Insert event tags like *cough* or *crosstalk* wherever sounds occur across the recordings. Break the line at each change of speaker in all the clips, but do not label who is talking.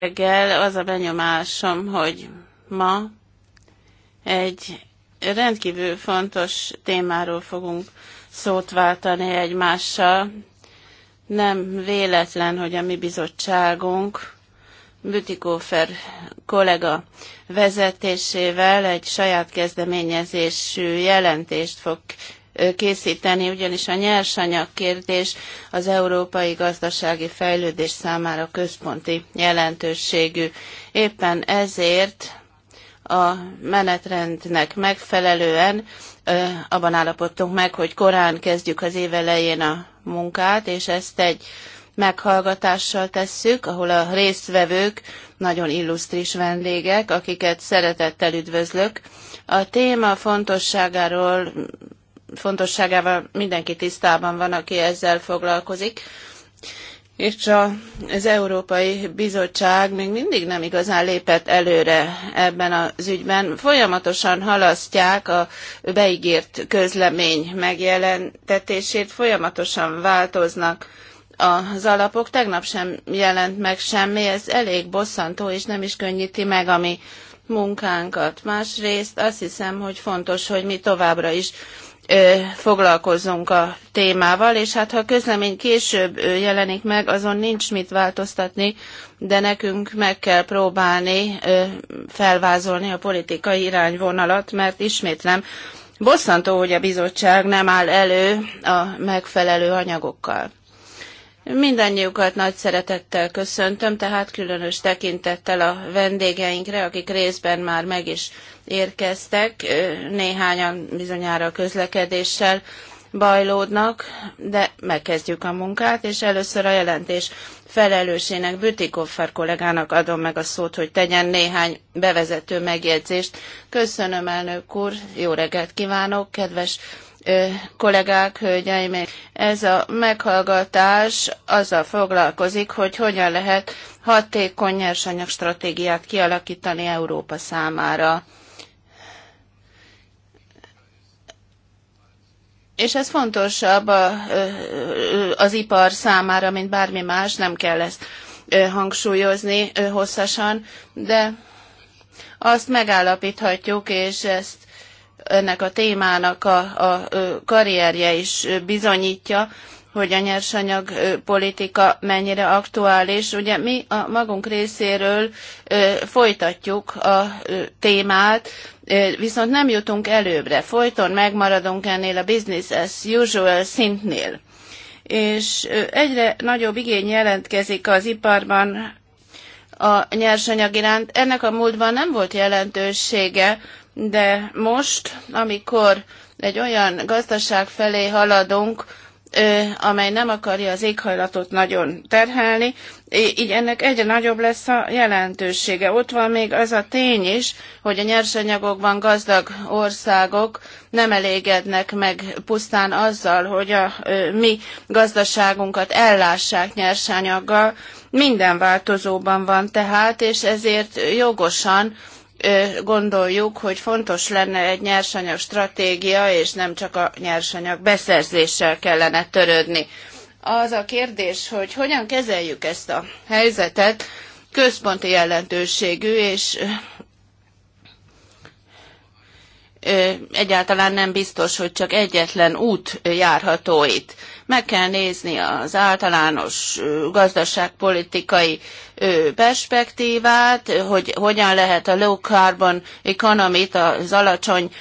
reggel az a benyomásom, hogy ma egy rendkívül fontos témáról fogunk szót váltani egymással. Nem véletlen, hogy a mi bizottságunk Bütikófer kollega vezetésével egy saját kezdeményezésű jelentést fog készíteni, ugyanis a nyersanyag kérdés az európai gazdasági fejlődés számára központi jelentőségű. Éppen ezért a menetrendnek megfelelően abban állapodtunk meg, hogy korán kezdjük az év elején a munkát, és ezt egy meghallgatással tesszük, ahol a résztvevők nagyon illusztris vendégek, akiket szeretettel üdvözlök. A téma fontosságáról fontosságával mindenki tisztában van, aki ezzel foglalkozik. És az Európai Bizottság még mindig nem igazán lépett előre ebben az ügyben. Folyamatosan halasztják a beígért közlemény megjelentetését, folyamatosan változnak az alapok. Tegnap sem jelent meg semmi, ez elég bosszantó, és nem is könnyíti meg a mi munkánkat. Másrészt azt hiszem, hogy fontos, hogy mi továbbra is foglalkozzunk a témával, és hát ha a közlemény később jelenik meg, azon nincs mit változtatni, de nekünk meg kell próbálni felvázolni a politikai irányvonalat, mert ismétlem, bosszantó, hogy a bizottság nem áll elő a megfelelő anyagokkal. Mindannyiukat nagy szeretettel köszöntöm, tehát különös tekintettel a vendégeinkre, akik részben már meg is érkeztek, néhányan bizonyára a közlekedéssel bajlódnak, de megkezdjük a munkát, és először a jelentés felelősének, Bütikoffer kollégának adom meg a szót, hogy tegyen néhány bevezető megjegyzést. Köszönöm, elnök úr, jó reggelt kívánok, kedves kollégák, hölgyeim, ez a meghallgatás azzal foglalkozik, hogy hogyan lehet hatékony nyersanyagstratégiát kialakítani Európa számára. És ez fontosabb a, az ipar számára, mint bármi más, nem kell ezt hangsúlyozni hosszasan, de azt megállapíthatjuk, és ezt ennek a témának a, a karrierje is bizonyítja, hogy a nyersanyag politika mennyire aktuális. Ugye mi a magunk részéről folytatjuk a témát, viszont nem jutunk előbbre. Folyton megmaradunk ennél a business as usual szintnél. És egyre nagyobb igény jelentkezik az iparban a nyersanyag iránt. Ennek a múltban nem volt jelentősége, de most, amikor egy olyan gazdaság felé haladunk, amely nem akarja az éghajlatot nagyon terhelni, így ennek egyre nagyobb lesz a jelentősége. Ott van még az a tény is, hogy a nyersanyagokban gazdag országok nem elégednek meg pusztán azzal, hogy a mi gazdaságunkat ellássák nyersanyaggal. Minden változóban van tehát, és ezért jogosan gondoljuk, hogy fontos lenne egy nyersanyag stratégia, és nem csak a nyersanyag beszerzéssel kellene törődni. Az a kérdés, hogy hogyan kezeljük ezt a helyzetet, központi jelentőségű, és egyáltalán nem biztos, hogy csak egyetlen út járható itt. Meg kell nézni az általános gazdaságpolitikai perspektívát, hogy hogyan lehet a low carbon economy az alacsony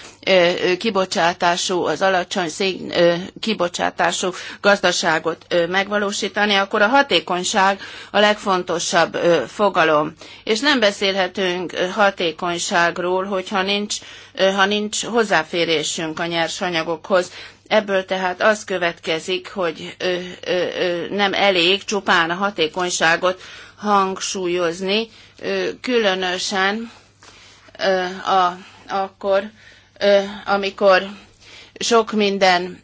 kibocsátású, az alacsony szín kibocsátású gazdaságot megvalósítani, akkor a hatékonyság a legfontosabb fogalom. És nem beszélhetünk hatékonyságról, hogyha nincs, ha nincs hozzáférésünk a nyersanyagokhoz. Ebből tehát az következik, hogy ö, ö, ö, nem elég csupán a hatékonyságot hangsúlyozni, ö, különösen ö, a, akkor, ö, amikor sok minden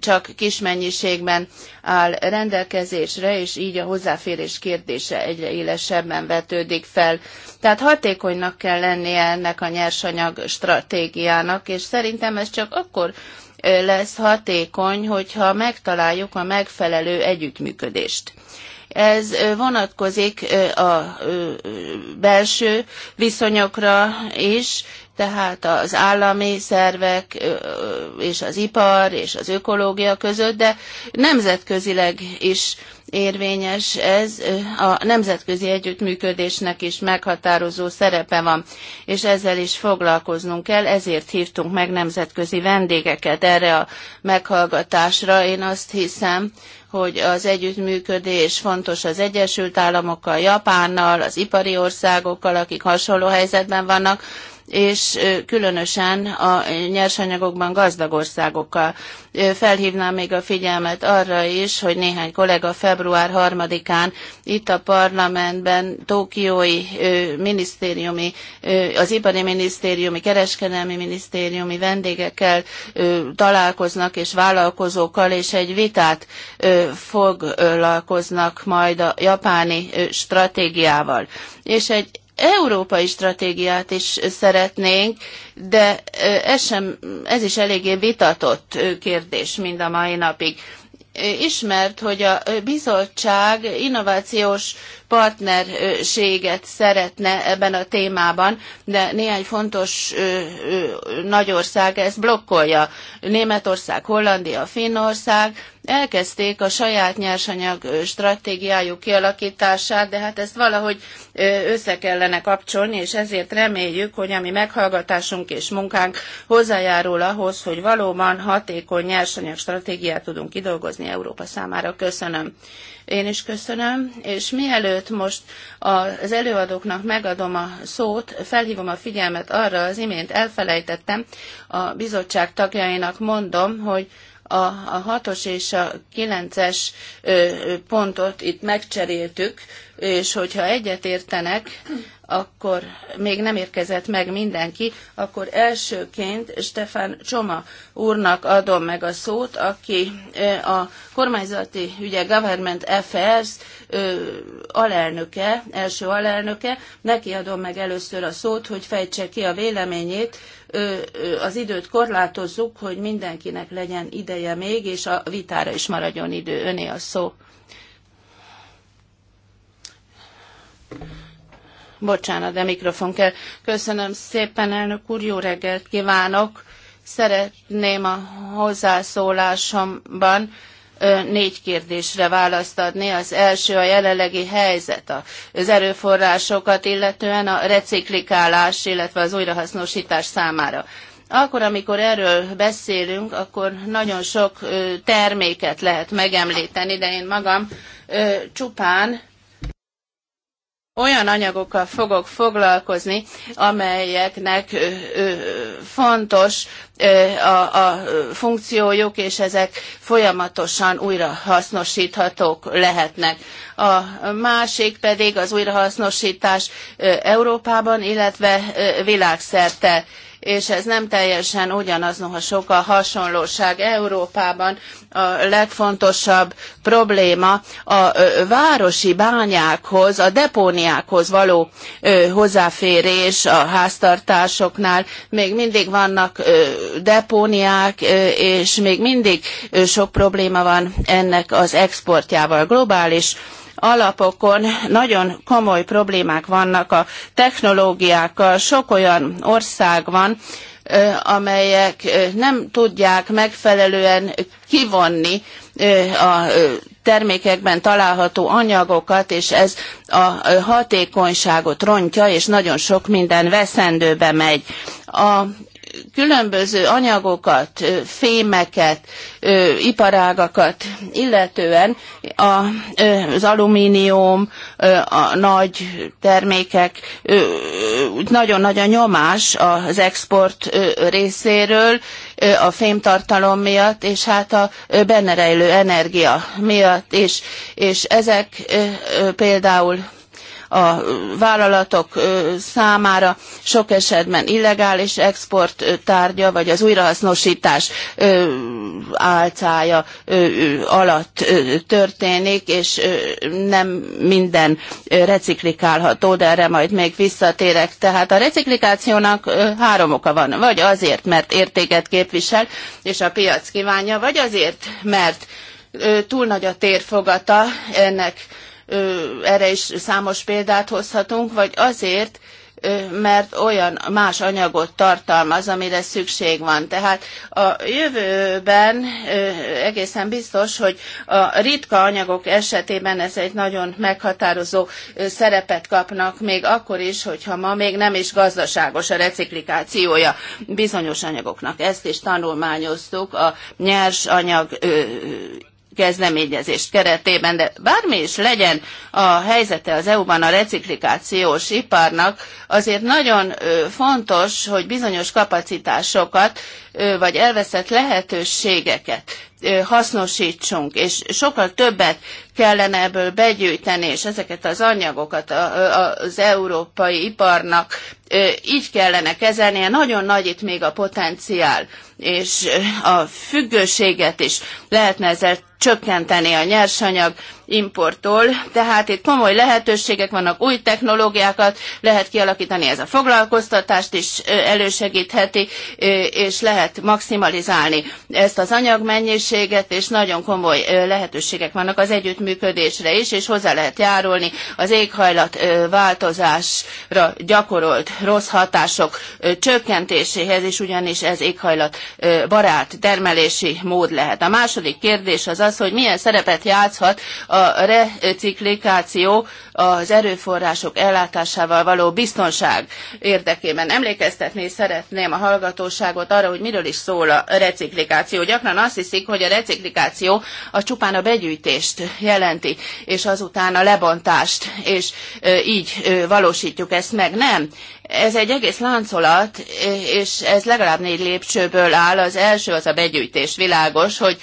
csak kis mennyiségben áll rendelkezésre, és így a hozzáférés kérdése egyre élesebben vetődik fel. Tehát hatékonynak kell lennie ennek a nyersanyag stratégiának, és szerintem ez csak akkor lesz hatékony, hogyha megtaláljuk a megfelelő együttműködést. Ez vonatkozik a belső viszonyokra is, tehát az állami szervek és az ipar és az ökológia között, de nemzetközileg is érvényes ez, a nemzetközi együttműködésnek is meghatározó szerepe van, és ezzel is foglalkoznunk kell, ezért hívtunk meg nemzetközi vendégeket erre a meghallgatásra. Én azt hiszem, hogy az együttműködés fontos az Egyesült Államokkal, Japánnal, az ipari országokkal, akik hasonló helyzetben vannak, és különösen a nyersanyagokban gazdag országokkal. Felhívnám még a figyelmet arra is, hogy néhány kollega február 3-án itt a parlamentben Tókiói minisztériumi, az ipari minisztériumi, kereskedelmi minisztériumi vendégekkel találkoznak és vállalkozókkal, és egy vitát foglalkoznak majd a japáni stratégiával. És egy európai stratégiát is szeretnénk, de ez, sem, ez is eléggé vitatott kérdés mind a mai napig ismert, hogy a bizottság innovációs partnerséget szeretne ebben a témában, de néhány fontos nagyország ezt blokkolja. Németország, Hollandia, Finnország elkezdték a saját nyersanyag stratégiájuk kialakítását, de hát ezt valahogy össze kellene kapcsolni, és ezért reméljük, hogy ami meghallgatásunk és munkánk hozzájárul ahhoz, hogy valóban hatékony nyersanyag stratégiát tudunk kidolgozni Európa számára. Köszönöm. Én is köszönöm, és mielőtt most az előadóknak megadom a szót, felhívom a figyelmet arra, az imént elfelejtettem, a bizottság tagjainak mondom, hogy a, a hatos és a kilences pontot itt megcseréltük, és hogyha egyetértenek, akkor még nem érkezett meg mindenki, akkor elsőként Stefan Csoma úrnak adom meg a szót, aki a kormányzati ügye Government Affairs alelnöke, első alelnöke. Neki adom meg először a szót, hogy fejtse ki a véleményét. Az időt korlátozzuk, hogy mindenkinek legyen ideje még, és a vitára is maradjon idő. Öné a szó. Thank you. Bocsánat, de mikrofon kell. Köszönöm szépen, elnök úr, jó reggelt kívánok. Szeretném a hozzászólásomban négy kérdésre választ adni. Az első a jelenlegi helyzet, az erőforrásokat, illetően a reciklikálás, illetve az újrahasznosítás számára. Akkor, amikor erről beszélünk, akkor nagyon sok terméket lehet megemlíteni, de én magam csupán olyan anyagokkal fogok foglalkozni, amelyeknek fontos a, a funkciójuk, és ezek folyamatosan újrahasznosíthatók lehetnek. A másik pedig az újrahasznosítás Európában, illetve világszerte és ez nem teljesen ugyanaz, noha sok a hasonlóság. Európában a legfontosabb probléma a városi bányákhoz, a depóniákhoz való hozzáférés a háztartásoknál. Még mindig vannak depóniák, és még mindig sok probléma van ennek az exportjával globális alapokon nagyon komoly problémák vannak a technológiákkal. Sok olyan ország van, amelyek nem tudják megfelelően kivonni a termékekben található anyagokat, és ez a hatékonyságot rontja, és nagyon sok minden veszendőbe megy. A különböző anyagokat, fémeket, iparágakat illetően az alumínium, a nagy termékek, nagyon nagy a nyomás az export részéről, a fémtartalom miatt, és hát a benne rejlő energia miatt is. És ezek például a vállalatok számára sok esetben illegális export tárgya, vagy az újrahasznosítás álcája alatt történik, és nem minden reciklikálható, de erre majd még visszatérek. Tehát a reciklikációnak három oka van. Vagy azért, mert értéket képvisel, és a piac kívánja, vagy azért, mert túl nagy a térfogata ennek erre is számos példát hozhatunk, vagy azért, mert olyan más anyagot tartalmaz, amire szükség van. Tehát a jövőben egészen biztos, hogy a ritka anyagok esetében ez egy nagyon meghatározó szerepet kapnak, még akkor is, hogyha ma még nem is gazdaságos a reciklikációja bizonyos anyagoknak. Ezt is tanulmányoztuk a nyers anyag kezdeményezést keretében, de bármi is legyen a helyzete az EU-ban a reciklikációs iparnak, azért nagyon fontos, hogy bizonyos kapacitásokat vagy elveszett lehetőségeket hasznosítsunk, és sokkal többet kellene ebből begyűjteni, és ezeket az anyagokat az európai iparnak így kellene kezelnie. Nagyon nagy itt még a potenciál, és a függőséget is lehetne ezzel csökkenteni a nyersanyag importtól. Tehát itt komoly lehetőségek vannak, új technológiákat lehet kialakítani, ez a foglalkoztatást is elősegítheti, és lehet maximalizálni ezt az anyagmennyiséget, és nagyon komoly lehetőségek vannak az együttműködésre is, és hozzá lehet járulni az éghajlat változásra gyakorolt rossz hatások csökkentéséhez, és ugyanis ez éghajlat barát termelési mód lehet. A második kérdés az az, hogy milyen szerepet játszhat a a reciklikáció az erőforrások ellátásával való biztonság érdekében. Emlékeztetni szeretném a hallgatóságot arra, hogy miről is szól a reciklikáció. Gyakran azt hiszik, hogy a reciklikáció a csupán a begyűjtést jelenti, és azután a lebontást, és így valósítjuk ezt meg. Nem. Ez egy egész láncolat, és ez legalább négy lépcsőből áll. Az első az a begyűjtés. Világos, hogy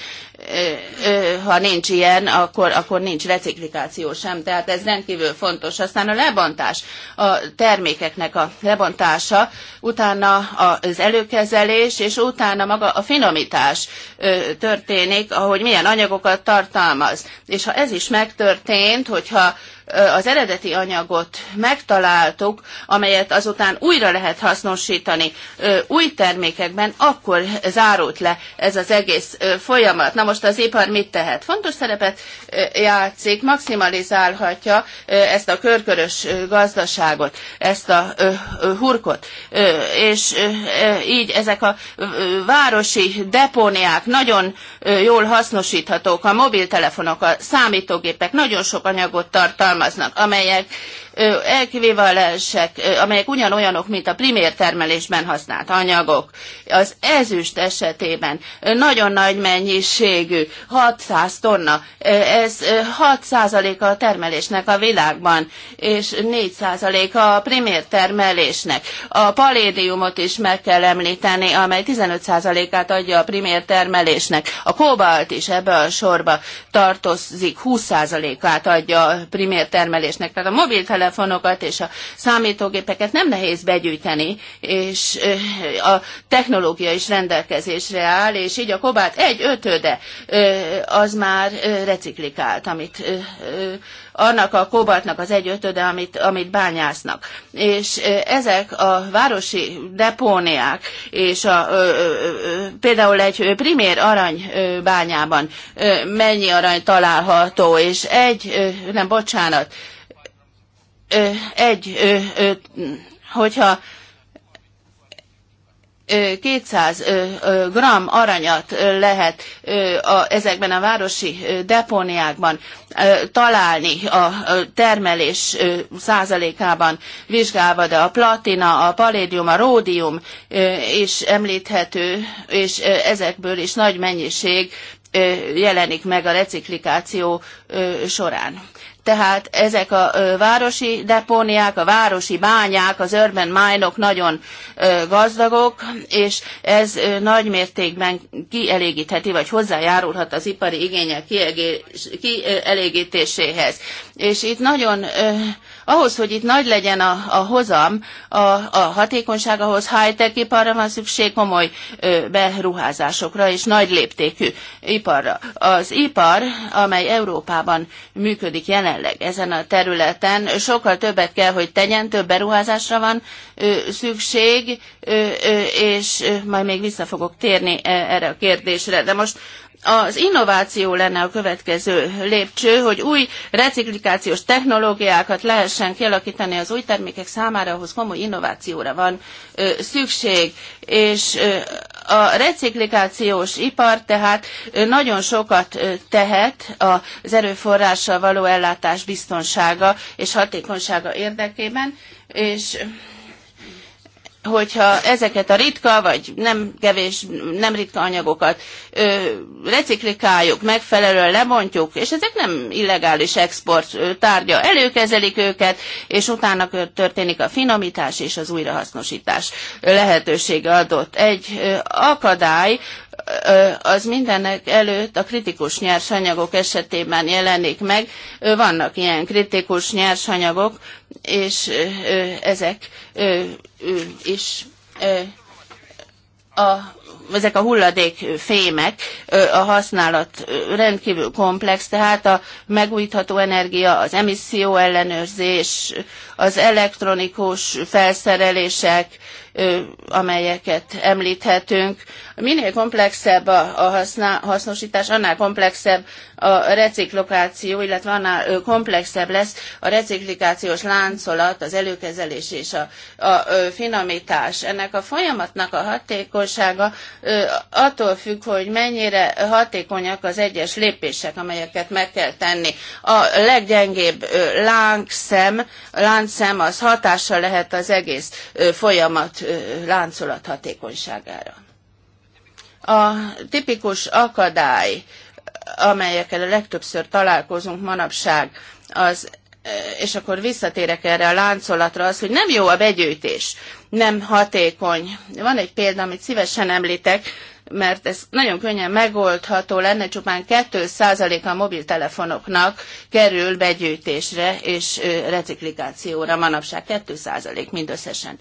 ha nincs ilyen, akkor, akkor nincs reciklikáció sem. Tehát ez rendkívül fontos. Aztán a lebontás, a termékeknek a lebontása, utána az előkezelés, és utána maga a finomítás történik, ahogy milyen anyagokat tartalmaz. És ha ez is megtörtént, hogyha az eredeti anyagot megtaláltuk, amelyet azután újra lehet hasznosítani új termékekben, akkor zárult le ez az egész folyamat. Na most az ipar mit tehet? Fontos szerepet játszik, maximalizálhatja ezt a körkörös gazdaságot, ezt a hurkot, és így ezek a városi depóniák nagyon jól hasznosíthatók, a mobiltelefonok, a számítógépek nagyon sok anyagot tartalmaznak, tartalmaznak, amelyek elkivévalensek, amelyek ugyanolyanok, mint a primér termelésben használt anyagok. Az ezüst esetében nagyon nagy mennyiségű, 600 tonna, ez 6%-a a termelésnek a világban, és 4%-a a primér termelésnek. A palédiumot is meg kell említeni, amely 15%-át adja a primér termelésnek. A kobalt is ebbe a sorba tartozik, 20%-át adja a primér termelésnek. Tehát a mobiltelefon mobiltelefonokat és a számítógépeket nem nehéz begyűjteni, és eh, a technológia is rendelkezésre áll, és így a kobát egy ötöde eh, az már eh, reciklikált, amit annak a kobaltnak az egy ötöde, amit, amit bányásznak. És ezek a városi depóniák, és a, ö, ö, például egy primér aranybányában mennyi arany található, és egy, ö, nem bocsánat, egy, hogyha 200 gram aranyat lehet ezekben a városi depóniákban találni a termelés százalékában vizsgálva, de a platina, a palédium, a ródium is említhető, és ezekből is nagy mennyiség jelenik meg a reciklikáció során tehát ezek a városi depóniák, a városi bányák, az urban mine-ok nagyon gazdagok, és ez nagy mértékben kielégítheti, vagy hozzájárulhat az ipari igények kielégítéséhez. És itt nagyon ahhoz, hogy itt nagy legyen a, a hozam, a, a hatékonyság, ahhoz high-tech iparra van szükség, komoly ö, beruházásokra és nagy léptékű iparra. Az ipar, amely Európában működik jelenleg ezen a területen, sokkal többet kell, hogy tegyen, több beruházásra van ö, szükség, ö, ö, és ö, majd még vissza fogok térni e, erre a kérdésre. De most az innováció lenne a következő lépcső, hogy új reciklikációs technológiákat lehessen kialakítani az új termékek számára, ahhoz komoly innovációra van ö, szükség, és ö, a reciklikációs ipar tehát nagyon sokat tehet az erőforrással való ellátás biztonsága és hatékonysága érdekében, és hogyha ezeket a ritka, vagy nem kevés, nem ritka anyagokat ö, reciklikáljuk, megfelelően lebontjuk, és ezek nem illegális export tárgya, előkezelik őket, és utána történik a finomítás és az újrahasznosítás lehetősége adott. Egy ö, akadály, az mindenek előtt a kritikus nyersanyagok esetében jelenik meg. Vannak ilyen kritikus nyersanyagok, és ezek is a, ezek a hulladékfémek, a használat rendkívül komplex, tehát a megújítható energia, az emisszió ellenőrzés, az elektronikus felszerelések, amelyeket említhetünk. Minél komplexebb a, hasznosítás, annál komplexebb a reciklokáció, illetve annál komplexebb lesz a reciklikációs láncolat, az előkezelés és a, a finomítás. Ennek a folyamatnak a hatékonysága attól függ, hogy mennyire hatékonyak az egyes lépések, amelyeket meg kell tenni. A leggyengébb láncszem, láncszem az hatással lehet az egész folyamat láncolat hatékonyságára. A tipikus akadály, amelyekkel a legtöbbször találkozunk manapság, az és akkor visszatérek erre a láncolatra, az, hogy nem jó a begyűjtés, nem hatékony. Van egy példa, amit szívesen említek, mert ez nagyon könnyen megoldható lenne, csupán 2%-a mobiltelefonoknak kerül begyűjtésre és reciklikációra manapság 2% mindösszesen.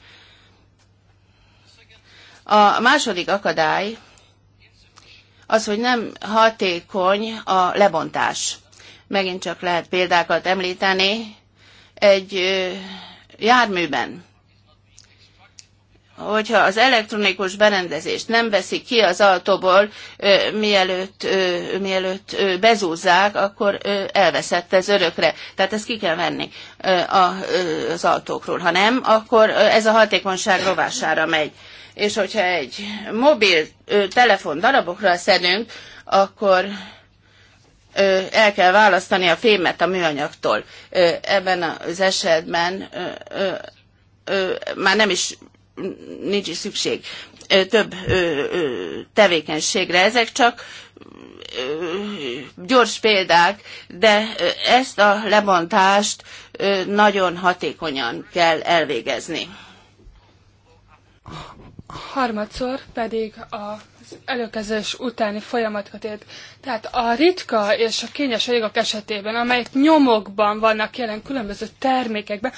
A második akadály az, hogy nem hatékony a lebontás. Megint csak lehet példákat említeni. Egy járműben, hogyha az elektronikus berendezést nem veszik ki az autóból, mielőtt, mielőtt bezúzzák, akkor elveszett ez örökre. Tehát ezt ki kell venni az autókról. Ha nem, akkor ez a hatékonyság rovására megy és hogyha egy mobil telefon darabokra szedünk, akkor el kell választani a fémet a műanyagtól. Ebben az esetben már nem is nincs is szükség több tevékenységre. Ezek csak gyors példák, de ezt a lebontást nagyon hatékonyan kell elvégezni
harmadszor pedig az előkezés utáni folyamatokat ért. Tehát a ritka és a kényes anyagok esetében, amelyek nyomokban vannak jelen különböző termékekben,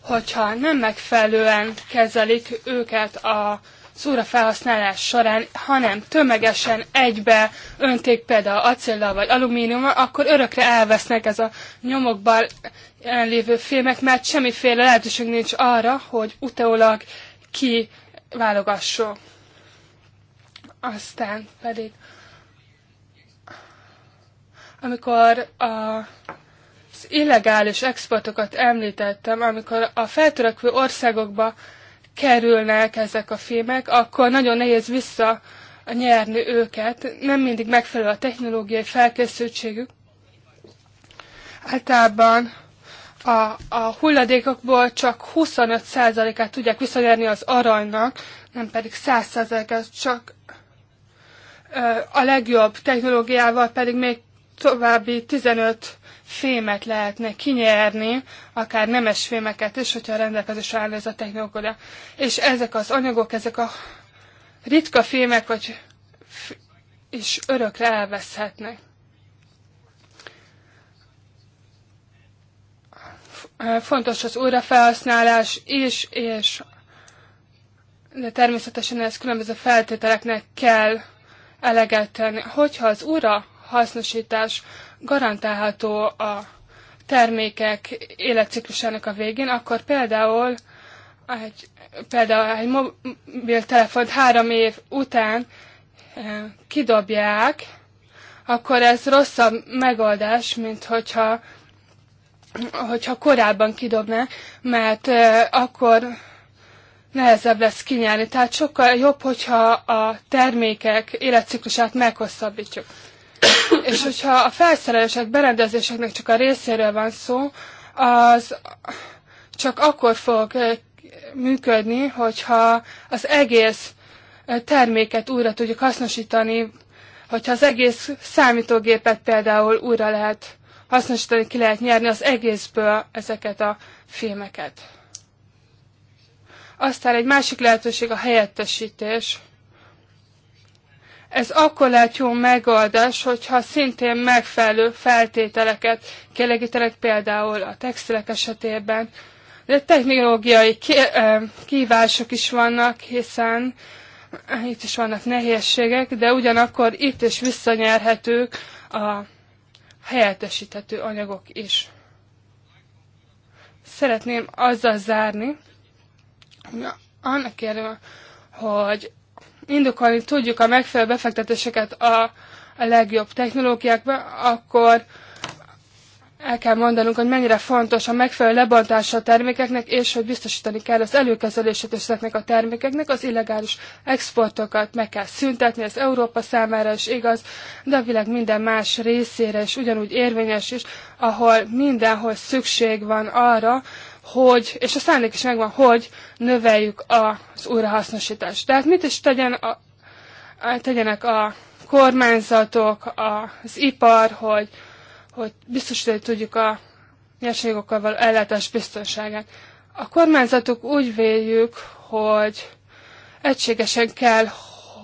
hogyha nem megfelelően kezelik őket a szóra felhasználás során, hanem tömegesen egybe önték például acéllal vagy alumíniummal, akkor örökre elvesznek ez a nyomokban jelenlévő fémek, mert semmiféle lehetőség nincs arra, hogy utólag ki válogasson. Aztán pedig, amikor a, az illegális exportokat említettem, amikor a feltörekvő országokba kerülnek ezek a filmek, akkor nagyon nehéz vissza nyerni őket. Nem mindig megfelelő a technológiai felkészültségük. Általában a, a hulladékokból csak 25%-át tudják visszanyerni az aranynak, nem pedig 100%-át, csak a legjobb technológiával pedig még további 15 fémet lehetne kinyerni, akár nemes fémeket is, hogyha rendelkezésre áll ez a technológia. És ezek az anyagok, ezek a ritka fémek, vagy is örökre elveszhetnek. fontos az újrafelhasználás is, és de természetesen ez különböző feltételeknek kell eleget tenni. Hogyha az újra hasznosítás garantálható a termékek életciklusának a végén, akkor például egy, például egy mobiltelefont három év után eh, kidobják, akkor ez rosszabb megoldás, mint hogyha hogyha korábban kidobná, mert akkor nehezebb lesz kinyerni. Tehát sokkal jobb, hogyha a termékek életciklusát meghosszabbítjuk. És hogyha a felszerelések, berendezéseknek csak a részéről van szó, az csak akkor fog működni, hogyha az egész terméket újra tudjuk hasznosítani, hogyha az egész számítógépet például újra lehet hasznosítani ki lehet nyerni az egészből ezeket a filmeket. Aztán egy másik lehetőség a helyettesítés. Ez akkor lehet jó megoldás, hogyha szintén megfelelő feltételeket kielégítenek például a textilek esetében, de technológiai kívások is vannak, hiszen itt is vannak nehézségek, de ugyanakkor itt is visszanyerhetők a helyettesíthető anyagok is. Szeretném azzal zárni, hogy annak érve, hogy indokolni tudjuk a megfelelő befektetéseket a, a legjobb technológiákba, akkor el kell mondanunk, hogy mennyire fontos a megfelelő lebontása a termékeknek, és hogy biztosítani kell az előkezelését ezeknek a termékeknek, az illegális exportokat meg kell szüntetni, ez Európa számára is igaz, de a világ minden más részére is ugyanúgy érvényes is, ahol mindenhol szükség van arra, hogy, és a szándék is megvan, hogy növeljük az újrahasznosítást. Tehát mit is tegyen a, tegyenek a kormányzatok, az ipar, hogy, hogy biztosítani tudjuk a nyerségokkal való ellátás biztonságát. A kormányzatok úgy véljük, hogy egységesen kell,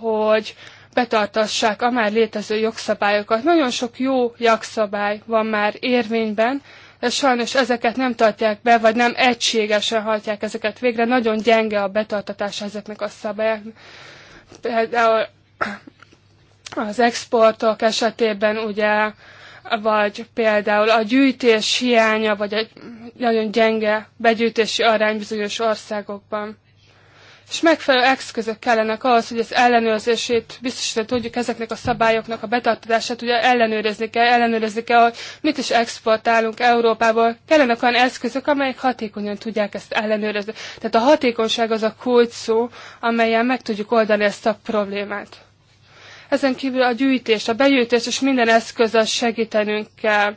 hogy betartassák a már létező jogszabályokat. Nagyon sok jó jogszabály van már érvényben, de sajnos ezeket nem tartják be, vagy nem egységesen hajtják ezeket végre. Nagyon gyenge a betartatás ezeknek a szabályoknak. Például az exportok esetében ugye vagy például a gyűjtés hiánya, vagy egy nagyon gyenge begyűjtési arány bizonyos országokban. És megfelelő eszközök kellenek ahhoz, hogy az ellenőrzését biztosítani tudjuk ezeknek a szabályoknak a betartatását, ugye ellenőrizni kell, ellenőrizni kell, hogy mit is exportálunk Európából. Kellenek olyan eszközök, amelyek hatékonyan tudják ezt ellenőrizni. Tehát a hatékonyság az a kulcs szó, amelyen meg tudjuk oldani ezt a problémát ezen kívül a gyűjtés, a begyűjtés és minden eszközzel segítenünk kell.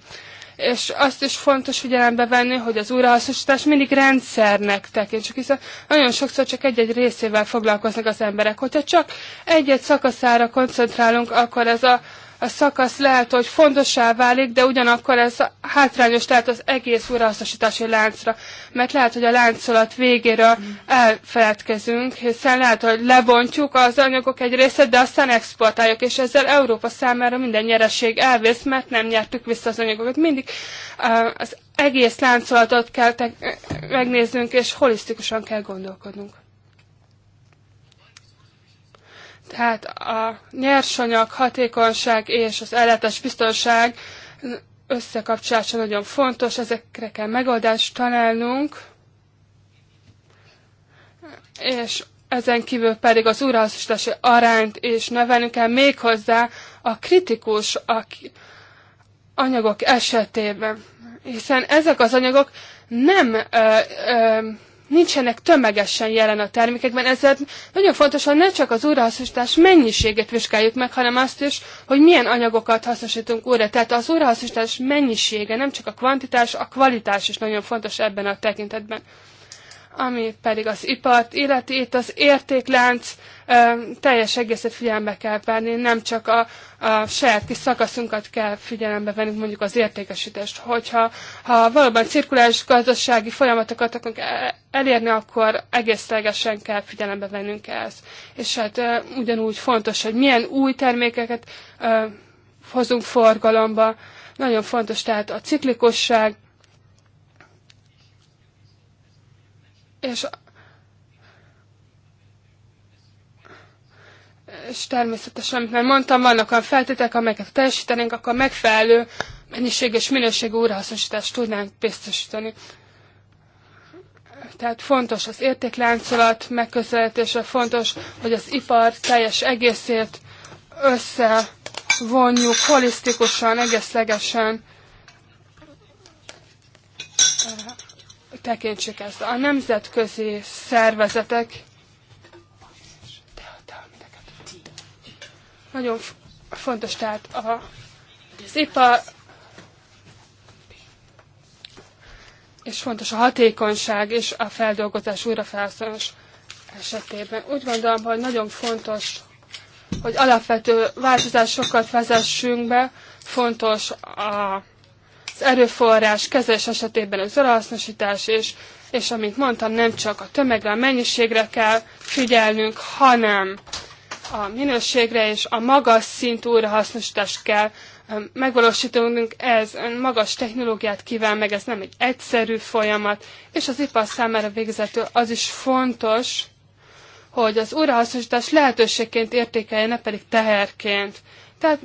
És azt is fontos figyelembe venni, hogy az újrahasznosítás mindig rendszernek tekintsük, hiszen nagyon sokszor csak egy-egy részével foglalkoznak az emberek. Hogyha csak egy-egy szakaszára koncentrálunk, akkor ez a a szakasz lehet, hogy fontossá válik, de ugyanakkor ez hátrányos lehet az egész urahasznosítási láncra, mert lehet, hogy a láncolat végéről elfeledkezünk, hiszen lehet, hogy lebontjuk az anyagok egy részét, de aztán exportáljuk, és ezzel Európa számára minden nyereség elvész, mert nem nyertük vissza az anyagokat. Mindig az egész láncolatot kell megnéznünk, és holisztikusan kell gondolkodnunk. Tehát a nyersanyag, hatékonyság és az ellátás biztonság összekapcsolása nagyon fontos, ezekre kell megoldást találnunk, és ezen kívül pedig az újrahasznosítási arányt és növelni kell méghozzá a kritikus a anyagok esetében, hiszen ezek az anyagok nem ö, ö, nincsenek tömegesen jelen a termékekben, ezért nagyon fontos, hogy ne csak az újrahasznosítás mennyiségét vizsgáljuk meg, hanem azt is, hogy milyen anyagokat hasznosítunk újra. Tehát az újrahasznosítás mennyisége, nem csak a kvantitás, a kvalitás is nagyon fontos ebben a tekintetben ami pedig az ipart illeti, itt az értéklánc ö, teljes egészet figyelembe kell venni, nem csak a, a saját kis szakaszunkat kell figyelembe vennünk, mondjuk az értékesítést. Hogyha ha valóban cirkuláris gazdasági folyamatokat akarunk e, elérni, akkor egészlegesen kell figyelembe vennünk ezt. És hát ö, ugyanúgy fontos, hogy milyen új termékeket ö, hozunk forgalomba. Nagyon fontos tehát a ciklikosság. és, és természetesen, mert mondtam, vannak olyan feltételek, amelyeket teljesítenénk, akkor megfelelő mennyiség és minőségű újrahasznosítást tudnánk biztosítani. Tehát fontos az értékláncolat megközelítése, fontos, hogy az ipar teljes egészét összevonjuk holisztikusan, egészlegesen tekintsük ezt. A nemzetközi szervezetek nagyon fontos, tehát a, az ipar és fontos a hatékonyság és a feldolgozás újrafelhasználás esetében. Úgy gondolom, hogy nagyon fontos, hogy alapvető változásokat vezessünk be, fontos a erőforrás kezelés esetében az olajhasznosítás, és, és amint mondtam, nem csak a tömegre, a mennyiségre kell figyelnünk, hanem a minőségre és a magas szintű újrahasznosítást kell megvalósítanunk. Ez magas technológiát kíván meg, ez nem egy egyszerű folyamat, és az ipar számára végezetül az is fontos, hogy az újrahasznosítás lehetőségként értékelje, ne pedig teherként. Tehát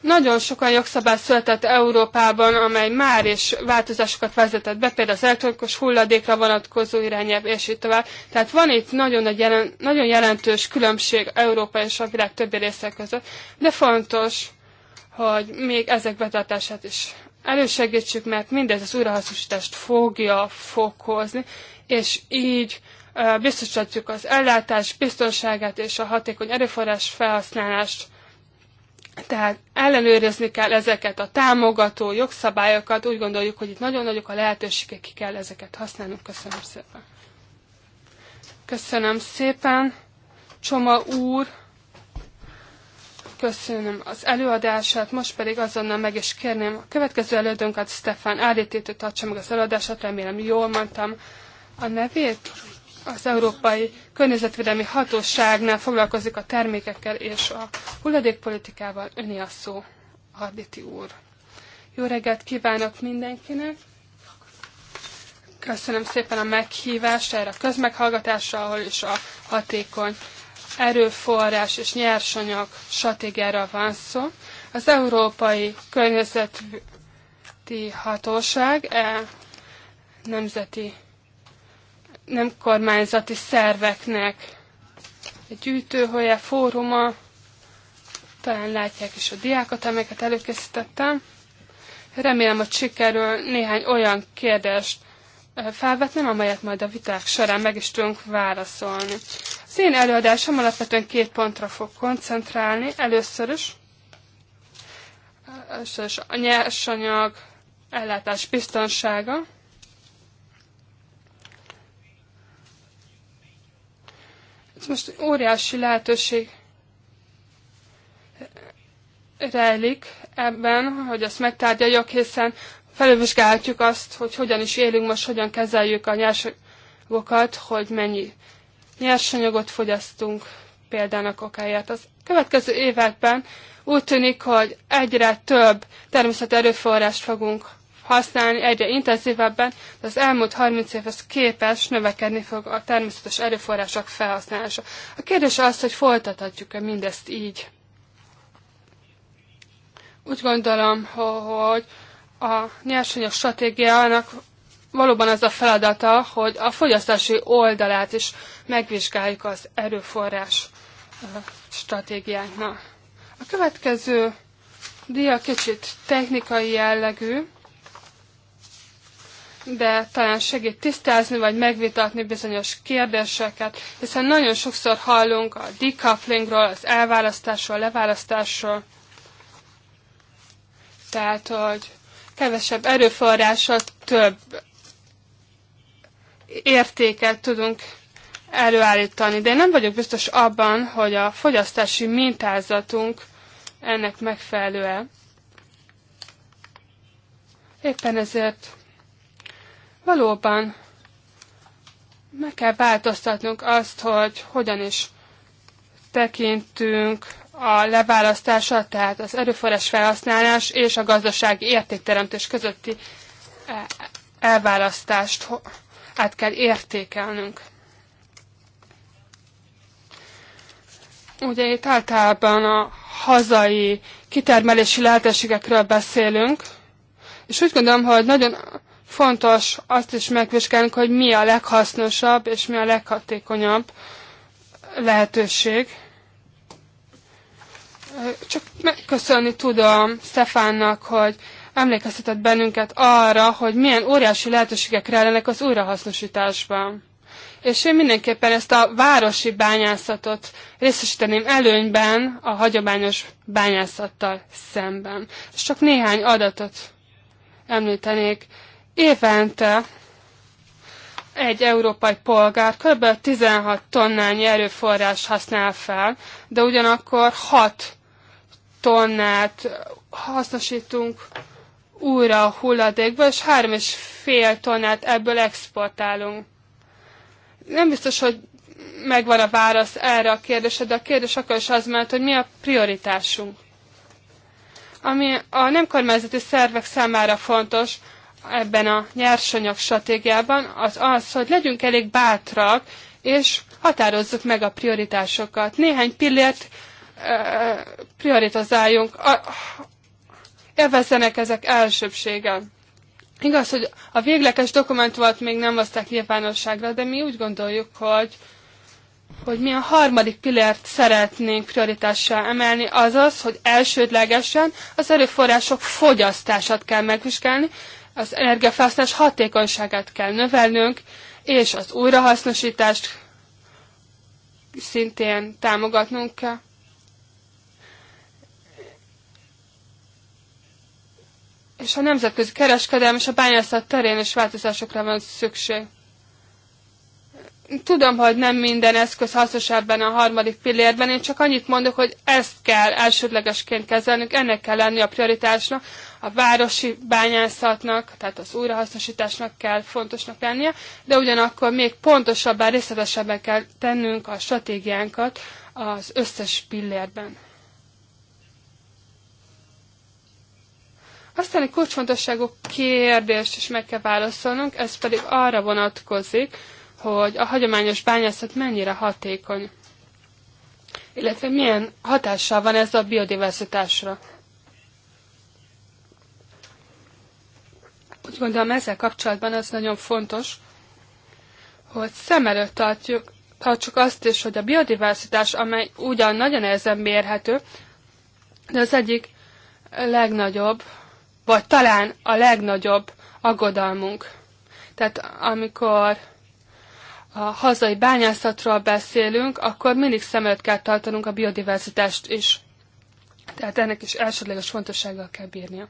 nagyon sokan jogszabály született Európában, amely már is változásokat vezetett be, például az elektronikus hulladékra vonatkozó irányelv, és így tovább. Tehát van itt nagyon, nagy jelen, nagyon jelentős különbség Európa és a világ többi része között, de fontos, hogy még ezek betartását is elősegítsük, mert mindez az újrahasznosítást fogja fokozni, és így biztosítjuk az ellátás biztonságát és a hatékony erőforrás felhasználást tehát ellenőrizni kell ezeket a támogató jogszabályokat, úgy gondoljuk, hogy itt nagyon nagyok a lehetőségek, ki kell ezeket használnunk. Köszönöm szépen. Köszönöm szépen, Csoma úr. Köszönöm az előadását, most pedig azonnal meg is kérném a következő előadónkat, Stefan Áditétől tartsa meg az előadását, remélem jól mondtam a nevét az Európai Környezetvédelmi Hatóságnál foglalkozik a termékekkel és a hulladékpolitikával. Öni a szó, Arditi úr. Jó reggelt kívánok mindenkinek! Köszönöm szépen a meghívást erre a közmeghallgatásra, ahol is a hatékony erőforrás és nyersanyag stratégiára van szó. Az Európai Környezeti Hatóság e nemzeti nem kormányzati szerveknek egy gyűjtőhője, fóruma, talán látják is a diákat, amelyeket előkészítettem. Remélem, hogy sikerül néhány olyan kérdést eh, felvetnem, amelyet majd a viták során meg is tudunk válaszolni. Az én előadásom alapvetően két pontra fog koncentrálni. Először is, eh, először is a nyersanyag ellátás biztonsága, Ez most óriási lehetőség rejlik ebben, hogy ezt megtárgyaljuk, hiszen felülvizsgálhatjuk azt, hogy hogyan is élünk most, hogyan kezeljük a nyersanyagokat, hogy mennyi nyersanyagot fogyasztunk példának okáját. Az következő években úgy tűnik, hogy egyre több természeti erőforrást fogunk használni egyre intenzívebben, de az elmúlt 30 évhez képes növekedni fog a természetes erőforrások felhasználása. A kérdés az, hogy folytathatjuk-e mindezt így. Úgy gondolom, hogy a nyersanyag stratégiának valóban az a feladata, hogy a fogyasztási oldalát is megvizsgáljuk az erőforrás stratégiánknak. A következő dia kicsit technikai jellegű, de talán segít tisztázni vagy megvitatni bizonyos kérdéseket, hiszen nagyon sokszor hallunk a decouplingról, az elválasztásról, a leválasztásról. Tehát, hogy kevesebb erőforrása több értéket tudunk előállítani. De én nem vagyok biztos abban, hogy a fogyasztási mintázatunk ennek megfelelő-e. Éppen ezért valóban meg kell változtatnunk azt, hogy hogyan is tekintünk a leválasztása, tehát az erőforrás felhasználás és a gazdasági értékteremtés közötti e, elválasztást át kell értékelnünk. Ugye itt általában a hazai kitermelési lehetőségekről beszélünk, és úgy gondolom, hogy nagyon fontos azt is megvizsgálnunk, hogy mi a leghasznosabb és mi a leghatékonyabb lehetőség. Csak megköszönni tudom Stefánnak, hogy emlékeztetett bennünket arra, hogy milyen óriási lehetőségek rejlenek az újrahasznosításban. És én mindenképpen ezt a városi bányászatot részesíteném előnyben a hagyományos bányászattal szemben. És csak néhány adatot említenék évente egy európai polgár kb. 16 tonnányi erőforrás használ fel, de ugyanakkor 6 tonnát hasznosítunk újra a hulladékba, és 3,5 tonnát ebből exportálunk. Nem biztos, hogy megvan a válasz erre a kérdésre, de a kérdés akkor is az mert, hogy mi a prioritásunk. Ami a nem kormányzati szervek számára fontos, ebben a nyersanyag stratégiában, az az, hogy legyünk elég bátrak, és határozzuk meg a prioritásokat. Néhány pillért prioritizáljunk, Elvezzenek ezek elsőbségen. Igaz, hogy a végleges dokumentumot még nem hozták nyilvánosságra, de mi úgy gondoljuk, hogy, hogy mi a harmadik pillért szeretnénk prioritásra emelni, azaz, hogy elsődlegesen az erőforrások fogyasztását kell megvizsgálni, az energiafelhasználás hatékonyságát kell növelnünk, és az újrahasznosítást szintén támogatnunk kell. És a nemzetközi kereskedelem és a bányászat terén is változásokra van szükség tudom, hogy nem minden eszköz hasznos ebben a harmadik pillérben, én csak annyit mondok, hogy ezt kell elsődlegesként kezelnünk, ennek kell lenni a prioritásnak, a városi bányászatnak, tehát az újrahasznosításnak kell fontosnak lennie, de ugyanakkor még pontosabbá, részletesebben kell tennünk a stratégiánkat az összes pillérben. Aztán egy kulcsfontosságú kérdést is meg kell válaszolnunk, ez pedig arra vonatkozik, hogy a hagyományos bányászat mennyire hatékony, illetve milyen hatással van ez a biodiverzitásra. Úgy gondolom ezzel kapcsolatban az nagyon fontos, hogy szem előtt tartjuk, tartsuk azt is, hogy a biodiverzitás, amely ugyan nagyon ezen mérhető, de az egyik legnagyobb, vagy talán a legnagyobb aggodalmunk. Tehát amikor a hazai bányászatról beszélünk, akkor mindig szem előtt kell tartanunk a biodiverzitást is. Tehát ennek is elsődleges fontossággal kell bírnia.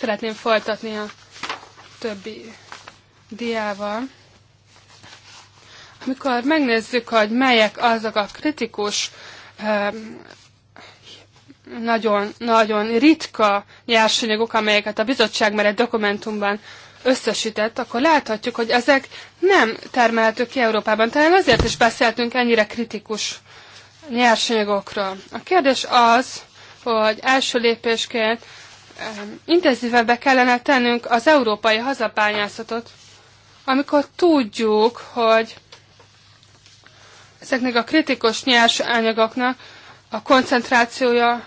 Szeretném folytatni a többi diával. Mikor megnézzük, hogy melyek azok a kritikus, nagyon, nagyon ritka nyersanyagok, amelyeket a bizottság már egy dokumentumban összesített, akkor láthatjuk, hogy ezek nem termelhetők ki Európában. Talán azért is beszéltünk ennyire kritikus nyersanyagokról. A kérdés az, hogy első lépésként intenzívebbe kellene tennünk az európai hazapányászatot, amikor tudjuk, hogy ezeknek a kritikus nyers anyagoknak a koncentrációja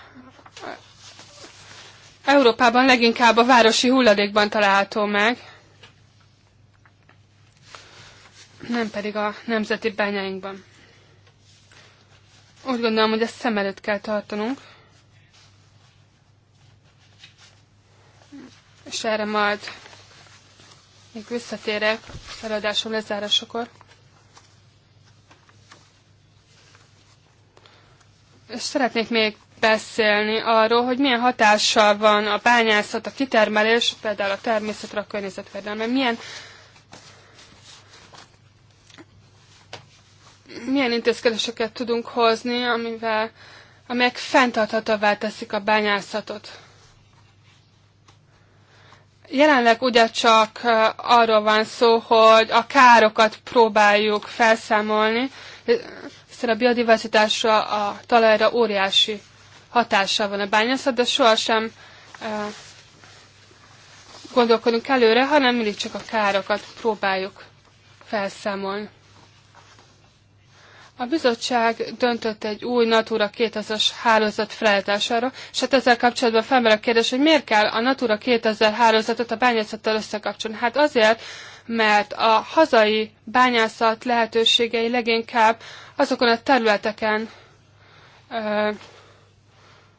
Európában leginkább a városi hulladékban található meg, nem pedig a nemzeti bányáinkban. Úgy gondolom, hogy ezt szem előtt kell tartanunk. És erre majd még visszatérek feladásom lezárásokor. Szeretnék még beszélni arról, hogy milyen hatással van a bányászat, a kitermelés, például a természetre, a környezetvédelemre, milyen milyen intézkedéseket tudunk hozni, amivel, amelyek fenntarthatóvá teszik a bányászatot. Jelenleg ugye csak arról van szó, hogy a károkat próbáljuk felszámolni, hiszen a biodiversitásra a talajra óriási hatással van a bányászat, de sohasem gondolkodunk előre, hanem mindig csak a károkat próbáljuk felszámolni. A bizottság döntött egy új Natura 2000-as hálózat felállítására, és hát ezzel kapcsolatban felmerül a kérdés, hogy miért kell a Natura 2000 hálózatot a bányászattal összekapcsolni. Hát azért, mert a hazai bányászat lehetőségei leginkább azokon a területeken ö,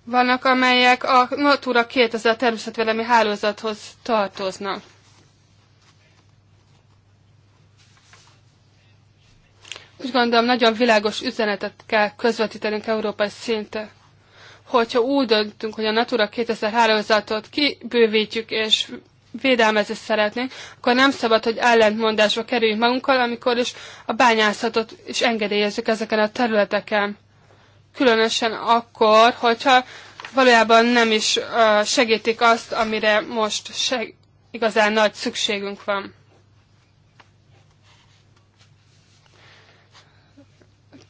vannak, amelyek a Natura 2000 természetvédelmi hálózathoz tartoznak. Úgy gondolom, nagyon világos üzenetet kell közvetítenünk európai szinte. hogyha úgy döntünk, hogy a Natura 2000 hálózatot kibővítjük és védelmezni szeretnénk, akkor nem szabad, hogy ellentmondásba kerüljünk magunkkal, amikor is a bányászatot is engedélyezzük ezeken a területeken. Különösen akkor, hogyha valójában nem is segítik azt, amire most seg- igazán nagy szükségünk van.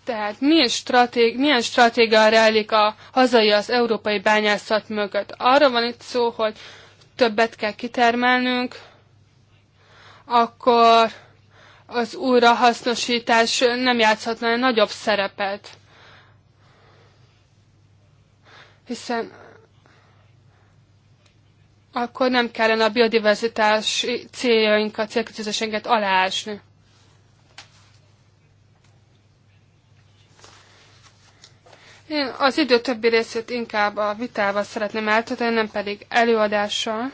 Tehát milyen, stratég, milyen stratégia rejlik a hazai az európai bányászat mögött? Arra van itt szó, hogy többet kell kitermelnünk, akkor az újrahasznosítás nem játszhatna egy nagyobb szerepet. Hiszen akkor nem kellene a biodiverzitás céljainkat, célközösséget aláásni. Én az idő többi részét inkább a vitával szeretném eltölteni, nem pedig előadással.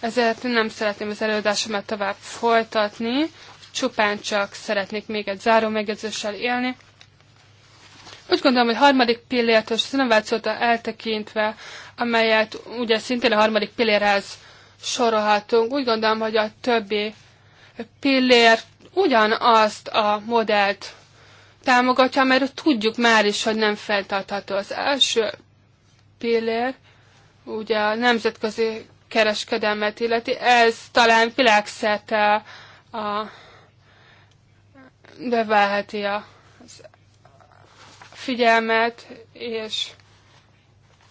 Ezért nem szeretném az előadásomat tovább folytatni, csupán csak szeretnék még egy záró megjegyzéssel élni. Úgy gondolom, hogy harmadik pillértől az innovációtól eltekintve, amelyet ugye szintén a harmadik pillérhez sorolhatunk, úgy gondolom, hogy a többi pillér ugyanazt a modellt támogatja, mert tudjuk már is, hogy nem feltartható. Az első pillér, ugye a nemzetközi kereskedelmet illeti, ez talán világszerte a, beválheti a figyelmet, és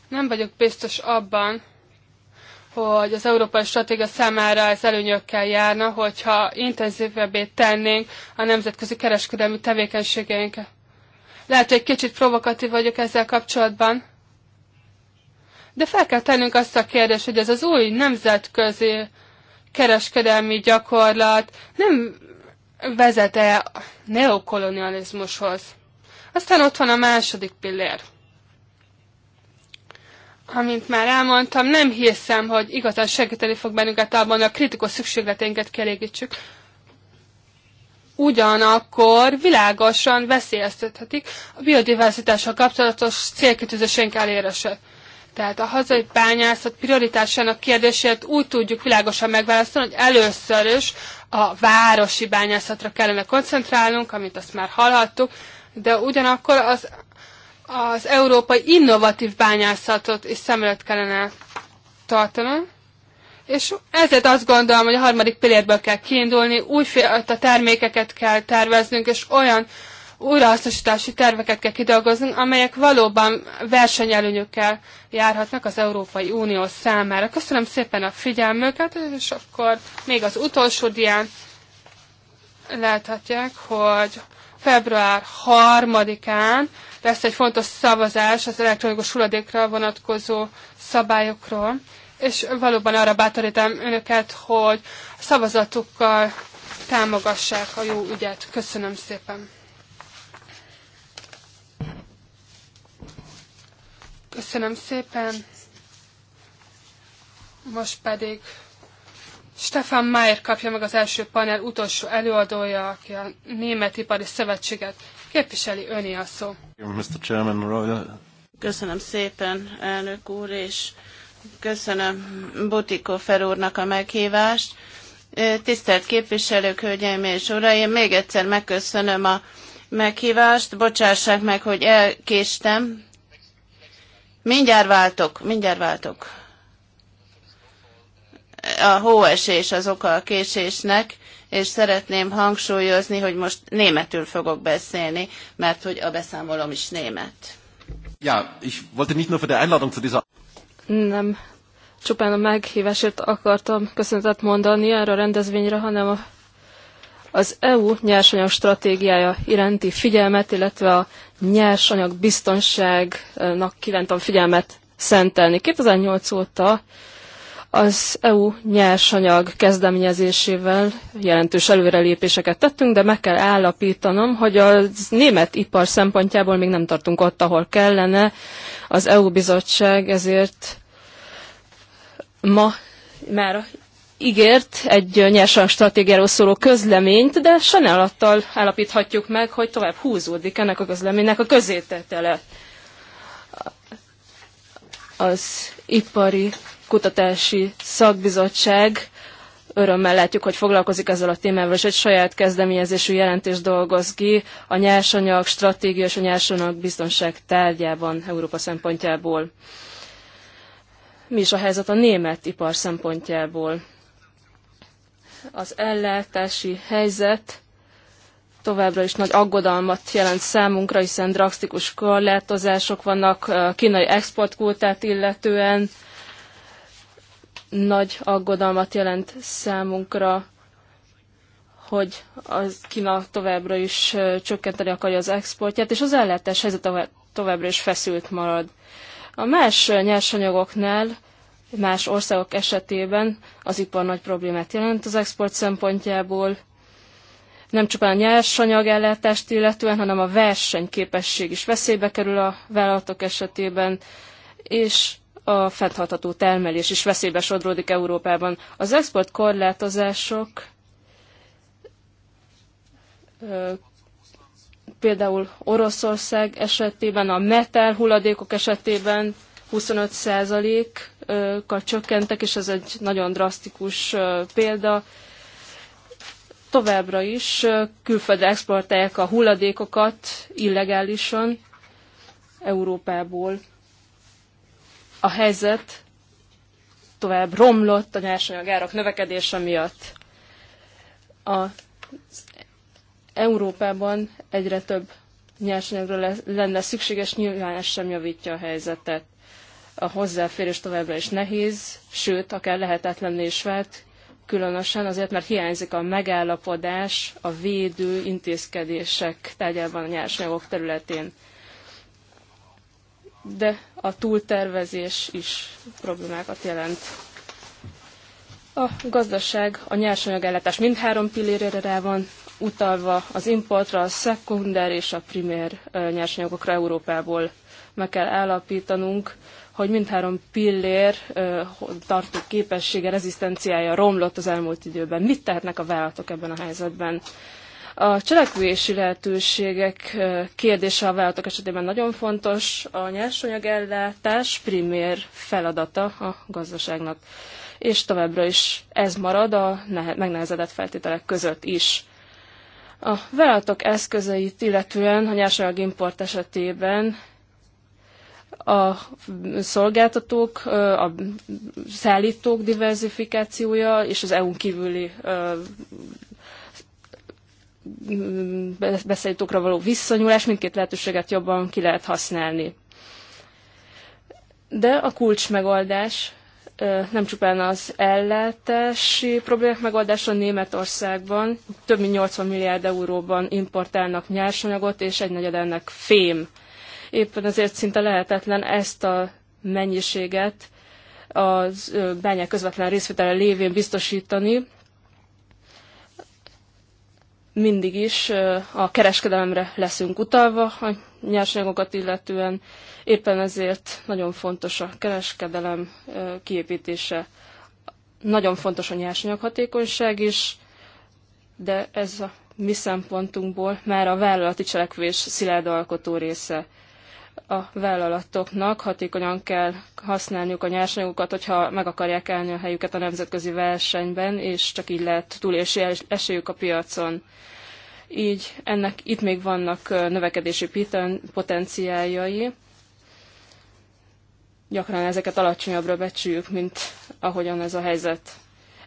nem vagyok biztos abban, hogy az európai stratégia számára ez előnyökkel járna, hogyha intenzívebbé tennénk a nemzetközi kereskedelmi tevékenységeinket. Lehet, hogy egy kicsit provokatív vagyok ezzel kapcsolatban, de fel kell tennünk azt a kérdést, hogy ez az új nemzetközi kereskedelmi gyakorlat nem vezet-e neokolonializmushoz. Aztán ott van a második pillér – Amint már elmondtam, nem hiszem, hogy igazán segíteni fog bennünket abban, a kritikus szükségleteinket kielégítsük. Ugyanakkor világosan veszélyeztethetik a biodiverzitással kapcsolatos célkitűzésénk elérése. Tehát a hazai bányászat prioritásának kérdését úgy tudjuk világosan megválasztani, hogy először is a városi bányászatra kellene koncentrálnunk, amit azt már hallhattuk, de ugyanakkor az az európai innovatív bányászatot is szem előtt kellene tartanom. És ezért azt gondolom, hogy a harmadik pillérből kell kiindulni, újfajta termékeket kell terveznünk, és olyan újrahasznosítási terveket kell kidolgoznunk, amelyek valóban versenyelőnyökkel járhatnak az Európai Unió számára. Köszönöm szépen a figyelmüket, és akkor még az utolsó dián láthatják, hogy február harmadikán lesz egy fontos szavazás az elektronikus hulladékra vonatkozó szabályokról, és valóban arra bátorítám önöket, hogy a szavazatukkal támogassák a jó ügyet. Köszönöm szépen! Köszönöm szépen! Most pedig Stefan Mayer kapja meg az első panel utolsó előadója, aki a Német Ipari
Szövetséget Képviseli öné a szó. Köszönöm szépen, elnök úr, és köszönöm Butiko úrnak a meghívást. Tisztelt képviselők, hölgyeim és uraim, még egyszer megköszönöm a meghívást. Bocsássák meg, hogy elkéstem. Mindjárt váltok, mindjárt váltok. A hóesés az oka a késésnek és szeretném hangsúlyozni, hogy most németül fogok beszélni, mert hogy a beszámolom is német.
Ja, ich wollte nicht nur für die Einladung zu dieser...
Nem, csupán a meghívásért akartam
köszönetet mondani erre a rendezvényre, hanem a, az EU nyersanyag stratégiája iránti figyelmet, illetve a nyersanyag biztonságnak kívántam figyelmet szentelni. 2008 óta az EU nyersanyag kezdeményezésével jelentős előrelépéseket tettünk, de meg kell állapítanom, hogy a német ipar szempontjából még nem tartunk ott, ahol kellene. Az EU bizottság ezért ma már ígért egy nyersanyag stratégiáról szóló közleményt, de sajnálattal állapíthatjuk meg, hogy tovább húzódik ennek a közleménynek a közétetele. Az ipari kutatási szakbizottság örömmel látjuk, hogy foglalkozik ezzel a témával, és egy saját kezdeményezésű jelentést dolgoz ki a nyersanyag stratégia és a nyersanyag biztonság tárgyában Európa szempontjából. Mi is a helyzet a német ipar szempontjából? Az ellátási helyzet továbbra is nagy aggodalmat jelent számunkra, hiszen drasztikus korlátozások vannak kínai exportkvótát illetően, nagy aggodalmat jelent számunkra, hogy az Kína továbbra is csökkenteni akarja az exportját, és az ellátás helyzet továbbra is feszült marad. A más nyersanyagoknál, más országok esetében az ipar nagy problémát jelent az export szempontjából, nem csupán a nyersanyag ellátást illetően, hanem a versenyképesség is veszélybe kerül a vállalatok esetében, és a fenntartható termelés is veszélybe sodródik Európában. Az export korlátozások például Oroszország esetében, a metál hulladékok esetében 25%-kal csökkentek, és ez egy nagyon drasztikus példa. Továbbra is külföldre exportálják a hulladékokat illegálisan Európából a helyzet tovább romlott a nyersanyagárak növekedése miatt. A Európában egyre több nyersanyagra lenne szükséges, nyilván ez sem javítja a helyzetet. A hozzáférés továbbra is nehéz, sőt, akár lehetetlenné is vált, különösen azért, mert hiányzik a megállapodás a védő intézkedések tárgyában a nyersanyagok területén de a túltervezés is problémákat jelent. A gazdaság, a nyersanyagellátás mindhárom pillérére rá van utalva az importra, a szekunder és a primér nyersanyagokra Európából meg kell állapítanunk, hogy mindhárom pillér tartó képessége, rezisztenciája romlott az elmúlt időben. Mit tehetnek a vállalatok ebben a helyzetben? A cselekvési lehetőségek kérdése a vállalatok esetében nagyon fontos. A nyersanyagellátás primér feladata a gazdaságnak, és továbbra is ez marad a megnehezedett feltételek között is. A vállalatok eszközeit, illetően a nyersanyag import esetében a szolgáltatók, a szállítók diversifikációja és az EU-n kívüli beszállítókra való visszanyúlás, mindkét lehetőséget jobban ki lehet használni. De a kulcs megoldás nem csupán az ellátási problémák megoldása Németországban, több mint 80 milliárd euróban importálnak nyersanyagot, és egy negyed ennek fém. Éppen ezért szinte lehetetlen ezt a mennyiséget a bányák közvetlen részvétele lévén biztosítani, mindig is a kereskedelemre leszünk utalva a nyersanyagokat illetően. Éppen ezért nagyon fontos a kereskedelem kiépítése, nagyon fontos a nyersanyaghatékonyság is, de ez a mi szempontunkból már a vállalati cselekvés szilárd alkotó része a vállalatoknak hatékonyan kell használniuk a nyersanyagokat, hogyha meg akarják elni a helyüket a nemzetközi versenyben, és csak így lehet túlélési esélyük a piacon. Így ennek itt még vannak növekedési potenciáljai. Gyakran ezeket alacsonyabbra becsüljük, mint ahogyan ez a helyzet.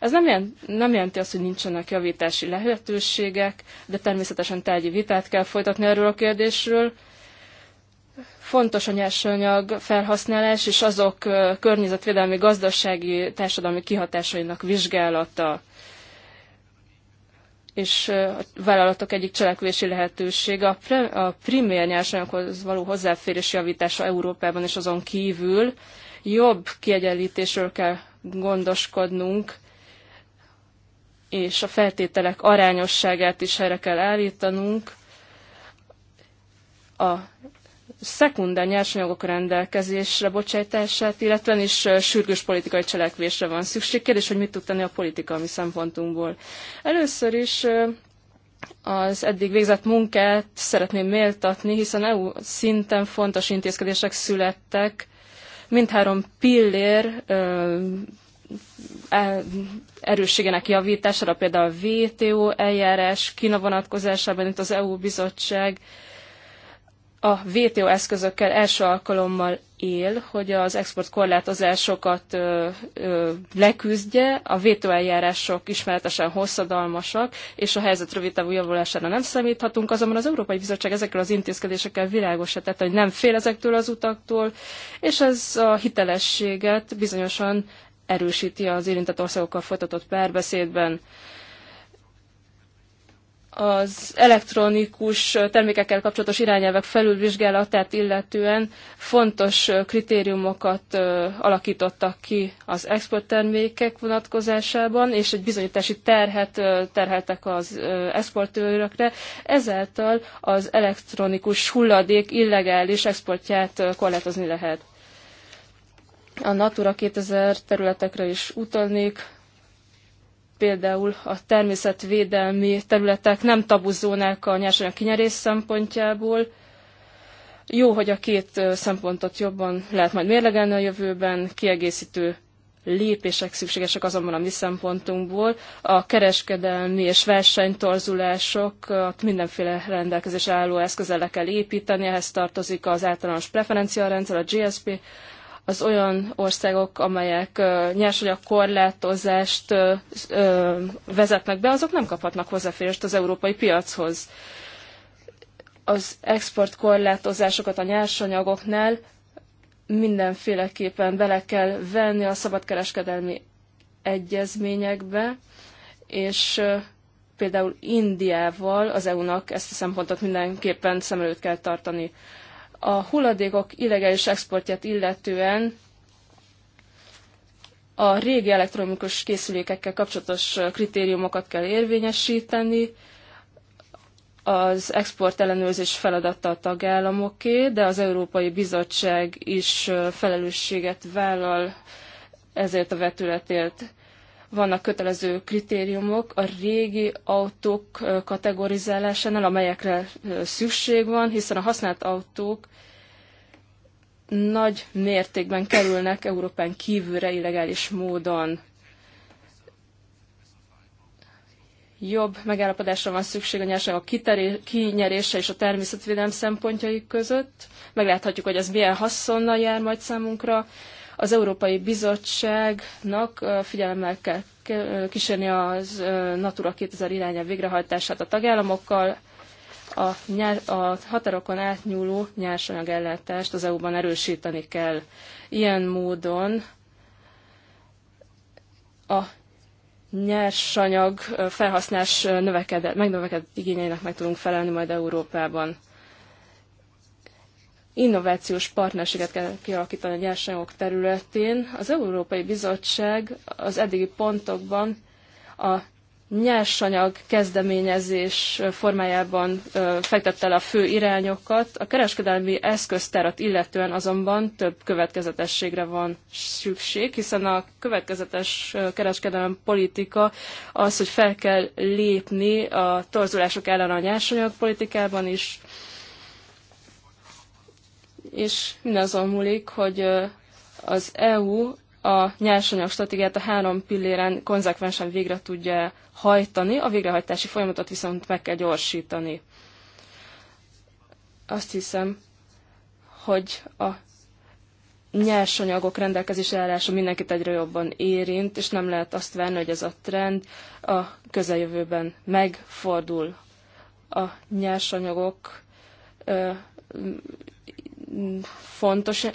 Ez nem, jelent, nem jelenti azt, hogy nincsenek javítási lehetőségek, de természetesen tárgyi vitát kell folytatni erről a kérdésről, Fontos a nyersanyag felhasználás és azok környezetvédelmi, gazdasági, társadalmi kihatásainak vizsgálata és a vállalatok egyik cselekvési lehetősége a, pre, a primér nyersanyaghoz való hozzáférés javítása Európában és azon kívül jobb kiegyenlítésről kell gondoskodnunk, és a feltételek arányosságát is erre kell állítanunk. A szekundár nyersanyagok rendelkezésre bocsájtását, illetve is sürgős politikai cselekvésre van szükség. Kérdés, hogy mit tud tenni a politika a mi szempontunkból. Először is az eddig végzett munkát szeretném méltatni, hiszen EU szinten fontos intézkedések születtek, mindhárom pillér e, erősségének javítására, például a WTO eljárás, Kína vonatkozásában, itt az EU bizottság, a VTO eszközökkel első alkalommal él, hogy az exportkorlátozásokat ö, ö, leküzdje, a VTO eljárások ismeretesen hosszadalmasak, és a helyzet rövid távú javulására nem számíthatunk, azonban az Európai Bizottság ezekkel az intézkedésekkel világosra tett, hogy nem fél ezektől az utaktól, és ez a hitelességet bizonyosan erősíti az érintett országokkal folytatott párbeszédben az elektronikus termékekkel kapcsolatos irányelvek felülvizsgálatát illetően fontos kritériumokat alakítottak ki az exporttermékek vonatkozásában, és egy bizonyítási terhet terheltek az exportőrökre. Ezáltal az elektronikus hulladék illegális exportját korlátozni lehet. A Natura 2000 területekre is utalnék, például a természetvédelmi területek nem tabuzónák a nyersanyag kinyerés szempontjából. Jó, hogy a két szempontot jobban lehet majd mérlegelni a jövőben, kiegészítő lépések szükségesek azonban a mi szempontunkból. A kereskedelmi és versenytorzulások mindenféle rendelkezés álló eszközele kell építeni, ehhez tartozik az általános preferenciarendszer, a GSP az olyan országok, amelyek nyersanyag vezetnek be, azok nem kaphatnak hozzáférést az európai piachoz. Az exportkorlátozásokat a nyersanyagoknál mindenféleképpen bele kell venni a szabadkereskedelmi egyezményekbe, és például Indiával az EU-nak ezt a szempontot mindenképpen szem előtt kell tartani a hulladékok illegális exportját illetően a régi elektronikus készülékekkel kapcsolatos kritériumokat kell érvényesíteni, az export ellenőrzés feladata a tagállamoké, de az Európai Bizottság is felelősséget vállal ezért a vetületért vannak kötelező kritériumok a régi autók kategorizálásánál, amelyekre szükség van, hiszen a használt autók nagy mértékben kerülnek Európán kívülre illegális módon. Jobb megállapodásra van szükség a nyersanyagok kinyerése és a természetvédelem szempontjai között. Megláthatjuk, hogy ez milyen haszonnal jár majd számunkra az Európai Bizottságnak figyelemmel kell kísérni az Natura 2000 irányel végrehajtását a tagállamokkal, a, nyár, a határokon átnyúló nyersanyagellátást az EU-ban erősíteni kell. Ilyen módon a nyersanyag felhasználás növekedett, megnövekedett igényeinek meg tudunk felelni majd Európában innovációs partnerséget kell kialakítani a nyersanyagok területén. Az Európai Bizottság az eddigi pontokban a nyersanyag kezdeményezés formájában fektette le a fő irányokat. A kereskedelmi eszköztárat illetően azonban több következetességre van szükség, hiszen a következetes kereskedelmi politika az, hogy fel kell lépni a torzulások ellen a nyersanyag politikában is, és mindazon múlik, hogy az EU a nyersanyag stratégiát a három pilléren konzekvensen végre tudja hajtani, a végrehajtási folyamatot viszont meg kell gyorsítani. Azt hiszem, hogy a nyersanyagok rendelkezés állása mindenkit egyre jobban érint, és nem lehet azt várni, hogy ez a trend a közeljövőben megfordul. A nyersanyagok ö, fontos,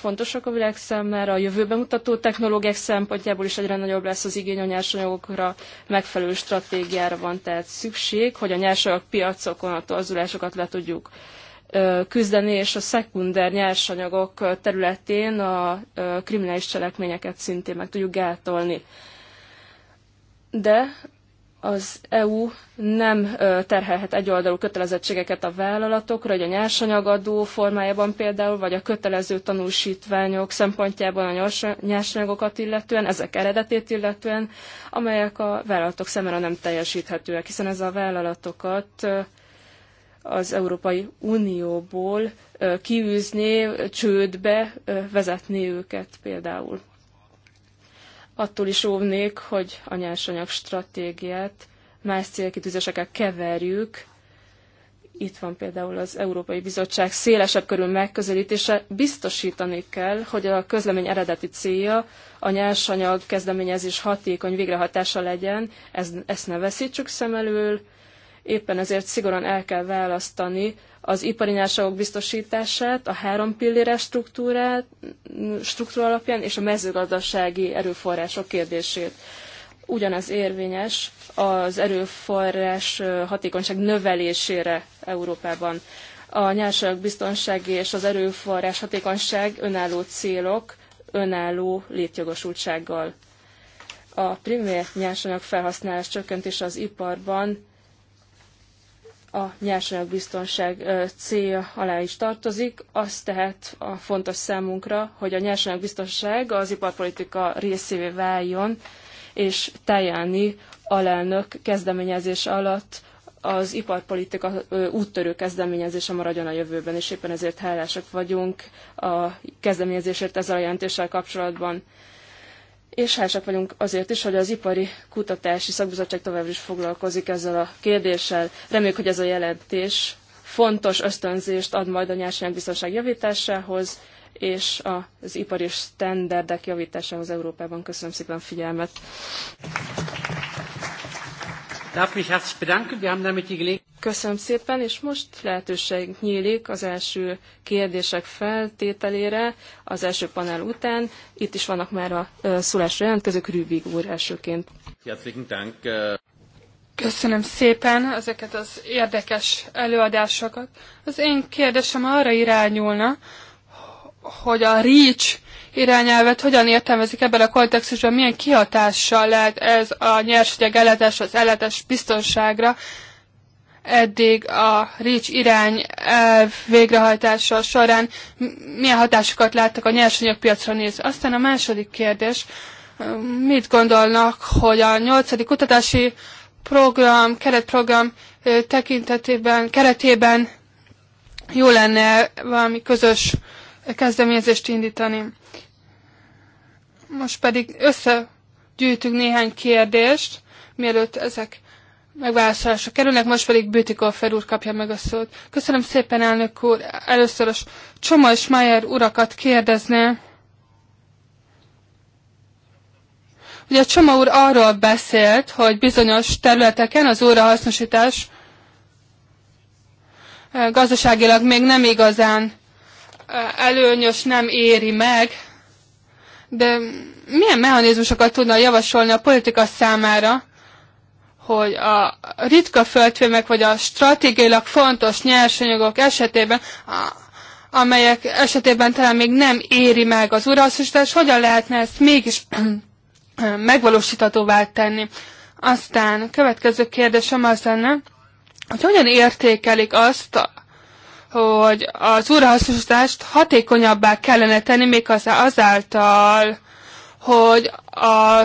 fontosak a világ számára, a jövőben mutató technológiák szempontjából is egyre nagyobb lesz az igény a nyersanyagokra, megfelelő stratégiára van tehát szükség, hogy a nyersanyag piacokon a torzulásokat le tudjuk küzdeni, és a szekunder nyersanyagok területén a kriminális cselekményeket szintén meg tudjuk gátolni. De az EU nem terhelhet egyoldalú kötelezettségeket a vállalatokra, hogy a nyersanyagadó formájában például, vagy a kötelező tanúsítványok szempontjából a nyersanyagokat illetően, ezek eredetét illetően, amelyek a vállalatok szemére nem teljesíthetőek, hiszen ez a vállalatokat az Európai Unióból kiűzni, csődbe vezetni őket például attól is óvnék, hogy a nyersanyag stratégiát más célkitűzésekkel keverjük. Itt van például az Európai Bizottság szélesebb körül megközelítése. Biztosítani kell, hogy a közlemény eredeti célja a nyersanyag kezdeményezés hatékony végrehatása legyen, ezt, ne veszítsük szem elől, éppen ezért szigorúan el kell választani az ipari nyersanyagok biztosítását, a három pilléres struktúrát, struktúra alapján és a mezőgazdasági erőforrások kérdését. Ugyanez érvényes az erőforrás hatékonyság növelésére Európában. A nyersanyag biztonsági és az erőforrás hatékonyság önálló célok, önálló létjogosultsággal. A primér nyersanyag felhasználás csökkentése az iparban a nyersanyagbiztonság célja alá is tartozik. Az tehát a fontos számunkra, hogy a nyersanyagbiztonság az iparpolitika részévé váljon, és Tajani alelnök kezdeményezés alatt az iparpolitika úttörő kezdeményezése maradjon a jövőben, és éppen ezért hálásak vagyunk a kezdeményezésért ezzel a jelentéssel kapcsolatban és hálásak vagyunk azért is, hogy az Ipari Kutatási Szakbizottság továbbra is foglalkozik ezzel a kérdéssel. Reméljük, hogy ez a jelentés fontos ösztönzést ad majd a nyersanyagbiztonság javításához, és az ipari standardek javításához Európában. Köszönöm szépen a figyelmet! Darf mich herzlich bedanken. Wir haben damit die Gelegenheit. Köszönöm szépen, és most lehetőség nyílik az első kérdések feltételére az első panel után. Itt is vannak már a szólásra jelentkezők, Rübig úr elsőként. Äh, Köszönöm szépen ezeket az érdekes
előadásokat. Az én kérdésem arra irányulna, hogy a REACH irányelvet hogyan értelmezik ebben a kontextusban, milyen kihatással lehet ez a nyersanyag ellátás, az ellátás biztonságra. Eddig a REACH irány végrehajtása során milyen hatásokat láttak a nyersanyagpiacra néz. Aztán a második kérdés, mit gondolnak, hogy a nyolcadik kutatási program, keretprogram tekintetében, keretében jó lenne valami közös kezdeményezést indítani. Most pedig összegyűjtünk néhány kérdést, mielőtt ezek megválaszolásra kerülnek, most pedig Bütikoffer úr kapja meg a szót. Köszönöm szépen, elnök úr. Először is Csoma és Mayer urakat kérdezne. Ugye a Csoma úr arról beszélt, hogy bizonyos területeken az órahasznosítás eh, gazdaságilag még nem igazán előnyös nem éri meg, de milyen mechanizmusokat tudna javasolni a politika számára, hogy a ritka földfémek vagy a stratégiailag fontos nyersanyagok esetében, amelyek esetében talán még nem éri meg az uralszosítás, hogyan lehetne ezt mégis *clears throat* megvalósíthatóvá tenni. Aztán következő kérdésem az lenne, hogy hogyan értékelik azt, a hogy az újrahasznosítást hatékonyabbá kellene tenni, még azáltal, hogy a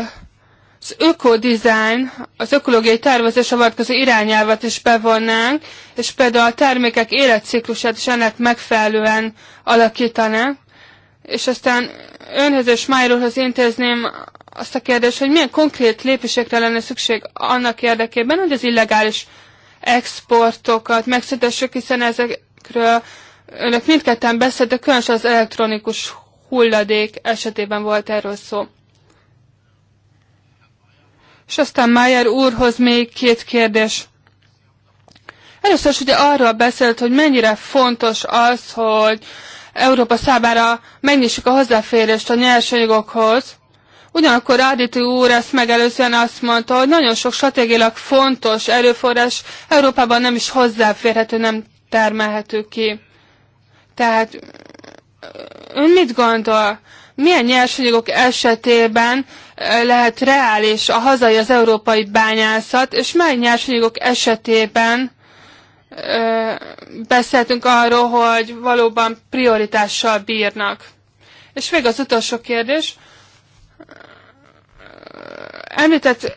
az ökodizájn, az ökológiai tervezés vonatkozó irányelvet is bevonnánk, és például a termékek életciklusát is ennek megfelelően alakítanánk. És aztán önhöz és Májróhoz intézném azt a kérdést, hogy milyen konkrét lépésekre lenne szükség annak érdekében, hogy az illegális exportokat megszüntessük, hiszen ezek amelyekről önök mindketten beszéltek, különösen az elektronikus hulladék esetében volt erről szó. És aztán Mayer úrhoz még két kérdés. Először is ugye arról beszélt, hogy mennyire fontos az, hogy Európa számára megnyissuk a hozzáférést a nyersanyagokhoz. Ugyanakkor Ráditi úr ezt megelőzően azt mondta, hogy nagyon sok stratégilag fontos erőforrás Európában nem is hozzáférhető, nem termelhető ki. Tehát ön mit gondol? Milyen nyersanyagok esetében lehet reális a hazai az európai bányászat, és mely nyersanyagok esetében ö, beszéltünk arról, hogy valóban prioritással bírnak? És még az utolsó kérdés. Említett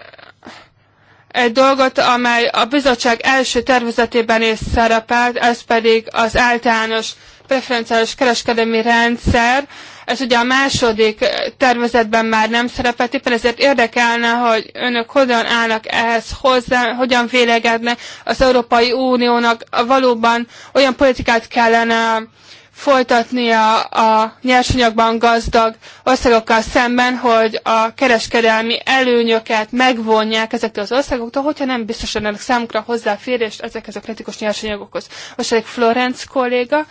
egy dolgot, amely a bizottság első tervezetében is szerepelt, ez pedig az általános preferenciális kereskedelmi rendszer. Ez ugye a második tervezetben már nem szerepelt, éppen ezért érdekelne, hogy önök hogyan állnak ehhez hozzá, hogyan vélegednek az Európai Uniónak valóban olyan politikát kellene folytatnia a nyersanyagban gazdag országokkal szemben, hogy a kereskedelmi előnyöket megvonják ezektől az országoktól, hogyha nem biztosanak számukra hozzáférést ezekhez a kritikus nyersanyagokhoz. Most egy Florenc kolléga,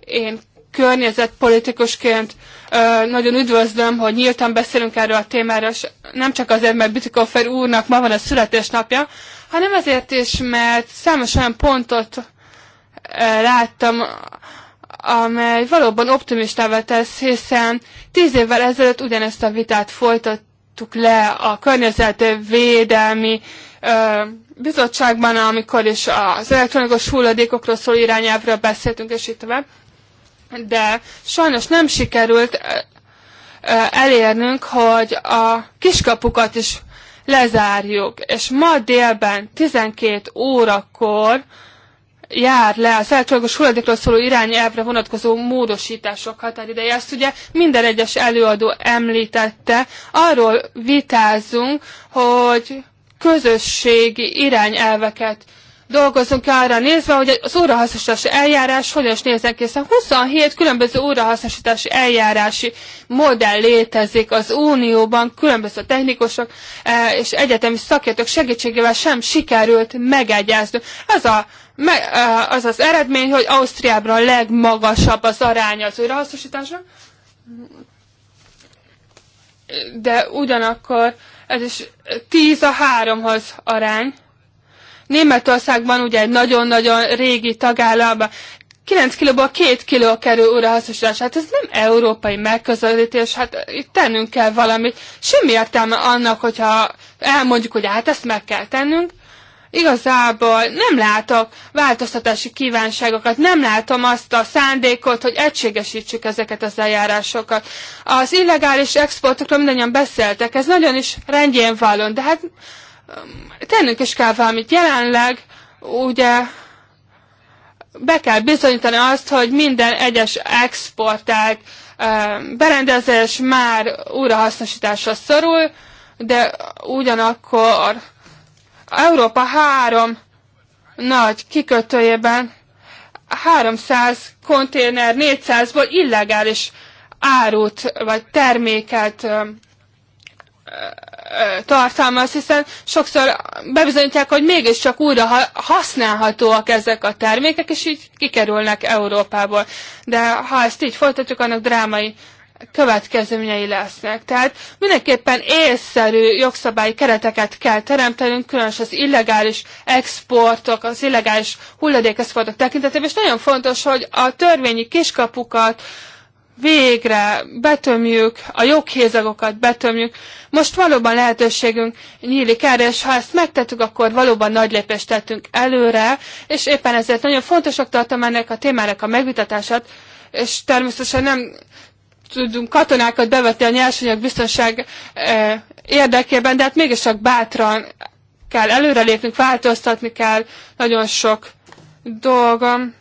én környezetpolitikusként ö, nagyon üdvözlöm, hogy nyíltan beszélünk erről a témáról, és nem csak azért, mert Bütikofer úrnak ma van a születésnapja, hanem azért is, mert számos olyan pontot ö, láttam, amely valóban optimistává tesz, hiszen tíz évvel ezelőtt ugyanezt a vitát folytattuk le a környezetvédelmi ö, bizottságban, amikor is az elektronikus hulladékokról szóló irányelvről beszéltünk, és így tovább. De sajnos nem sikerült elérnünk, hogy a kiskapukat is lezárjuk. És ma délben 12 órakor jár le az elcsillagos hulladékról szóló irányelvre vonatkozó módosítások határideje. Ezt ugye minden egyes előadó említette. Arról vitázunk, hogy közösségi irányelveket dolgozunk arra nézve, hogy az órahasznosítási eljárás hogyan is nézzen ki. 27 különböző órahasznosítási eljárási modell létezik az Unióban, különböző technikusok eh, és egyetemi szakértők segítségével sem sikerült megegyezni. Ez a Eh, az az eredmény, hogy Ausztriában a legmagasabb az aránya az újrahasznosításra, de ugyanakkor ez is 10 a 3-hoz arány. Németországban ugye egy nagyon-nagyon régi tagállamban 9 kilóból 2 kiló kerül újrahasznosítás. Hát ez nem európai megközelítés, hát itt tennünk kell valamit. Semmi értelme annak, hogyha elmondjuk, hogy hát ezt meg kell tennünk, igazából nem látok változtatási kívánságokat, nem látom azt a szándékot, hogy egységesítsük ezeket az eljárásokat. Az illegális exportokról mindannyian beszéltek, ez nagyon is rendjén való, de hát um, tennünk is kell valamit. Jelenleg ugye be kell bizonyítani azt, hogy minden egyes exportált um, berendezés már újrahasznosításra szorul, de ugyanakkor Európa három nagy kikötőjében 300 konténer 400-ból illegális árut vagy terméket ö, ö, tartalmaz, hiszen sokszor bebizonyítják, hogy mégiscsak újra használhatóak ezek a termékek, és így kikerülnek Európából. De ha ezt így folytatjuk, annak drámai következményei lesznek. Tehát mindenképpen észszerű jogszabályi kereteket kell teremtenünk, különösen az illegális exportok, az illegális hulladékexportok tekintetében, és nagyon fontos, hogy a törvényi kiskapukat végre betömjük, a joghézagokat betömjük. Most valóban lehetőségünk nyílik erre, és ha ezt megtettük, akkor valóban nagy lépést tettünk előre, és éppen ezért nagyon fontosak tartom ennek a témának a megvitatását, és természetesen nem tudunk katonákat bevetni a biztonság e, érdekében, de hát mégis csak bátran kell előrelépnünk, változtatni kell nagyon sok dolgom.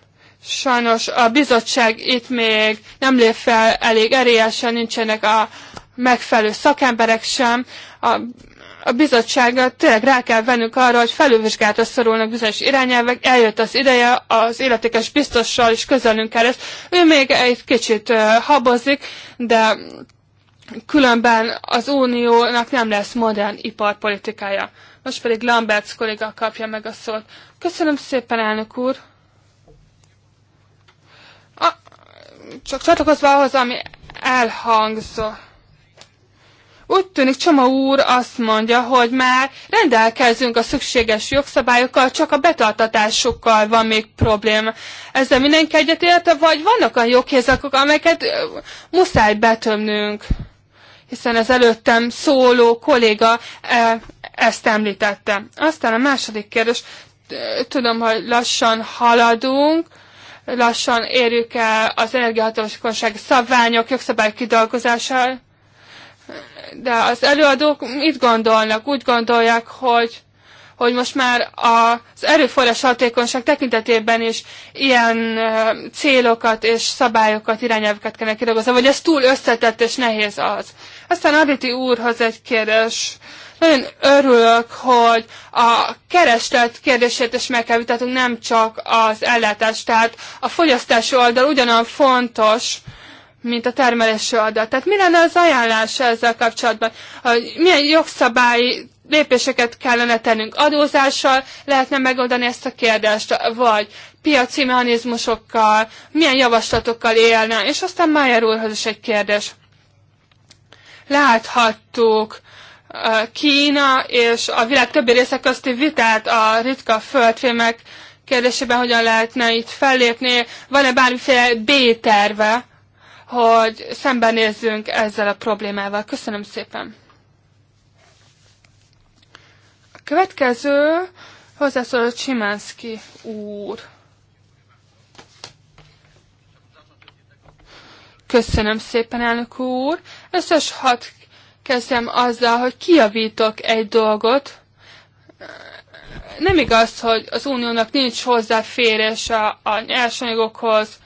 Sajnos a bizottság itt még nem lép fel elég erélyesen, nincsenek a megfelelő szakemberek sem. A a bizottsággal tényleg rá kell vennünk arra, hogy felülvizsgálatra szorulnak bizonyos irányelvek, eljött az ideje, az illetékes biztossal is közelünk kell ezt. Ő még egy kicsit habozik, de különben az uniónak nem lesz modern iparpolitikája. Most pedig Lamberts kolléga kapja meg a szót. Köszönöm szépen, elnök úr! A, csak csatlakozva ahhoz, ami elhangzott úgy tűnik Csoma úr azt mondja, hogy már rendelkezünk a szükséges jogszabályokkal, csak a betartatásokkal van még probléma. Ezzel mindenki egyetért, vagy vannak a jogkézakok, amelyeket muszáj betömnünk, hiszen az előttem szóló kolléga ezt említette. Aztán a második kérdés, tudom, hogy lassan haladunk, lassan érjük el az energiahatósági szabványok, jogszabály kidolgozását, de az előadók mit gondolnak? Úgy gondolják, hogy, hogy most már az erőforrás hatékonyság tekintetében is ilyen célokat és szabályokat, irányelveket kellene kidolgozni, vagy ez túl összetett és nehéz az. Aztán Aditi úrhoz egy kérdés. Nagyon örülök, hogy a kereslet kérdését is meg kell vitatnunk, nem csak az ellátás. Tehát a fogyasztási oldal ugyanolyan fontos, mint a termelési adat. Tehát mi lenne az ajánlása ezzel kapcsolatban? Hogy milyen jogszabályi lépéseket kellene tennünk adózással, lehetne megoldani ezt a kérdést, vagy piaci mechanizmusokkal, milyen javaslatokkal élne, és aztán Májer úrhoz is egy kérdés. Láthattuk Kína és a világ többi része közti vitát a ritka földfémek kérdésében, hogyan lehetne itt fellépni, van-e bármiféle B-terve, hogy szembenézzünk ezzel a problémával. Köszönöm szépen! A következő hozzászóló Csimánszki úr. Köszönöm szépen, elnök úr. Összes hat kezdem azzal, hogy kiavítok egy dolgot. Nem igaz, hogy az uniónak nincs hozzáférés a, a nyersanyagokhoz,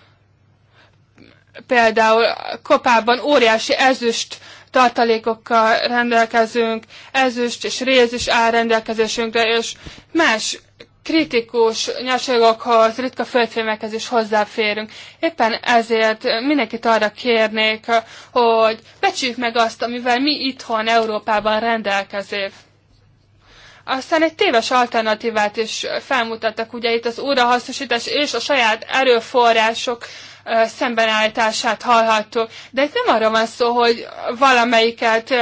például kopában óriási ezüst tartalékokkal rendelkezünk, ezüst és réz is áll rendelkezésünkre, és más kritikus nyersanyagokhoz, ritka földfémekhez is hozzáférünk. Éppen ezért mindenkit arra kérnék, hogy becsüljük meg azt, amivel mi itthon Európában rendelkezünk. Aztán egy téves alternatívát is felmutattak, ugye itt az újrahasznosítás és a saját erőforrások szembenállítását hallhattuk. De itt nem arra van szó, hogy valamelyiket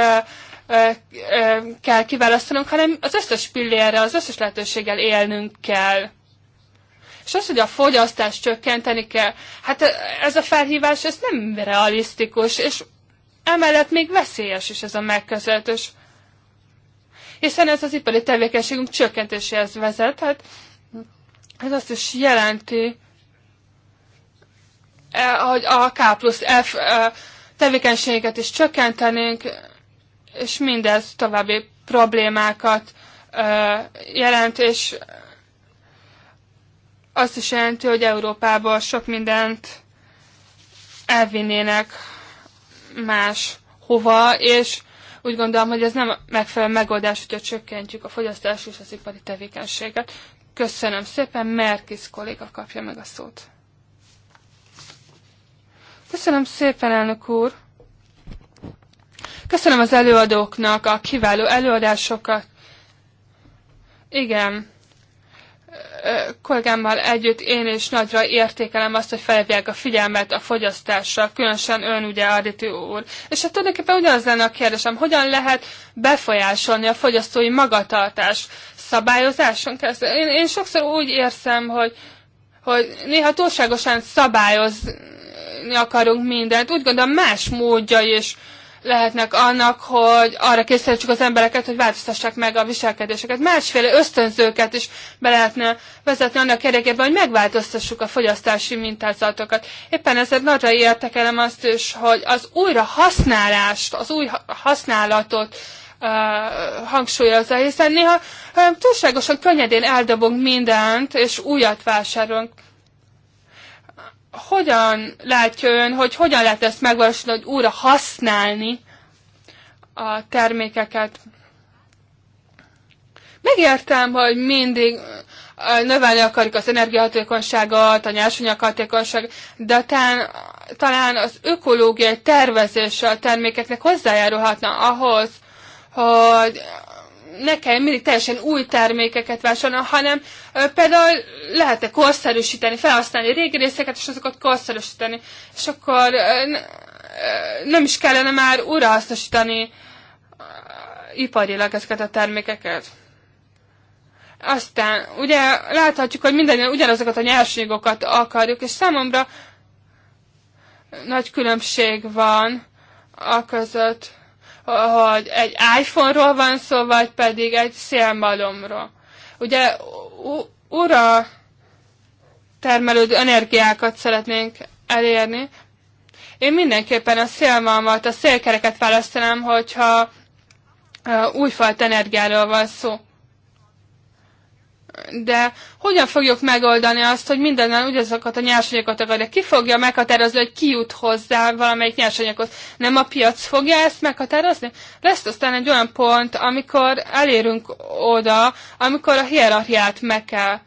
kell kiválasztanunk, hanem az összes pillérre, az összes lehetőséggel élnünk kell. És az, hogy a fogyasztást csökkenteni kell, hát ez a felhívás, ez nem realisztikus, és emellett még veszélyes is ez a megközelítés. Hiszen ez az ipari tevékenységünk csökkentéséhez vezet, hát ez azt is jelenti, E, hogy a K plusz F e, tevékenységet is csökkentenénk, és mindez további problémákat e, jelent, és azt is jelenti, hogy Európából sok mindent elvinnének más hova, és úgy gondolom, hogy ez nem megfelelő megoldás, hogyha csökkentjük a fogyasztás és az ipari tevékenységet. Köszönöm szépen, Merkis kolléga kapja meg a szót. Köszönöm szépen, elnök úr! Köszönöm az előadóknak a kiváló előadásokat. Igen, kollégámmal együtt én is nagyra értékelem azt, hogy felhívják a figyelmet a fogyasztásra, különösen ön ugye Arditi úr. És hát tulajdonképpen ugyanaz lenne a kérdésem, hogyan lehet befolyásolni a fogyasztói magatartás szabályozáson keresztül? Én, én sokszor úgy érzem, hogy, hogy néha túlságosan szabályoz, akarunk mindent. Úgy gondolom más módja is lehetnek annak, hogy arra készítsük az embereket, hogy változtassák meg a viselkedéseket. Másféle ösztönzőket is be lehetne vezetni annak érdekében, hogy megváltoztassuk a fogyasztási mintázatokat. Éppen ezért nagyra értekelem azt is, hogy az újra használást, az új használatot uh, hangsúlyozza, hiszen néha uh, túlságosan könnyedén eldobunk mindent, és újat vásárolunk hogyan látja ön, hogy hogyan lehet ezt megvalósítani, hogy újra használni a termékeket? Megértem, hogy mindig növelni akarjuk az energiahatékonyságot, a nyersanyaghatékonyságot, de tán, talán az ökológiai tervezése a termékeknek hozzájárulhatna ahhoz, hogy ne kell mindig teljesen új termékeket vásárolni, hanem például lehet-e korszerűsíteni, felhasználni régi részeket, és azokat korszerűsíteni, és akkor nem is kellene már újrahasznosítani iparilag ezeket a termékeket. Aztán ugye láthatjuk, hogy mindannyian ugyanazokat a nyersanyagokat akarjuk, és számomra nagy különbség van a között, hogy egy iPhone-ról van szó, vagy pedig egy szélmalomról. Ugye ura termelődő energiákat szeretnénk elérni. Én mindenképpen a szélmalmat, a szélkereket választanám, hogyha újfajta energiáról van szó de hogyan fogjuk megoldani azt, hogy mindennel ugyanazokat a nyersanyagokat akarja? Ki fogja meghatározni, hogy ki jut hozzá valamelyik nyersanyaghoz? Nem a piac fogja ezt meghatározni? Lesz aztán egy olyan pont, amikor elérünk oda, amikor a hierarchiát meg kell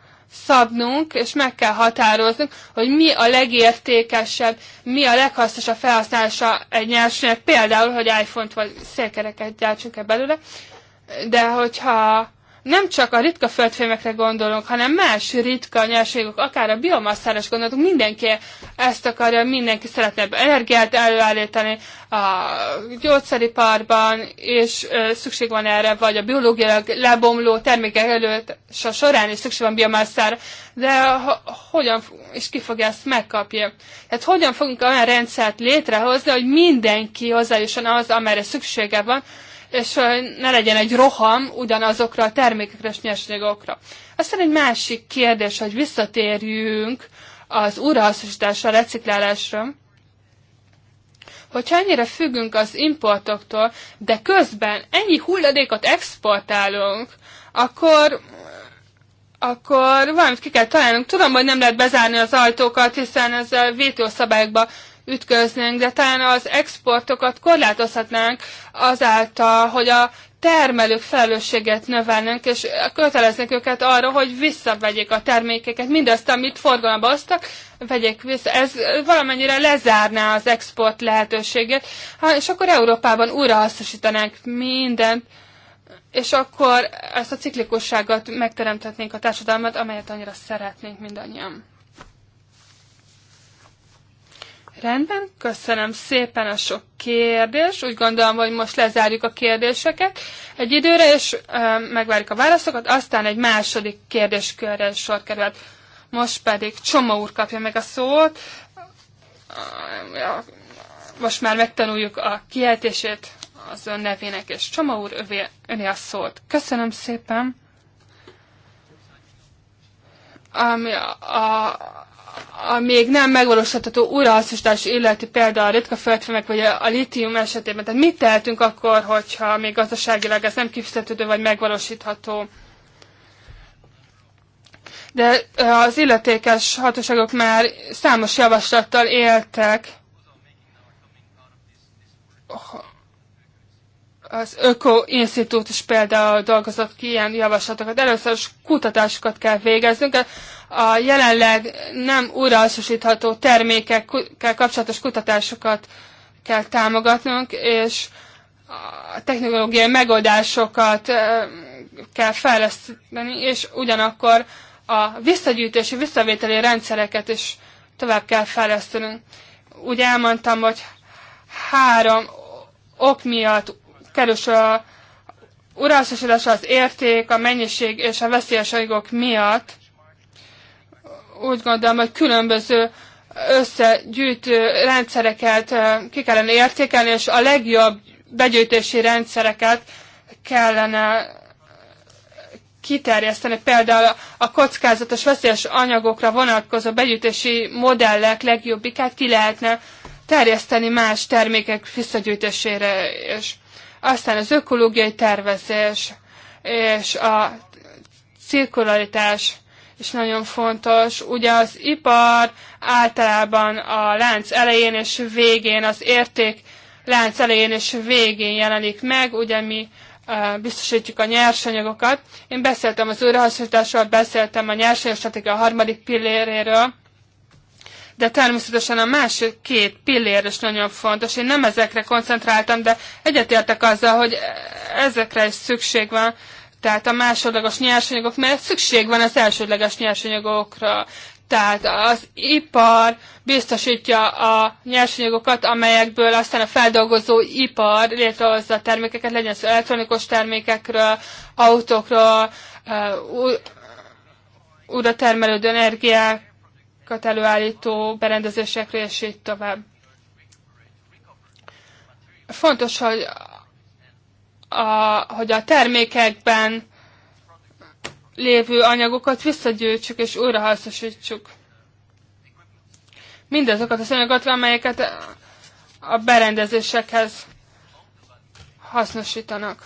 szabnunk, és meg kell határoznunk, hogy mi a legértékesebb, mi a leghasznosabb felhasználása egy nyersanyag, például, hogy iPhone-t vagy szélkereket gyártsunk-e belőle, de hogyha nem csak a ritka földfémekre gondolunk, hanem más ritka nyerségek, akár a biomasszára is gondolunk, mindenki ezt akarja, mindenki szeretne energiát előállítani a gyógyszeriparban, és szükség van erre, vagy a biológiailag lebomló termékek előtt során is szükség van biomasszára, de hogyan és ki fogja ezt megkapja. Tehát hogyan fogunk olyan rendszert létrehozni, hogy mindenki hozzájusson az, amire szüksége van, és hogy ne legyen egy roham ugyanazokra a termékekre és nyersanyagokra. Aztán egy másik kérdés, hogy visszatérjünk az újrahasznosításra, reciklálásra, hogyha ennyire függünk az importoktól, de közben ennyi hulladékot exportálunk, akkor akkor valamit ki kell találnunk. Tudom, hogy nem lehet bezárni az ajtókat, hiszen ezzel vétószabályokba ütköznénk, de talán az exportokat korlátozhatnánk azáltal, hogy a termelők felelősséget növelnénk, és köteleznek őket arra, hogy visszavegyék a termékeket, mindazt, amit forgalomba hoztak, vegyék vissza. Ez valamennyire lezárná az export lehetőséget, és akkor Európában újra hasznosítanánk mindent, és akkor ezt a ciklikusságot megteremthetnénk a társadalmat, amelyet annyira szeretnénk mindannyian. Rendben, köszönöm szépen a sok kérdés. Úgy gondolom, hogy most lezárjuk a kérdéseket egy időre, és ö, megvárjuk a válaszokat, aztán egy második kérdéskörre sor került. Most pedig Csoma úr kapja meg a szót. Most már megtanuljuk a kiejtését az ön nevének, és Csoma úr övé, öné a szót. Köszönöm szépen. Ami a, a a még nem megvalósítható újrahasznosítás illeti példa a ritka földfemek vagy a litium esetében. Tehát mit tehetünk akkor, hogyha még gazdaságilag ez nem kifizetődő vagy megvalósítható? De az illetékes hatóságok már számos javaslattal éltek az Öko Institút is például dolgozott ki ilyen javaslatokat. Először is kutatásokat kell végeznünk a jelenleg nem újrahasznosítható termékekkel kapcsolatos kutatásokat kell támogatnunk, és a technológiai megoldásokat kell fejleszteni, és ugyanakkor a visszagyűjtési, visszavételi rendszereket is tovább kell fejlesztenünk. Úgy elmondtam, hogy három ok miatt kerül a urászosodás az érték, a mennyiség és a veszélyes miatt, úgy gondolom, hogy különböző összegyűjtő rendszereket ki kellene értékelni, és a legjobb begyűjtési rendszereket kellene kiterjeszteni. Például a kockázatos veszélyes anyagokra vonatkozó begyűjtési modellek legjobbikát ki lehetne terjeszteni más termékek visszagyűjtésére, és aztán az ökológiai tervezés és a cirkularitás és nagyon fontos. Ugye az ipar általában a lánc elején és végén, az érték lánc elején és végén jelenik meg, ugye mi biztosítjuk a nyersanyagokat. Én beszéltem az újrahasznosításról, beszéltem a nyersanyag stratégia harmadik pilléréről, de természetesen a másik két pillér is nagyon fontos. Én nem ezekre koncentráltam, de egyetértek azzal, hogy ezekre is szükség van, tehát a másodlagos nyersanyagok mert szükség van az elsődleges nyersanyagokra. Tehát az ipar biztosítja a nyersanyagokat, amelyekből aztán a feldolgozó ipar létrehozza a termékeket, legyen szó elektronikus termékekről, autókról, újra termelődő energiákat előállító berendezésekről, és így tovább. Fontos, hogy a, hogy a termékekben lévő anyagokat visszagyűjtsük és újrahasznosítsuk. Mindazokat az anyagokat, amelyeket a berendezésekhez hasznosítanak.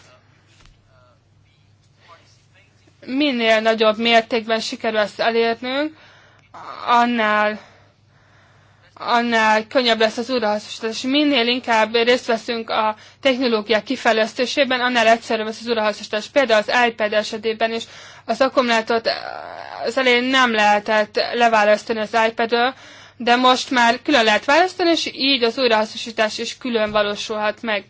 Minél nagyobb mértékben sikerül ezt elérnünk, annál annál könnyebb lesz az és Minél inkább részt veszünk a technológiák kifejlesztésében, annál egyszerűbb lesz az újrahasznosítás. Például az iPad esetében is az akkumulátort az elején nem lehetett leválasztani az iPad-ről, de most már külön lehet választani, és így az újrahasznosítás is külön valósulhat meg.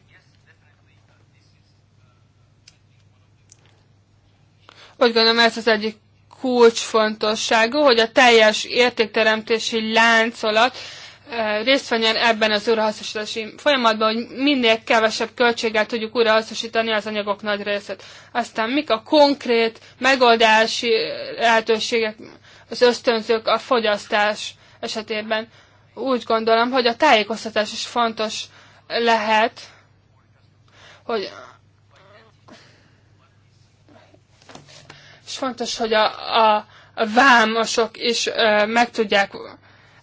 Úgy gondolom, ez az egyik kulcsfontosságú, hogy a teljes értékteremtési láncolat eh, részt venjen ebben az újrahasznosítási folyamatban, hogy minél kevesebb költséggel tudjuk újrahasznosítani az anyagok nagy részét. Aztán mik a konkrét megoldási eh, lehetőségek, az ösztönzők a fogyasztás esetében. Úgy gondolom, hogy a tájékoztatás is fontos lehet, hogy és fontos, hogy a, a, a vámosok is ö, meg tudják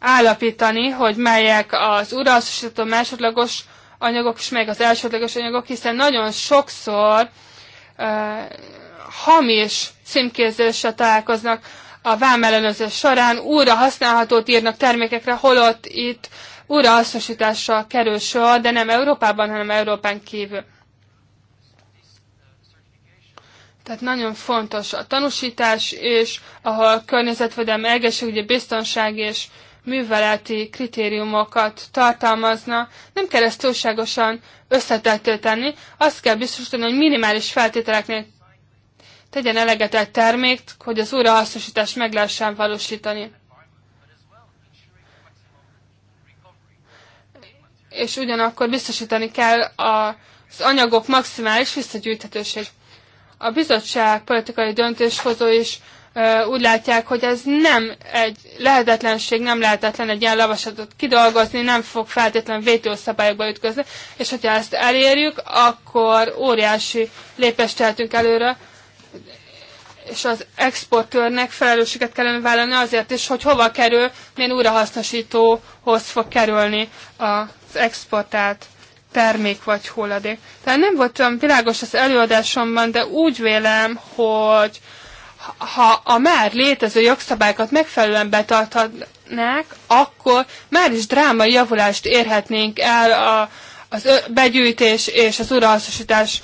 állapítani, hogy melyek az uralszosító másodlagos anyagok, és melyek az elsődleges anyagok, hiszen nagyon sokszor ö, hamis címkézéssel találkoznak a vámellenőrzés során, újra használhatót írnak termékekre, holott itt újrahasznosításra kerül sor, de nem Európában, hanem Európán kívül. Tehát nagyon fontos a tanúsítás, és ahol környezetvédelmi, egészségügyi, biztonság és műveleti kritériumokat tartalmazna, nem kell ezt túlságosan tenni, azt kell biztosítani, hogy minimális feltételeknél tegyen eleget egy termékt, hogy az újrahasznosítást meg lehessen valósítani. És ugyanakkor biztosítani kell az anyagok maximális visszagyűjthetőségét a bizottság politikai döntéshozó is úgy látják, hogy ez nem egy lehetetlenség, nem lehetetlen egy ilyen lavaslatot kidolgozni, nem fog feltétlen vétőszabályokba ütközni, és hogyha ezt elérjük, akkor óriási lépést tehetünk előre, és az exportőrnek felelősséget kellene vállalni azért is, hogy hova kerül, milyen újrahasznosítóhoz fog kerülni az exportát termék vagy hulladék. Tehát nem voltam világos az előadásomban, de úgy vélem, hogy ha a már létező jogszabályokat megfelelően betartanák, akkor már is drámai javulást érhetnénk el a, az begyűjtés és az urahasznosítás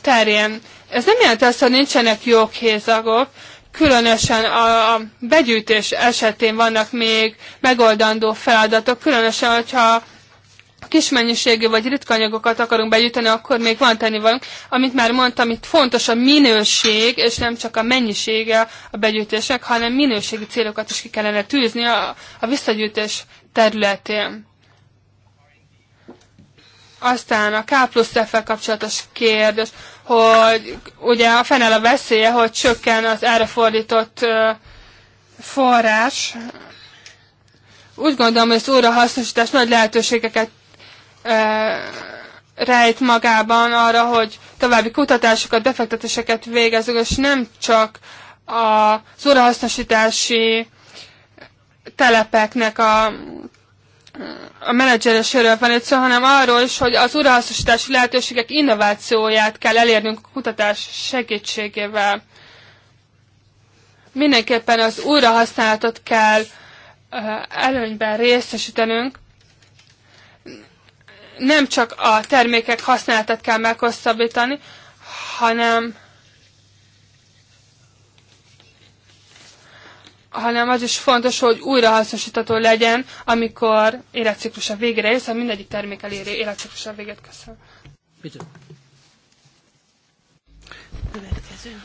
terén. Ez nem jelenti azt, hogy nincsenek joghézagok, különösen a begyűjtés esetén vannak még megoldandó feladatok, különösen, hogyha kis mennyiségű vagy ritka anyagokat akarunk begyűjteni, akkor még van tennivalónk. Amit már mondtam, itt fontos a minőség, és nem csak a mennyisége a begyűjtések, hanem minőségi célokat is ki kellene tűzni a, a visszagyűjtés területén. Aztán a K plusz f kapcsolatos kérdés, hogy ugye fenel a veszélye, hogy csökken az erre fordított forrás. Úgy gondolom, hogy az újrahasznosítás nagy lehetőségeket rejt magában arra, hogy további kutatásokat, befektetéseket végezünk, és nem csak az órahasznosítási telepeknek a, a menedzseresőről van egy szó, hanem arról is, hogy az urahasznosítási lehetőségek innovációját kell elérnünk a kutatás segítségével. Mindenképpen az újrahasználatot kell előnyben részesítenünk, nem csak a termékek használatát kell meghosszabbítani, hanem hanem az is fontos, hogy újrahasznosítható legyen, amikor életciklus a végére jössz, szóval hogy mindegyik termék eléri életciklus a végét. Köszönöm.
Következő.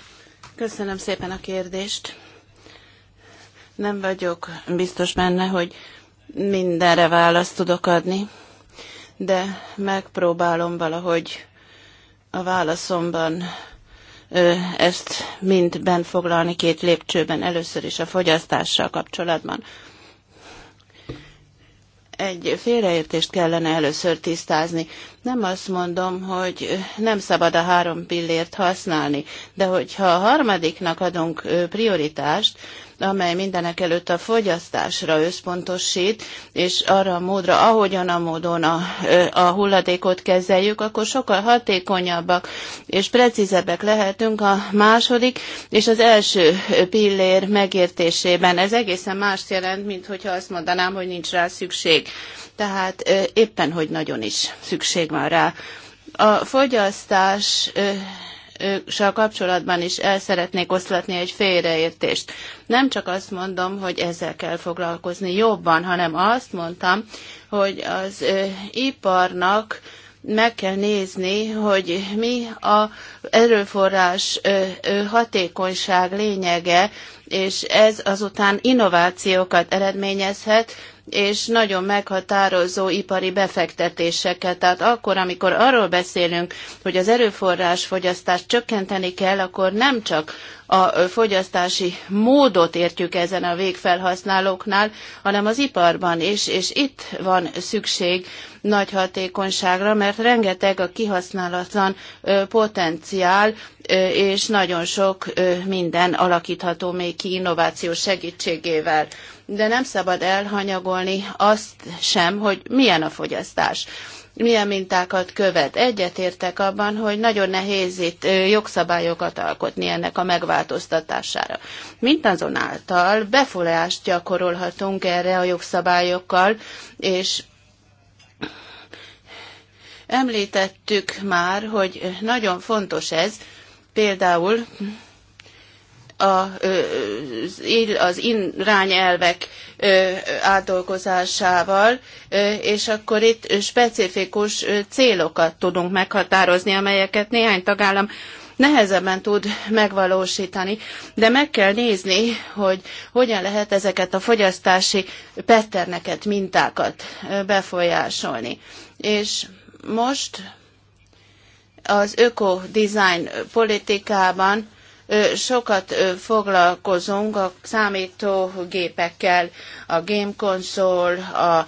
Köszönöm szépen a kérdést. Nem vagyok biztos benne, hogy mindenre választ tudok adni de megpróbálom valahogy a válaszomban ezt mind bent foglalni két lépcsőben, először is a fogyasztással kapcsolatban. Egy félreértést kellene először tisztázni. Nem azt mondom, hogy nem szabad a három pillért használni, de hogyha a harmadiknak adunk prioritást, amely mindenek előtt a fogyasztásra összpontosít, és arra a módra, ahogyan a módon a, a hulladékot kezeljük, akkor sokkal hatékonyabbak és precízebbek lehetünk a második és az első pillér megértésében. Ez egészen mást jelent, mint hogyha azt mondanám, hogy nincs rá szükség. Tehát éppen, hogy nagyon is szükség van rá. A fogyasztás sal kapcsolatban is el szeretnék oszlatni egy félreértést. Nem csak azt mondom, hogy ezzel kell foglalkozni jobban, hanem azt mondtam, hogy az iparnak meg kell nézni, hogy mi a erőforrás hatékonyság lényege, és ez azután innovációkat eredményezhet, és nagyon meghatározó ipari befektetésekkel. Tehát akkor, amikor arról beszélünk, hogy az erőforrás fogyasztást csökkenteni kell, akkor nem csak a fogyasztási módot értjük ezen a végfelhasználóknál, hanem az iparban is, és itt van szükség nagy hatékonyságra, mert rengeteg a kihasználatlan potenciál, és nagyon sok minden alakítható még ki innováció segítségével de nem szabad elhanyagolni azt sem, hogy milyen a fogyasztás milyen mintákat követ. Egyetértek abban, hogy nagyon nehéz itt jogszabályokat alkotni ennek a megváltoztatására. Mint azonáltal befolyást gyakorolhatunk erre a jogszabályokkal, és említettük már, hogy nagyon fontos ez, például az irányelvek átdolgozásával, és akkor itt specifikus célokat tudunk meghatározni, amelyeket néhány tagállam nehezebben tud megvalósítani, de meg kell nézni, hogy hogyan lehet ezeket a fogyasztási patterneket, mintákat befolyásolni. És most az öko-design politikában sokat foglalkozunk a számítógépekkel, a game console, a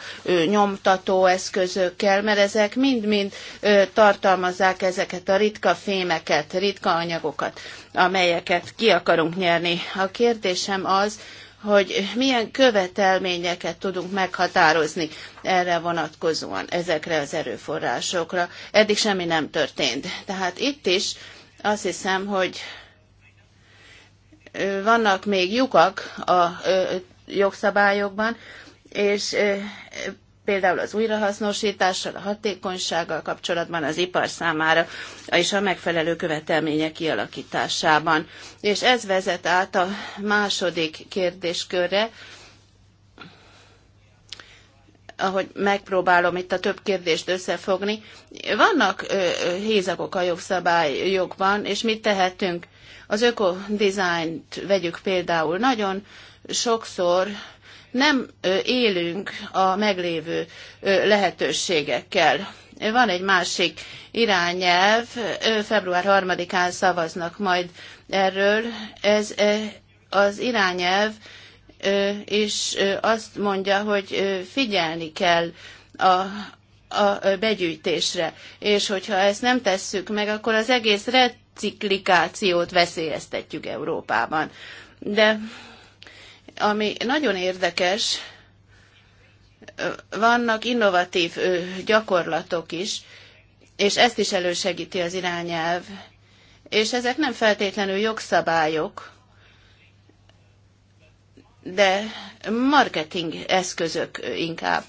nyomtató eszközökkel, mert ezek mind-mind tartalmazzák ezeket a ritka fémeket, ritka anyagokat, amelyeket ki akarunk nyerni. A kérdésem az, hogy milyen követelményeket tudunk meghatározni erre vonatkozóan, ezekre az erőforrásokra. Eddig semmi nem történt. Tehát itt is azt hiszem, hogy vannak még lyukak a jogszabályokban, és például az újrahasznosítással, a hatékonysággal kapcsolatban az ipar számára, és a megfelelő követelmények kialakításában. És ez vezet át a második kérdéskörre, ahogy megpróbálom itt a több kérdést összefogni. Vannak hézagok a jogszabályokban, és mit tehetünk? Az ökodizájnt vegyük például. Nagyon sokszor nem élünk a meglévő lehetőségekkel. Van egy másik irányelv, február 3-án szavaznak majd erről. Ez az irányelv és azt mondja, hogy figyelni kell a, a begyűjtésre. És hogyha ezt nem tesszük meg, akkor az egész reciklikációt veszélyeztetjük Európában. De ami nagyon érdekes, vannak innovatív gyakorlatok is, és ezt is elősegíti az irányelv. És ezek nem feltétlenül jogszabályok, de marketing eszközök inkább.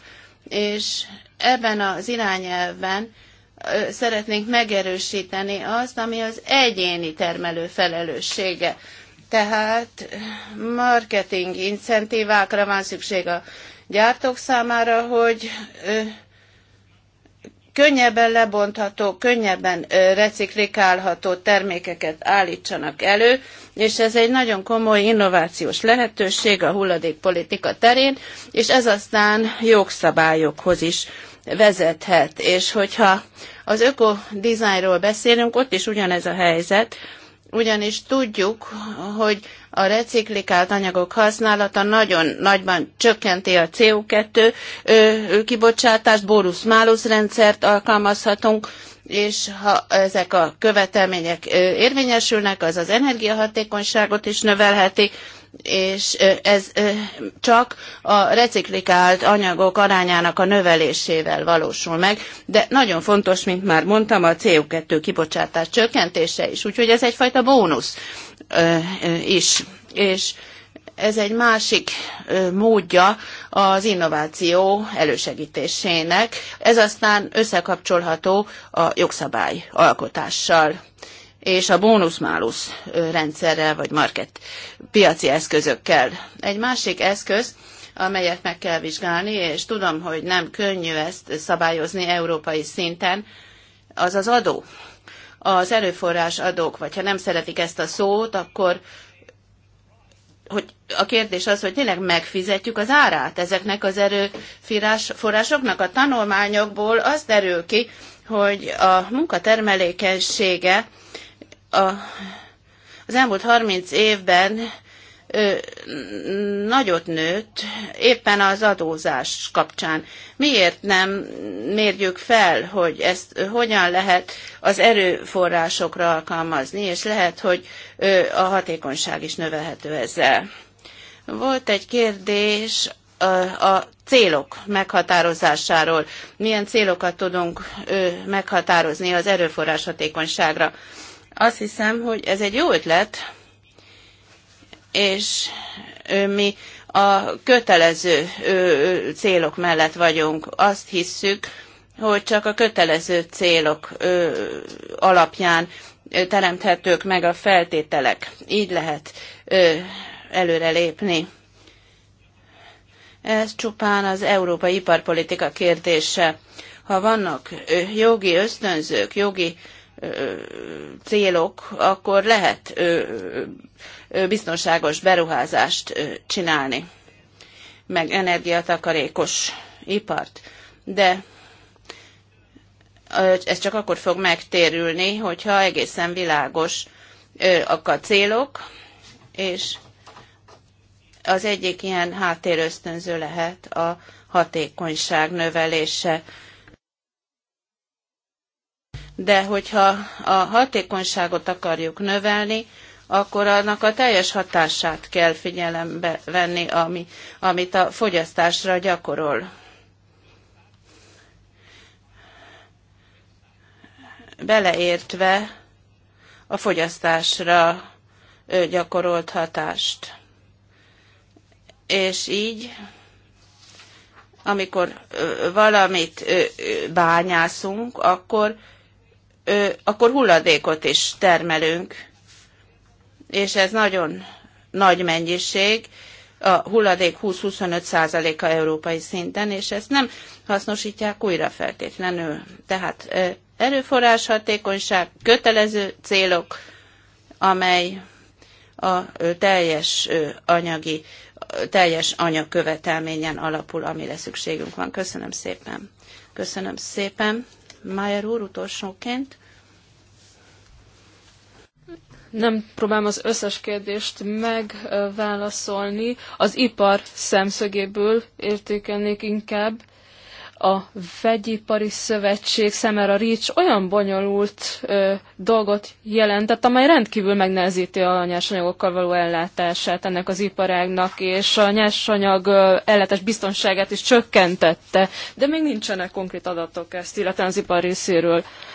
És ebben az irányelvben szeretnénk megerősíteni azt, ami az egyéni termelő felelőssége. Tehát marketing incentívákra van szükség a gyártók számára, hogy könnyebben lebontható, könnyebben reciklikálható termékeket állítsanak elő, és ez egy nagyon komoly innovációs lehetőség a hulladékpolitika terén, és ez aztán jogszabályokhoz is vezethet. És hogyha az ökodizájnról beszélünk, ott is ugyanez a helyzet, ugyanis tudjuk, hogy a reciklikált anyagok használata nagyon nagyban csökkenti a CO2 kibocsátást, bórusz-málusz rendszert alkalmazhatunk, és ha ezek a követelmények érvényesülnek, az az energiahatékonyságot is növelheti, és ez csak a reciklikált anyagok arányának a növelésével valósul meg, de nagyon fontos, mint már mondtam, a CO2 kibocsátás csökkentése is, úgyhogy ez egyfajta bónusz is. És ez egy másik módja az innováció elősegítésének. Ez aztán összekapcsolható a jogszabály alkotással és a bónusz-málusz rendszerrel, vagy market piaci eszközökkel. Egy másik eszköz, amelyet meg kell vizsgálni, és tudom, hogy nem könnyű ezt szabályozni európai szinten, az az adó. Az erőforrás adók, vagy ha nem szeretik ezt a szót, akkor hogy a kérdés az, hogy tényleg megfizetjük az árát ezeknek az erőforrásoknak. A tanulmányokból az derül ki, hogy a munkatermelékenysége a, az elmúlt 30 évben nagyot nőtt éppen az adózás kapcsán. Miért nem mérjük fel, hogy ezt hogyan lehet az erőforrásokra alkalmazni, és lehet, hogy a hatékonyság is növelhető ezzel. Volt egy kérdés a célok meghatározásáról. Milyen célokat tudunk meghatározni az erőforrás hatékonyságra? Azt hiszem, hogy ez egy jó ötlet, és mi a kötelező célok mellett vagyunk. Azt hisszük, hogy csak a kötelező célok alapján teremthetők meg a feltételek. Így lehet előrelépni. Ez csupán az európai iparpolitika kérdése. Ha vannak jogi ösztönzők, jogi célok, akkor lehet biztonságos beruházást csinálni, meg energiatakarékos ipart. De ez csak akkor fog megtérülni, hogyha egészen világos a célok, és az egyik ilyen háttérösztönző lehet a hatékonyság növelése de hogyha a hatékonyságot akarjuk növelni, akkor annak a teljes hatását kell figyelembe venni, ami, amit a fogyasztásra gyakorol. Beleértve a fogyasztásra gyakorolt hatást. És így, amikor valamit bányászunk, akkor akkor hulladékot is termelünk. És ez nagyon nagy mennyiség, a hulladék 20-25%-a európai szinten, és ezt nem hasznosítják újra feltétlenül. Tehát erőforrás hatékonyság, kötelező célok, amely a teljes anyagi, teljes anyagkövetelményen alapul, amire szükségünk van. Köszönöm szépen. Köszönöm szépen. Májer úr utolsóként nem próbálom az összes kérdést
megválaszolni. Az ipar szemszögéből értékelnék inkább. A Vegyipari Szövetség szemére Rics olyan bonyolult ö, dolgot jelentett, amely rendkívül megnehezíti a nyersanyagokkal való ellátását ennek az iparágnak, és a nyersanyag ö, ellátás biztonságát is csökkentette, de még nincsenek konkrét adatok ezt, illetve az ipar részéről. Ö,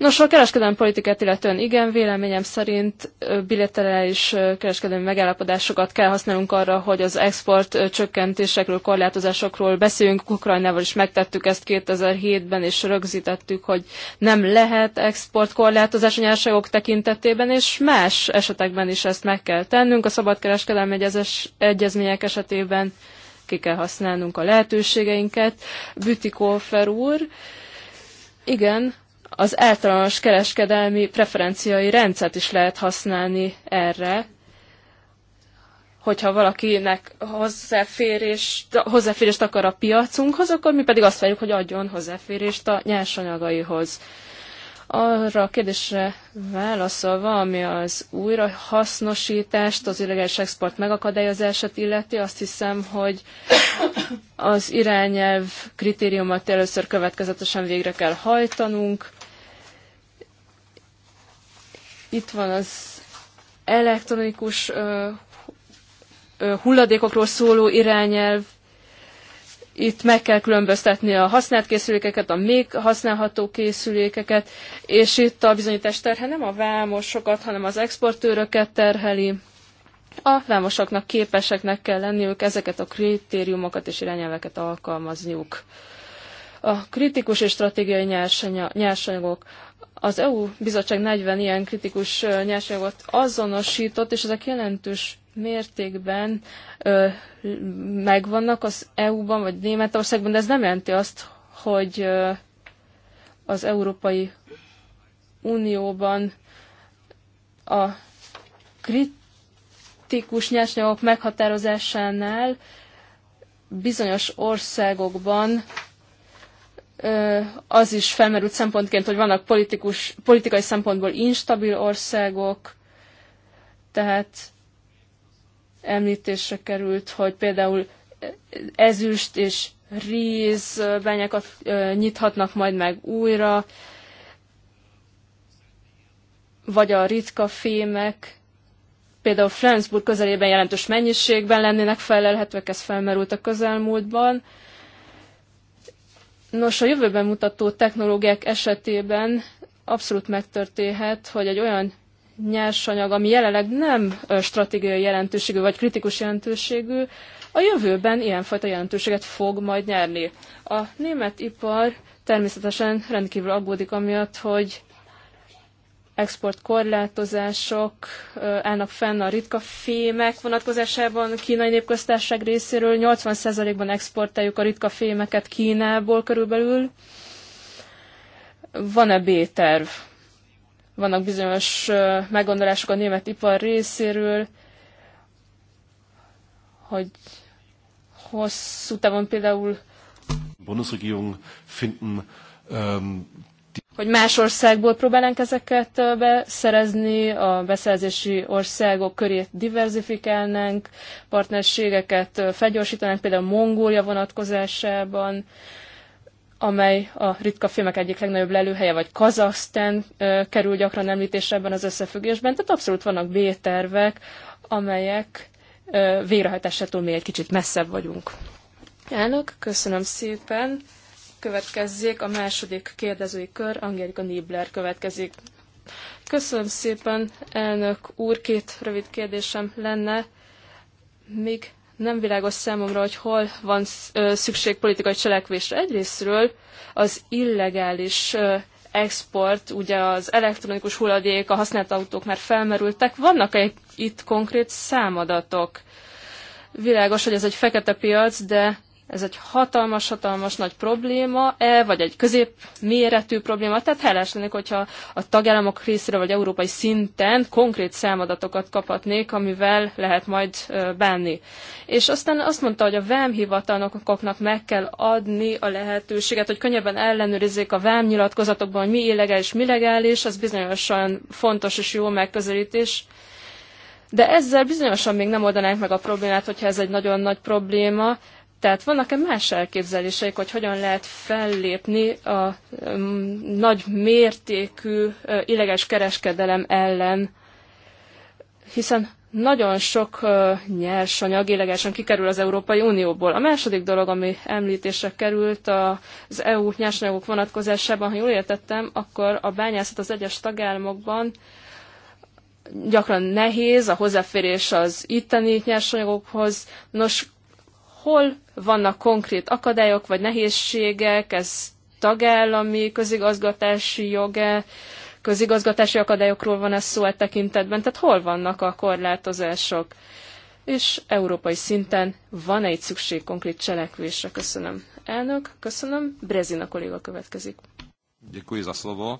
Nos, a kereskedelmi politikát illetően igen, véleményem szerint bilaterális kereskedelmi megállapodásokat kell használnunk arra, hogy az export csökkentésekről, korlátozásokról beszéljünk. Ukrajnával is megtettük ezt 2007-ben, és rögzítettük, hogy nem lehet export korlátozás a nyerságok tekintetében, és más esetekben is ezt meg kell tennünk. A szabadkereskedelmi egyezmények esetében ki kell használnunk a lehetőségeinket. Bütikofer úr, igen, az általános kereskedelmi preferenciai rendszert is lehet használni erre, hogyha valakinek hozzáférést, hozzáférést akar a piacunkhoz, akkor mi pedig azt várjuk, hogy adjon hozzáférést a nyersanyagaihoz. Arra a kérdésre válaszolva, ami az újrahasznosítást, az illegális export megakadályozását illeti, azt hiszem, hogy az irányelv kritériumot először következetesen végre kell hajtanunk, itt van az elektronikus ö, ö, hulladékokról szóló irányelv, itt meg kell különböztetni a használt készülékeket, a még használható készülékeket, és itt a bizonyítás terhe nem a vámosokat, hanem az exportőröket terheli. A vámosoknak képeseknek kell lenniük ezeket a kritériumokat és irányelveket alkalmazniuk. A kritikus és stratégiai nyersanyagok. Az EU bizottság 40 ilyen kritikus nyersanyagot azonosított, és ezek jelentős mértékben ö, megvannak az EU-ban vagy Németországban, de ez nem jelenti azt, hogy ö, az Európai Unióban a kritikus nyersanyagok meghatározásánál bizonyos országokban az is felmerült szempontként, hogy vannak politikus, politikai szempontból instabil országok, tehát említésre került, hogy például ezüst és ríz bányákat nyithatnak majd meg újra, vagy a ritka fémek, például Flensburg közelében jelentős mennyiségben lennének felelhetőek, ez felmerült a közelmúltban, Nos, a jövőben mutató technológiák esetében abszolút megtörténhet, hogy egy olyan nyersanyag, ami jelenleg nem stratégiai jelentőségű vagy kritikus jelentőségű, a jövőben ilyenfajta jelentőséget fog majd nyerni. A német ipar természetesen rendkívül aggódik amiatt, hogy exportkorlátozások állnak fenn a ritka fémek vonatkozásában kínai népköztársaság részéről. 80%-ban exportáljuk a ritka fémeket Kínából körülbelül. Van-e B-terv? Vannak bizonyos meggondolások a német ipar részéről, hogy hosszú távon például Bundesregierung finden ähm, hogy más országból próbálnánk ezeket beszerezni, a beszerzési országok körét diversifikálnánk, partnerségeket felgyorsítanánk, például Mongólia vonatkozásában, amely a ritka filmek egyik legnagyobb lelőhelye, vagy Kazasztán kerül gyakran említésre ebben az összefüggésben. Tehát abszolút vannak B-tervek, amelyek végrehajtásától még egy kicsit messzebb vagyunk. Elnök, köszönöm szépen következzék a második kérdezői kör, Angelika Niebler következik. Köszönöm szépen, elnök úr, két rövid kérdésem lenne. Még nem világos számomra, hogy hol van szükség politikai cselekvésre. Egyrésztről az illegális export, ugye az elektronikus hulladék, a használt autók már felmerültek. Vannak -e itt konkrét számadatok? Világos, hogy ez egy fekete piac, de ez egy hatalmas-hatalmas nagy probléma, -e, vagy egy méretű probléma. Tehát helyes lennék, hogyha a tagállamok részére vagy európai szinten konkrét számadatokat kaphatnék, amivel lehet majd bánni. És aztán azt mondta, hogy a hivatalnokoknak meg kell adni a lehetőséget, hogy könnyebben ellenőrizzék a vámnyilatkozatokban, hogy mi illegális, mi legális, ez bizonyosan fontos és jó megközelítés. De ezzel bizonyosan még nem oldanánk meg a problémát, hogyha ez egy nagyon nagy probléma, tehát vannak-e más elképzeléseik, hogy hogyan lehet fellépni a nagy mértékű illegális kereskedelem ellen, hiszen nagyon sok nyersanyag illegálisan kikerül az Európai Unióból. A második dolog, ami említésre került az EU nyersanyagok vonatkozásában, ha jól értettem, akkor a bányászat az egyes tagállamokban gyakran nehéz, a hozzáférés az itteni nyersanyagokhoz. Nos, hol vannak konkrét akadályok vagy nehézségek, ez tagállami közigazgatási joge, közigazgatási akadályokról van ez szó e tekintetben, tehát hol vannak a korlátozások, és európai szinten van-e itt szükség konkrét cselekvésre? Köszönöm. Elnök, köszönöm. Brezina kolléga következik.
Děkuji za slovo.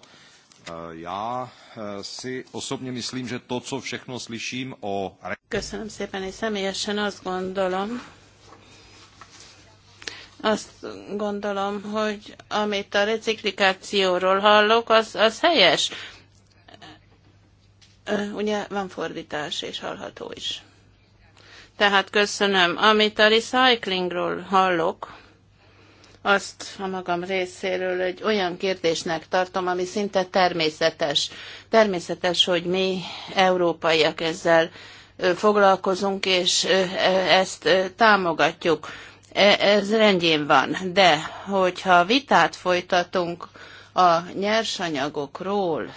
E, já e, si osobně myslím, že to, co všechno slyším o... Köszönöm szépen, és személyesen azt gondolom, azt gondolom, hogy amit a reciklikációról hallok, az, az helyes. Ugye van fordítás és hallható is. Tehát köszönöm. Amit a recyclingról hallok, azt a magam részéről egy olyan kérdésnek tartom, ami szinte természetes. Természetes, hogy mi európaiak ezzel foglalkozunk, és e, ezt támogatjuk E, ez rendjén van. De hogyha vitát folytatunk a nyersanyagokról,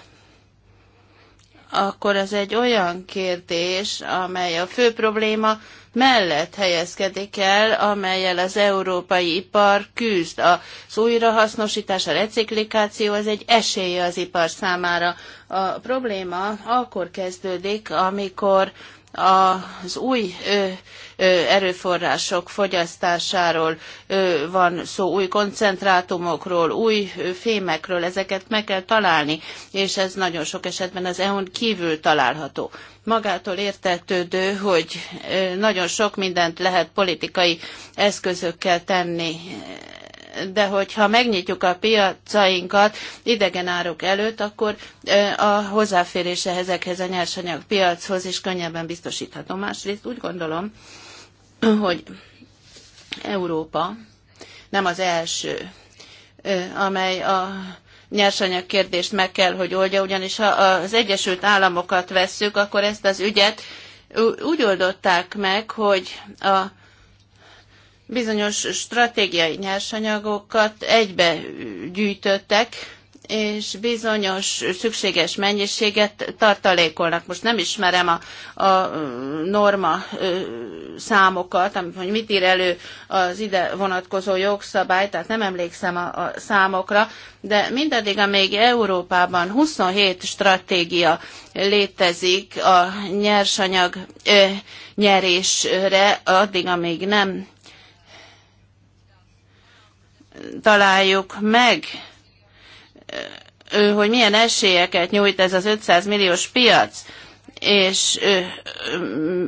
akkor ez egy olyan kérdés, amely a fő probléma mellett helyezkedik el, amelyel az európai ipar küzd. Az újrahasznosítás, a reciklikáció az egy esélye az ipar számára. A probléma akkor kezdődik, amikor az új erőforrások fogyasztásáról van szó, új koncentrátumokról, új fémekről, ezeket meg kell találni, és ez nagyon sok esetben az EU-n kívül található. Magától értetődő, hogy nagyon sok mindent lehet politikai eszközökkel tenni de hogyha megnyitjuk a piacainkat idegen áruk előtt, akkor a hozzáférése ezekhez a nyersanyag piachoz is könnyebben biztosítható. Másrészt úgy gondolom, hogy Európa nem az első, amely a nyersanyag kérdést meg kell, hogy oldja, ugyanis ha az Egyesült Államokat vesszük, akkor ezt az ügyet úgy oldották meg, hogy a bizonyos stratégiai nyersanyagokat egybe gyűjtöttek, és bizonyos szükséges mennyiséget tartalékolnak. Most nem ismerem a, a norma ö, számokat, hogy mit ír elő az ide vonatkozó jogszabály, tehát nem emlékszem a, a számokra, de mindaddig, amíg Európában 27 stratégia létezik a nyersanyag ö, nyerésre, addig, amíg nem találjuk meg, hogy milyen esélyeket nyújt ez az 500 milliós piac, és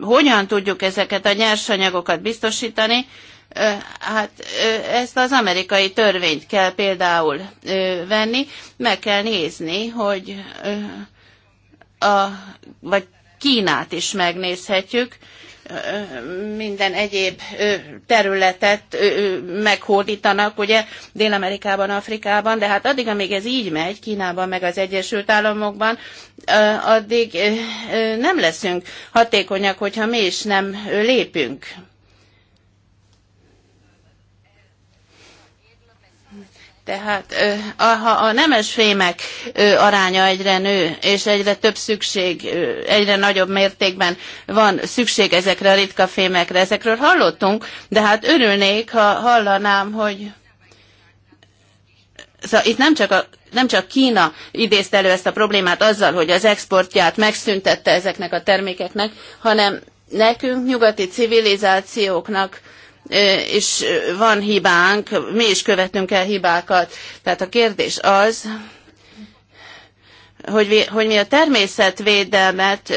hogyan tudjuk ezeket a nyersanyagokat biztosítani, hát ezt az amerikai törvényt kell például venni, meg kell nézni, hogy a, vagy Kínát is megnézhetjük, minden egyéb területet meghódítanak, ugye Dél-Amerikában, Afrikában, de hát addig, amíg ez így megy, Kínában, meg az Egyesült Államokban, addig nem leszünk hatékonyak, hogyha mi is nem lépünk. Tehát ha a nemes fémek aránya egyre nő, és egyre több szükség, egyre nagyobb mértékben van szükség ezekre a ritka fémekre, ezekről hallottunk, de hát örülnék, ha hallanám, hogy szóval itt nem csak, a, nem csak Kína idézte elő ezt a problémát azzal, hogy az exportját megszüntette ezeknek a termékeknek, hanem nekünk, nyugati civilizációknak és van hibánk, mi is követnünk el hibákat. Tehát a kérdés az, hogy, hogy mi a természetvédelmet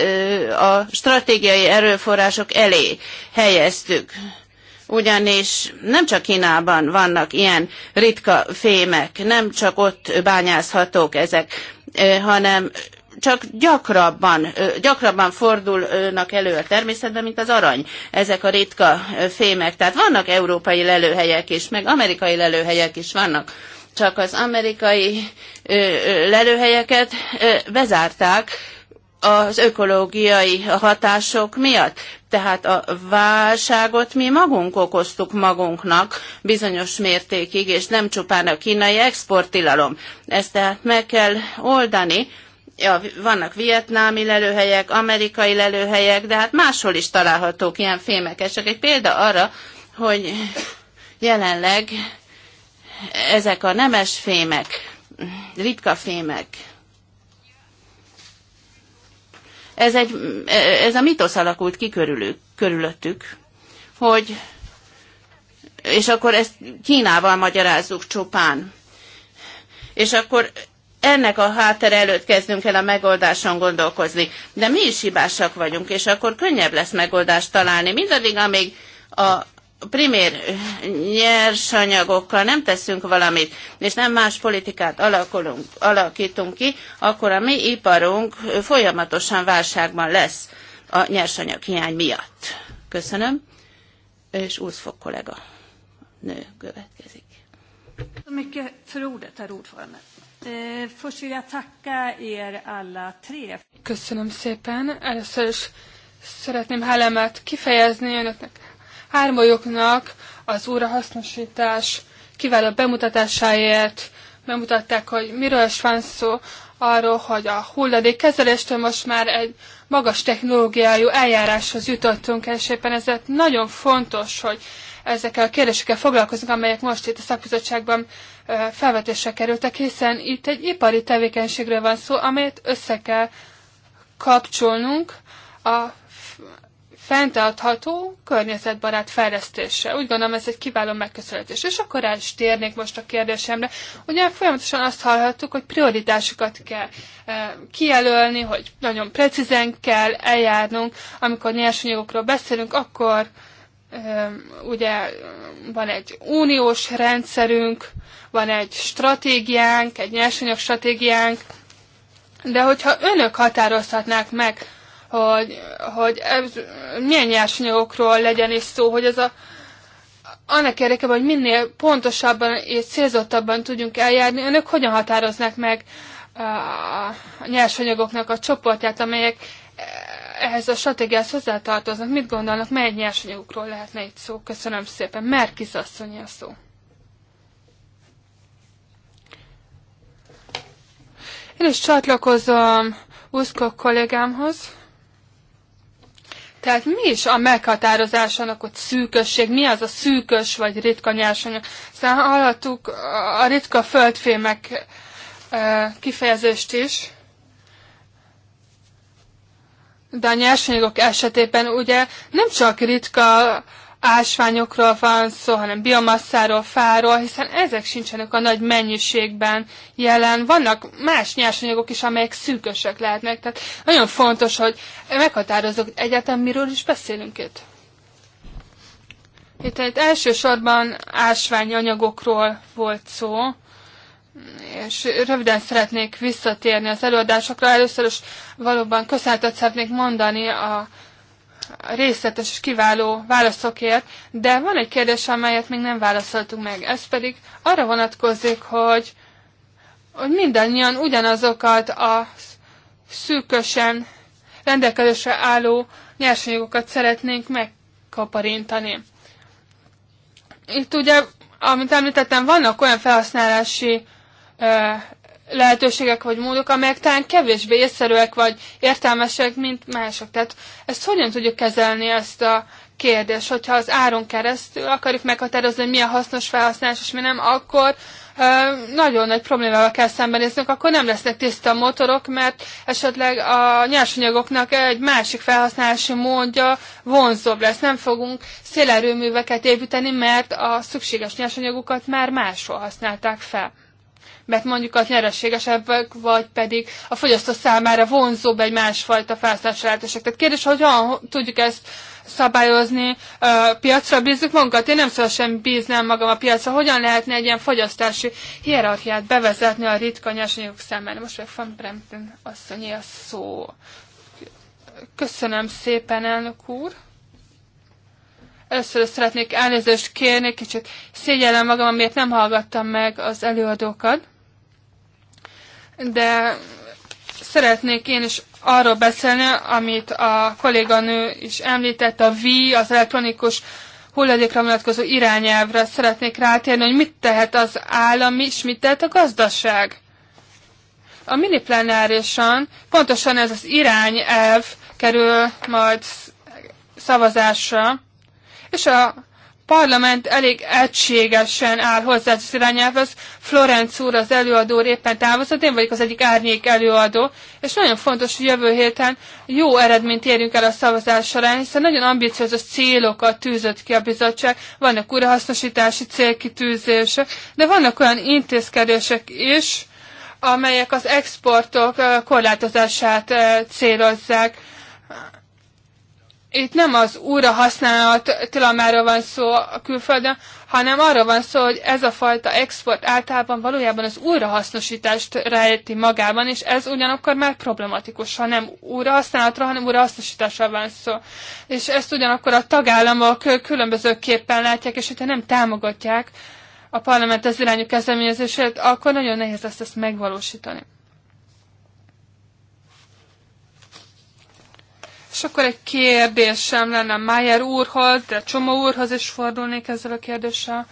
a stratégiai erőforrások elé helyeztük. Ugyanis nem csak Kínában vannak ilyen ritka fémek, nem csak ott bányázhatók ezek, hanem csak gyakrabban, gyakrabban fordulnak elő a természetben, mint az arany, ezek a ritka fémek. Tehát vannak európai lelőhelyek is, meg amerikai lelőhelyek is vannak csak az amerikai lelőhelyeket bezárták az ökológiai hatások miatt. Tehát a válságot mi magunk okoztuk magunknak bizonyos mértékig, és nem csupán a kínai exporttilalom. Ezt tehát meg kell oldani ja, vannak vietnámi lelőhelyek, amerikai lelőhelyek, de hát máshol is találhatók ilyen fémek. Csak egy példa arra, hogy jelenleg ezek a nemes fémek, ritka fémek, ez, egy, ez a mitosz alakult ki körülük, körülöttük, hogy és akkor ezt Kínával magyarázzuk csupán. És akkor ennek a háter előtt kezdünk el a megoldáson gondolkozni. De mi is hibásak vagyunk, és akkor könnyebb lesz megoldást találni. Mindaddig, amíg a primér nyersanyagokkal nem teszünk valamit, és nem más politikát alakulunk, alakítunk ki, akkor a mi iparunk folyamatosan válságban lesz a nyersanyag hiány miatt. Köszönöm. És Úszfok kollega nő következik.
Köszönöm, hogy Eh, Först vill jag tacka er alla tre.
Köszönöm szépen. Először is szeretném hálámat kifejezni önöknek. Hármajoknak az órahasznosítás kiváló bemutatásáért bemutatták, hogy miről is van szó, arról, hogy a hulladékkezeléstől most már egy magas technológiájú eljáráshoz jutottunk, és éppen ezért nagyon fontos, hogy ezekkel a kérdésekkel foglalkozunk, amelyek most itt a szakbizottságban felvetésre kerültek, hiszen itt egy ipari tevékenységről van szó, amelyet össze kell kapcsolnunk a fenntartható, környezetbarát fejlesztése. Úgy gondolom, ez egy kiváló megközelítés. És akkor el is térnék most a kérdésemre. Ugye folyamatosan azt hallhattuk, hogy prioritásokat kell e, kijelölni, hogy nagyon precízen kell eljárnunk. Amikor nyersanyagokról beszélünk, akkor ugye van egy uniós rendszerünk, van egy stratégiánk, egy nyersanyag stratégiánk, de hogyha önök határozhatnák meg, hogy, hogy ez, milyen nyersanyagokról legyen is szó, hogy ez a, annak érdekében, hogy minél pontosabban és célzottabban tudjunk eljárni, önök hogyan határoznák meg a nyersanyagoknak a csoportját, amelyek ehhez a stratégiához hozzátartoznak. Mit gondolnak, mely nyersanyagokról lehetne itt szó? Köszönöm szépen. Merkis asszony a szó. Én is csatlakozom Uszko kollégámhoz. Tehát mi is a meghatározásának, hogy szűkösség, mi az a szűkös vagy ritka nyersanyag? Szóval hallottuk a ritka földfémek eh, kifejezést is de a nyersanyagok esetében ugye nem csak ritka ásványokról van szó, hanem biomasszáról, fáról, hiszen ezek sincsenek a nagy mennyiségben jelen. Vannak más nyersanyagok is, amelyek szűkösek lehetnek, tehát nagyon fontos, hogy meghatározok egyáltalán miről is beszélünk itt. Itt, itt elsősorban ásványanyagokról volt szó, és röviden szeretnék visszatérni az előadásokra. Először is valóban köszönetet szeretnék mondani a részletes és kiváló válaszokért, de van egy kérdés, amelyet még nem válaszoltunk meg. Ez pedig arra vonatkozik, hogy, hogy mindannyian ugyanazokat a szűkösen rendelkezésre álló nyersanyagokat szeretnénk megkaparintani. Itt ugye, amit említettem, vannak olyan felhasználási lehetőségek vagy módok, amelyek talán kevésbé észszerűek vagy értelmesek, mint mások. Tehát ezt hogyan tudjuk kezelni ezt a kérdést? Hogyha az áron keresztül akarjuk meghatározni, hogy mi a hasznos felhasználás és mi nem, akkor nagyon nagy problémával kell szembenéznünk, akkor nem lesznek tiszta motorok, mert esetleg a nyersanyagoknak egy másik felhasználási módja vonzóbb lesz. Nem fogunk szélerőműveket építeni, mert a szükséges nyersanyagokat már máshol használták fel mert mondjuk az nyerességesebbek, vagy pedig a fogyasztó számára vonzóbb egy másfajta felszállási lehetőség. Tehát kérdés, hogy hogyan tudjuk ezt szabályozni, piacra bízzük magunkat. Én nem szívesen szóval bíznám magam a piacra. Hogyan lehetne egy ilyen fogyasztási hierarchiát bevezetni a ritka nyersanyagok számára? Most meg Van Bremten asszonyi a szó. Köszönöm szépen, elnök úr. Először szeretnék elnézést kérni, kicsit szégyellem magam, amiért nem hallgattam meg az előadókat de szeretnék én is arról beszélni, amit a kolléganő is említett, a V, az elektronikus hulladékra vonatkozó irányelvre szeretnék rátérni, hogy mit tehet az állam és mit tehet a gazdaság. A miniplenárisan pontosan ez az irányelv kerül majd szavazásra, és a parlament elég egységesen áll hozzá az irányelvhez. Florenc úr, az előadó éppen távozott, én vagyok az egyik árnyék előadó, és nagyon fontos, hogy jövő héten jó eredményt érjünk el a szavazás során, hiszen nagyon ambiciózus célokat tűzött ki a bizottság, vannak újrahasznosítási célkitűzések, de vannak olyan intézkedések is, amelyek az exportok korlátozását célozzák itt nem az újra használat tilalmáról van szó a külföldön, hanem arról van szó, hogy ez a fajta export általában valójában az újrahasznosítást rejti magában, és ez ugyanakkor már problematikus, ha nem újrahasználatra, hanem újrahasznosításra van szó. És ezt ugyanakkor a tagállamok különbözőképpen látják, és hogyha nem támogatják a parlament az irányú kezdeményezését, akkor nagyon nehéz lesz ezt megvalósítani. És akkor egy kérdésem lenne Mayer úrhoz, de Csoma úrhoz is fordulnék ezzel a kérdéssel.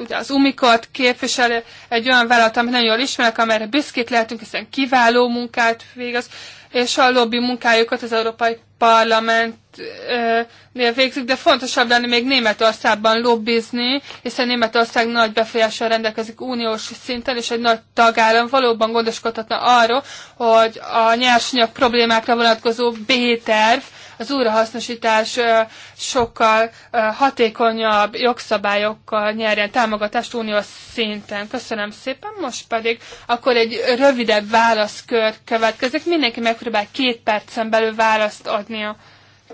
Ugye az Umikot képvisel egy olyan vállalat, amit nagyon jól ismerek, amelyre büszkék lehetünk, hiszen kiváló munkát végez és a lobby munkájukat az Európai Parlamentnél végzik, de fontosabb lenne még Németországban lobbizni, hiszen Németország nagy befolyással rendelkezik uniós szinten, és egy nagy tagállam valóban gondoskodhatna arról, hogy a nyersanyag problémákra vonatkozó B-terv az újrahasznosítás sokkal hatékonyabb jogszabályokkal nyerjen támogatást uniós szinten. Köszönöm szépen, most pedig akkor egy rövidebb válaszkör következik. Mindenki megpróbál két percen belül választ adni a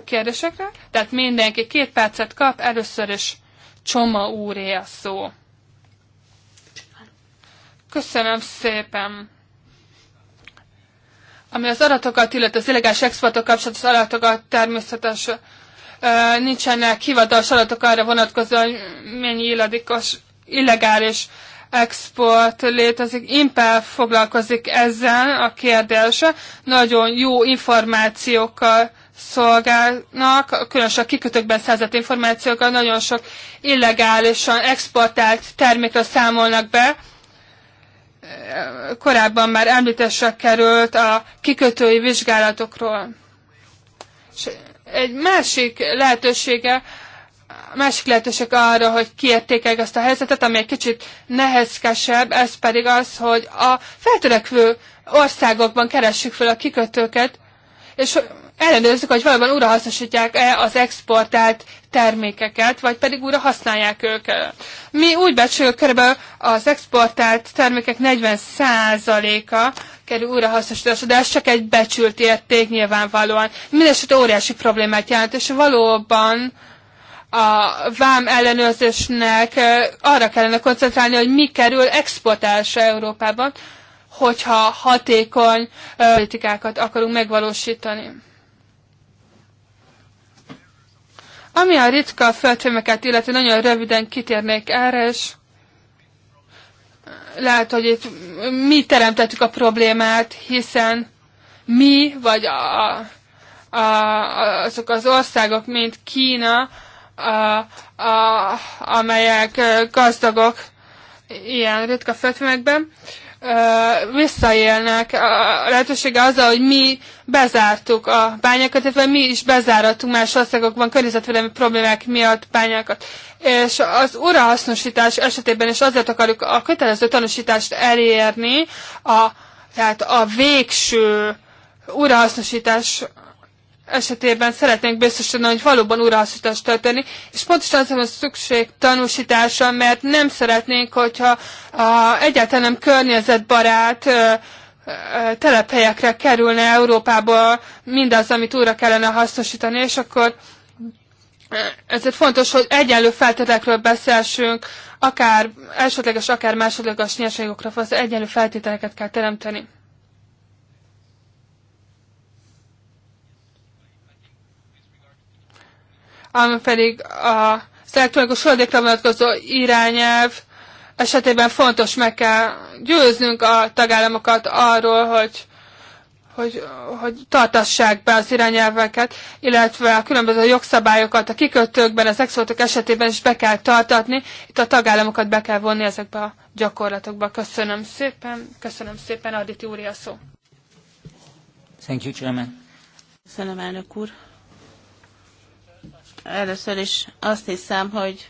kérdésekre, tehát mindenki két percet kap, először is Csoma úré a szó. Köszönöm szépen! Ami az adatokat, illetve az illegális exportok kapcsolatos adatokat természetes nincsenek hivatalos adatok arra vonatkozóan, hogy mennyi illadikos, illegális export létezik. Impel foglalkozik ezzel a kérdése. Nagyon jó információkkal szolgálnak, különösen a kikötőkben szerzett információkkal nagyon sok illegálisan exportált termékre számolnak be, korábban már említésre került a kikötői vizsgálatokról. És egy másik lehetősége, másik lehetőség arra, hogy kiértékeljük ezt a helyzetet, ami egy kicsit nehezkesebb, ez pedig az, hogy a feltörekvő országokban keressük fel a kikötőket, és ellenőrzzük, hogy valóban újrahasznosítják-e az exportált termékeket, vagy pedig újra használják őket. Mi úgy becsüljük, kb. az exportált termékek 40%-a kerül újrahasznosításra, de ez csak egy becsült érték nyilvánvalóan. Mindenesetre óriási problémát jelent, és valóban a vám ellenőrzésnek arra kellene koncentrálni, hogy mi kerül exportálásra Európában, hogyha hatékony politikákat akarunk megvalósítani. Ami a ritka földfémeket illeti, nagyon röviden kitérnék erre, és lehet, hogy itt mi teremtettük a problémát, hiszen mi, vagy a, a, azok az országok, mint Kína, a, a, amelyek gazdagok ilyen ritka földfémekben, visszaélnek a lehetősége azzal, hogy mi bezártuk a bányákat, illetve mi is bezáratunk más országokban környezetvédelmi problémák miatt bányákat. És az urahasznosítás esetében is azért akarjuk a kötelező tanúsítást elérni, a, tehát a végső urahasznosítás esetében szeretnénk biztosítani, hogy valóban újrahasznosítást történik, és pontosan azért van szükség tanúsítása, mert nem szeretnénk, hogyha a egyáltalán nem környezetbarát telephelyekre kerülne Európába mindaz, amit újra kellene hasznosítani, és akkor ezért fontos, hogy egyenlő feltételekről beszélsünk, akár elsődleges, akár másodleges nyerségokra, az egyenlő feltételeket kell teremteni. ami pedig a az elektronikus földékre vonatkozó irányelv esetében fontos meg kell győznünk a tagállamokat arról, hogy, hogy, hogy tartassák be az irányelveket, illetve a különböző jogszabályokat a kikötőkben, az exportok esetében is be kell tartatni. Itt a tagállamokat be kell vonni ezekbe a gyakorlatokba. Köszönöm szépen, köszönöm szépen, Aditi úr, a
szó.
Thank you, Chairman.
Köszönöm, elnök úr. Először is azt hiszem, hogy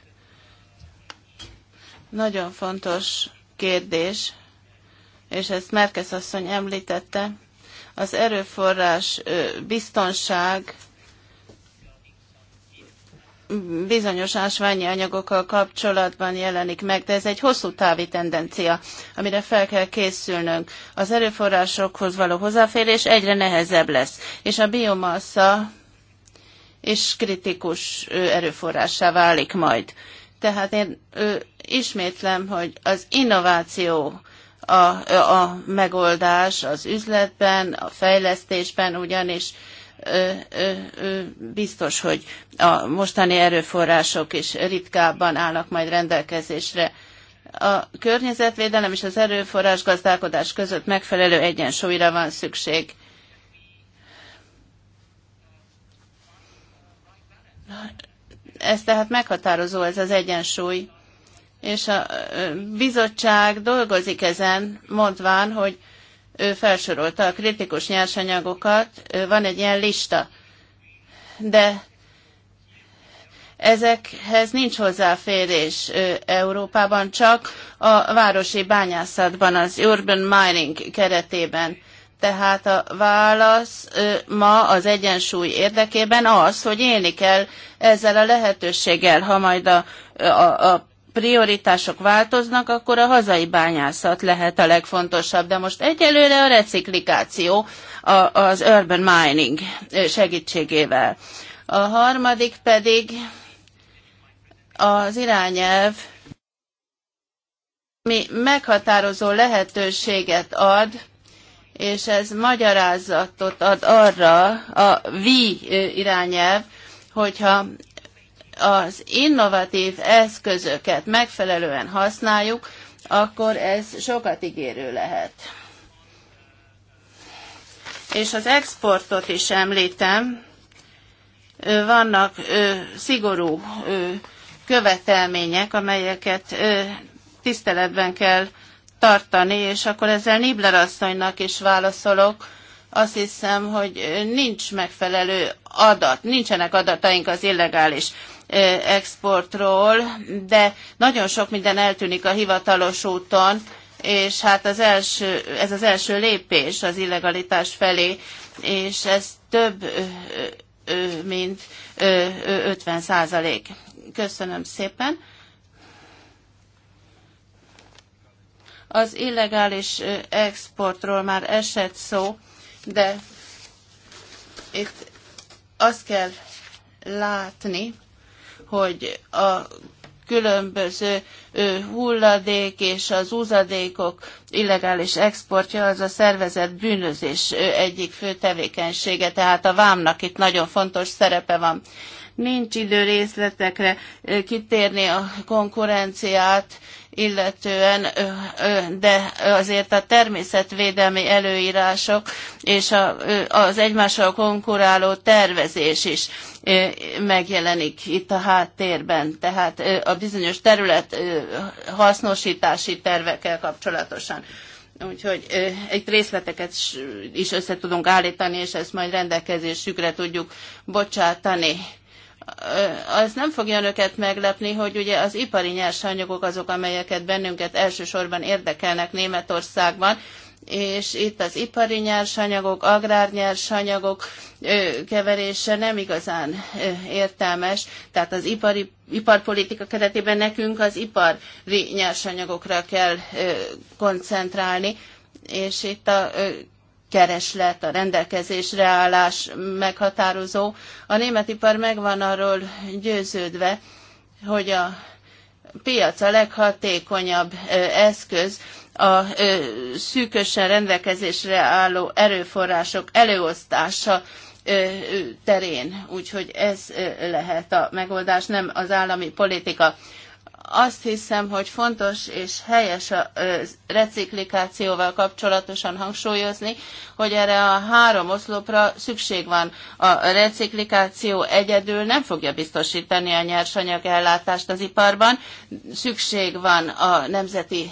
nagyon fontos kérdés, és ezt Merkez asszony említette, az erőforrás biztonság bizonyos ásványi anyagokkal kapcsolatban jelenik meg, de ez egy hosszú távi tendencia, amire fel kell készülnünk. Az erőforrásokhoz való hozzáférés egyre nehezebb lesz, és a biomassa és kritikus erőforrássá válik majd. Tehát én ismétlem, hogy az innováció a, a megoldás az üzletben, a fejlesztésben ugyanis ö, ö, ö, biztos, hogy a mostani erőforrások is ritkábban állnak majd rendelkezésre. A környezetvédelem és az erőforrás gazdálkodás között megfelelő egyensúlyra van szükség ez tehát meghatározó ez az egyensúly. És a bizottság dolgozik ezen, mondván, hogy ő felsorolta a kritikus nyersanyagokat, van egy ilyen lista, de ezekhez nincs hozzáférés Európában, csak a városi bányászatban, az urban mining keretében tehát a válasz ma az egyensúly érdekében az, hogy élni kell ezzel a lehetőséggel, ha majd a, a, a prioritások változnak, akkor a hazai bányászat lehet a legfontosabb, de most egyelőre a reciklikáció az urban mining segítségével. A harmadik pedig az irányelv, ami meghatározó lehetőséget ad és ez magyarázatot ad arra a vi irányelv, hogyha az innovatív eszközöket megfelelően használjuk, akkor ez sokat ígérő lehet. És az exportot is említem, vannak szigorú követelmények, amelyeket tiszteletben kell tartani, és akkor ezzel Nibler asszonynak is válaszolok. Azt hiszem, hogy nincs megfelelő adat, nincsenek adataink az illegális exportról, de nagyon sok minden eltűnik a hivatalos úton, és hát az első, ez az első lépés az illegalitás felé, és ez több, mint 50 százalék. Köszönöm szépen. Az illegális exportról már esett szó, de itt azt kell látni, hogy a különböző hulladék és az uzadékok illegális exportja az a szervezett bűnözés egyik fő tevékenysége, tehát a vámnak itt nagyon fontos szerepe van. Nincs idő részletekre kitérni a konkurenciát, illetően, de azért a természetvédelmi előírások és az egymással konkuráló tervezés is megjelenik itt a háttérben, tehát a bizonyos terület hasznosítási tervekkel kapcsolatosan. Úgyhogy egy részleteket is össze tudunk állítani, és ezt majd rendelkezésükre tudjuk bocsátani az nem fogja önöket meglepni, hogy ugye az ipari nyersanyagok azok, amelyeket bennünket elsősorban érdekelnek Németországban, és itt az ipari nyersanyagok, agrárnyersanyagok keverése nem igazán értelmes, tehát az ipari, iparpolitika keretében nekünk az ipari nyersanyagokra kell koncentrálni, és itt a kereslet, a rendelkezésre állás meghatározó. A német ipar megvan arról győződve, hogy a piac a leghatékonyabb eszköz a szűkösen rendelkezésre álló erőforrások előosztása terén. Úgyhogy ez lehet a megoldás, nem az állami politika azt hiszem, hogy fontos és helyes a reciklikációval kapcsolatosan hangsúlyozni, hogy erre a három oszlopra szükség van. A reciklikáció egyedül nem fogja biztosítani a nyersanyag ellátást az iparban, szükség van a nemzeti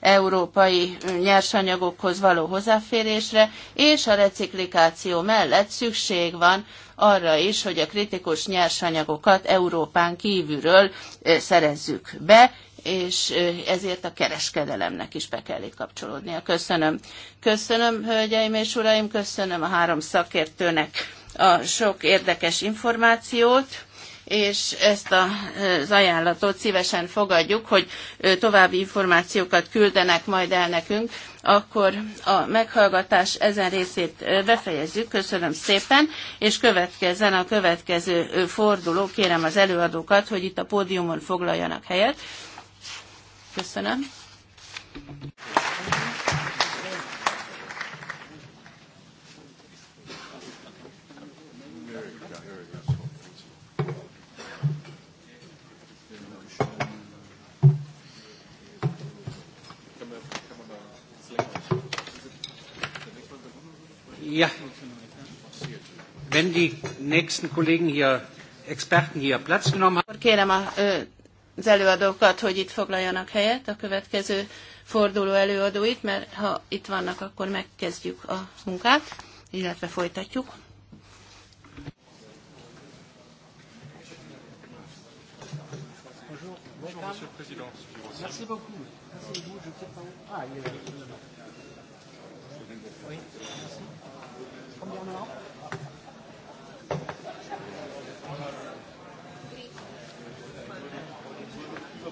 európai nyersanyagokhoz való hozzáférésre, és a reciklikáció mellett szükség van arra is, hogy a kritikus nyersanyagokat Európán kívülről szerezzük be, és ezért a kereskedelemnek is be kell itt kapcsolódnia. Köszönöm. Köszönöm, hölgyeim és uraim, köszönöm a három szakértőnek a sok érdekes információt és ezt az ajánlatot szívesen fogadjuk, hogy további információkat küldenek majd el nekünk, akkor a meghallgatás ezen részét befejezzük. Köszönöm szépen, és következzen a következő forduló. Kérem az előadókat, hogy itt a pódiumon foglaljanak helyet. Köszönöm. Ja. Wenn die nächsten Kollegen hier, Experten hier Platz genommen haben. Kérem a, az előadókat, hogy itt foglaljanak helyet, a következő forduló előadóit, mert ha itt vannak, akkor megkezdjük a munkát, illetve folytatjuk.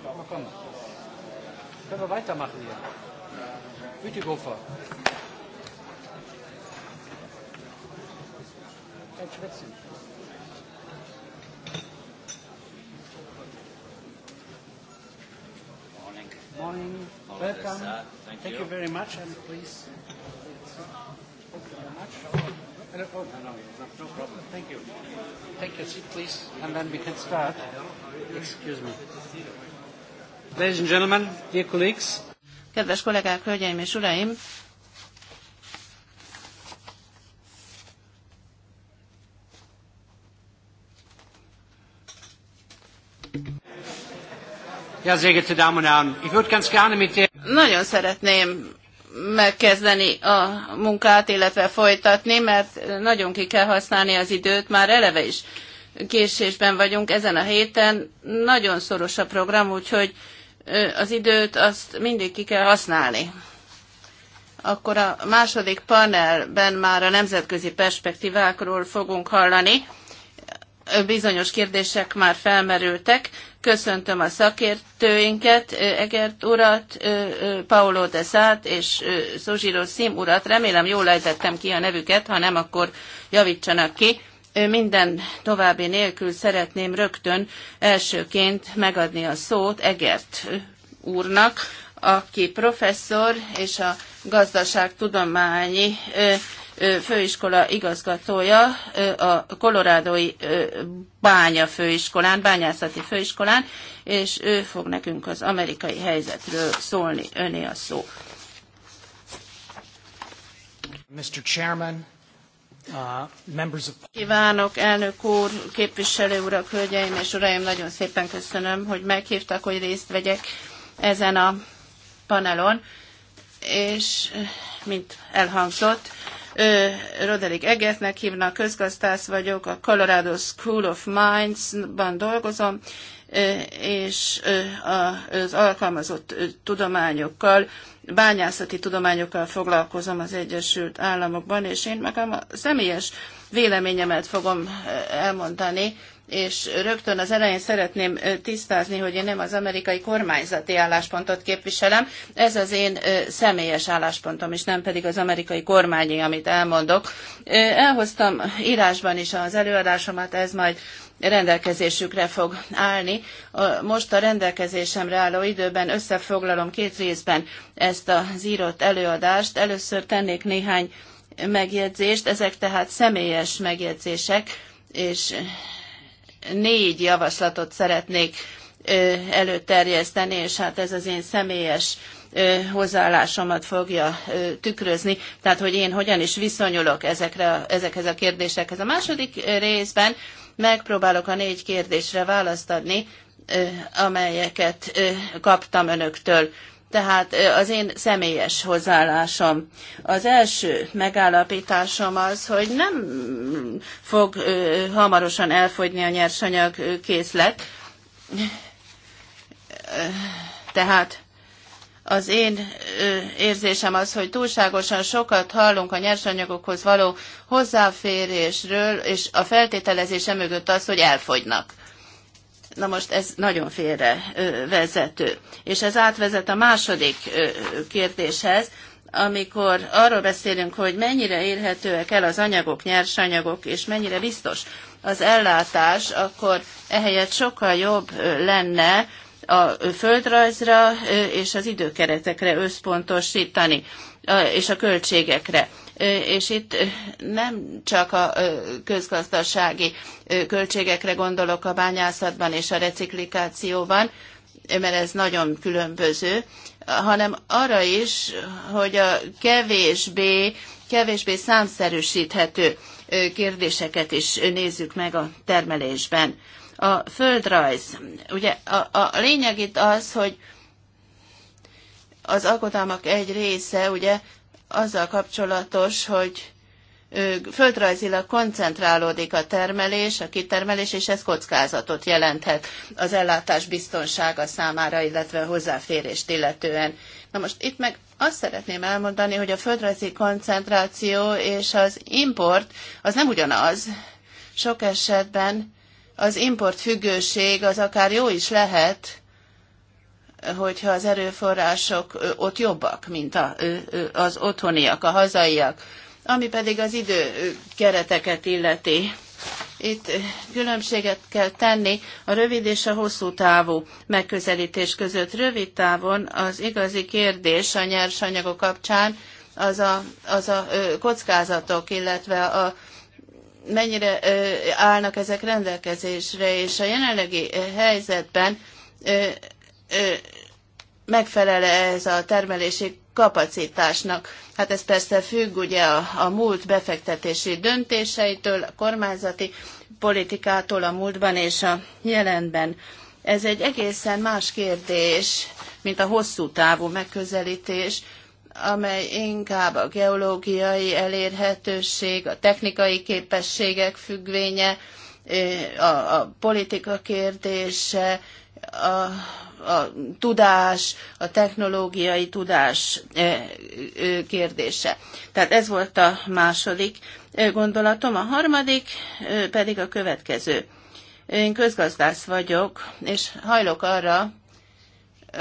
Mal kommen. Können wir weitermachen hier? Bütikofer. Kein Schwitzen.
Morning. Morning. Welcome. Thank you very much and please. Kedves kollégák, hölgyeim és uraim, Ja, sehr geehrte Damen und Herren, ich würde ganz gerne mit Nagyon szeretném megkezdeni a munkát, illetve folytatni, mert nagyon ki kell használni az időt, már eleve is késésben vagyunk ezen a héten. Nagyon szoros a program, úgyhogy az időt azt mindig ki kell használni. Akkor a második panelben már a nemzetközi perspektívákról fogunk hallani bizonyos kérdések már felmerültek. Köszöntöm a szakértőinket, Egert urat, Paolo Szát és Szuzsiro Szim urat. Remélem jól ejtettem ki a nevüket, ha nem, akkor javítsanak ki. Minden további nélkül szeretném rögtön elsőként megadni a szót Egert úrnak, aki professzor és a gazdaságtudományi főiskola igazgatója a kolorádói bánya főiskolán, bányászati főiskolán, és ő fog nekünk az amerikai helyzetről szólni, öné a szó.
Mr. Chairman, uh,
Kívánok, elnök úr, képviselő urak, hölgyeim és uraim, nagyon szépen köszönöm, hogy meghívtak, hogy részt vegyek ezen a panelon, és mint elhangzott, Roderick Egetnek hívnak, közgazdász vagyok, a Colorado School of Mines-ban dolgozom, és az alkalmazott tudományokkal, bányászati tudományokkal foglalkozom az Egyesült Államokban, és én magam a személyes véleményemet fogom elmondani és rögtön az elején szeretném tisztázni, hogy én nem az amerikai kormányzati álláspontot képviselem, ez az én személyes álláspontom, és nem pedig az amerikai kormányi, amit elmondok. Elhoztam írásban is az előadásomat, ez majd rendelkezésükre fog állni. Most a rendelkezésemre álló időben összefoglalom két részben ezt az írott előadást. Először tennék néhány megjegyzést, ezek tehát személyes megjegyzések, és négy javaslatot szeretnék előterjeszteni, és hát ez az én személyes hozzáállásomat fogja tükrözni, tehát hogy én hogyan is viszonyulok ezekre, ezekhez a kérdésekhez. A második részben megpróbálok a négy kérdésre választ adni, amelyeket kaptam önöktől tehát az én személyes hozzáállásom. Az első megállapításom az, hogy nem fog hamarosan elfogyni a nyersanyag készlet. Tehát az én érzésem az, hogy túlságosan sokat hallunk a nyersanyagokhoz való hozzáférésről, és a feltételezése mögött az, hogy elfogynak. Na most ez nagyon félre vezető. És ez átvezet a második kérdéshez, amikor arról beszélünk, hogy mennyire érhetőek el az anyagok, nyersanyagok, és mennyire biztos az ellátás, akkor ehelyett sokkal jobb lenne a földrajzra és az időkeretekre összpontosítani, és a költségekre és itt nem csak a közgazdasági költségekre gondolok a bányászatban és a reciklikációban, mert ez nagyon különböző, hanem arra is, hogy a kevésbé, kevésbé számszerűsíthető kérdéseket is nézzük meg a termelésben. A földrajz. Ugye a, a lényeg itt az, hogy az alkotalmak egy része ugye azzal kapcsolatos, hogy földrajzilag koncentrálódik a termelés, a kitermelés, és ez kockázatot jelenthet az ellátás biztonsága számára, illetve a hozzáférést illetően. Na most itt meg azt szeretném elmondani, hogy a földrajzi koncentráció és az import az nem ugyanaz. Sok esetben az import függőség az akár jó is lehet, hogyha az erőforrások ott jobbak, mint a az otthoniak, a hazaiak. Ami pedig az idő kereteket illeti. Itt különbséget kell tenni a rövid és a hosszú távú megközelítés között. Rövid távon az igazi kérdés a nyersanyagok kapcsán az a, az a kockázatok, illetve a, mennyire állnak ezek rendelkezésre, és a jelenlegi helyzetben megfelel -e ez a termelési kapacitásnak. Hát ez persze függ ugye a, a múlt befektetési döntéseitől, a kormányzati politikától a múltban és a jelenben. Ez egy egészen más kérdés, mint a hosszú távú megközelítés, amely inkább a geológiai elérhetőség, a technikai képességek függvénye, a, a politika kérdése, a a tudás, a technológiai tudás e, e, kérdése. Tehát ez volt a második e, gondolatom. A harmadik pedig a következő. Én közgazdász vagyok, és hajlok arra,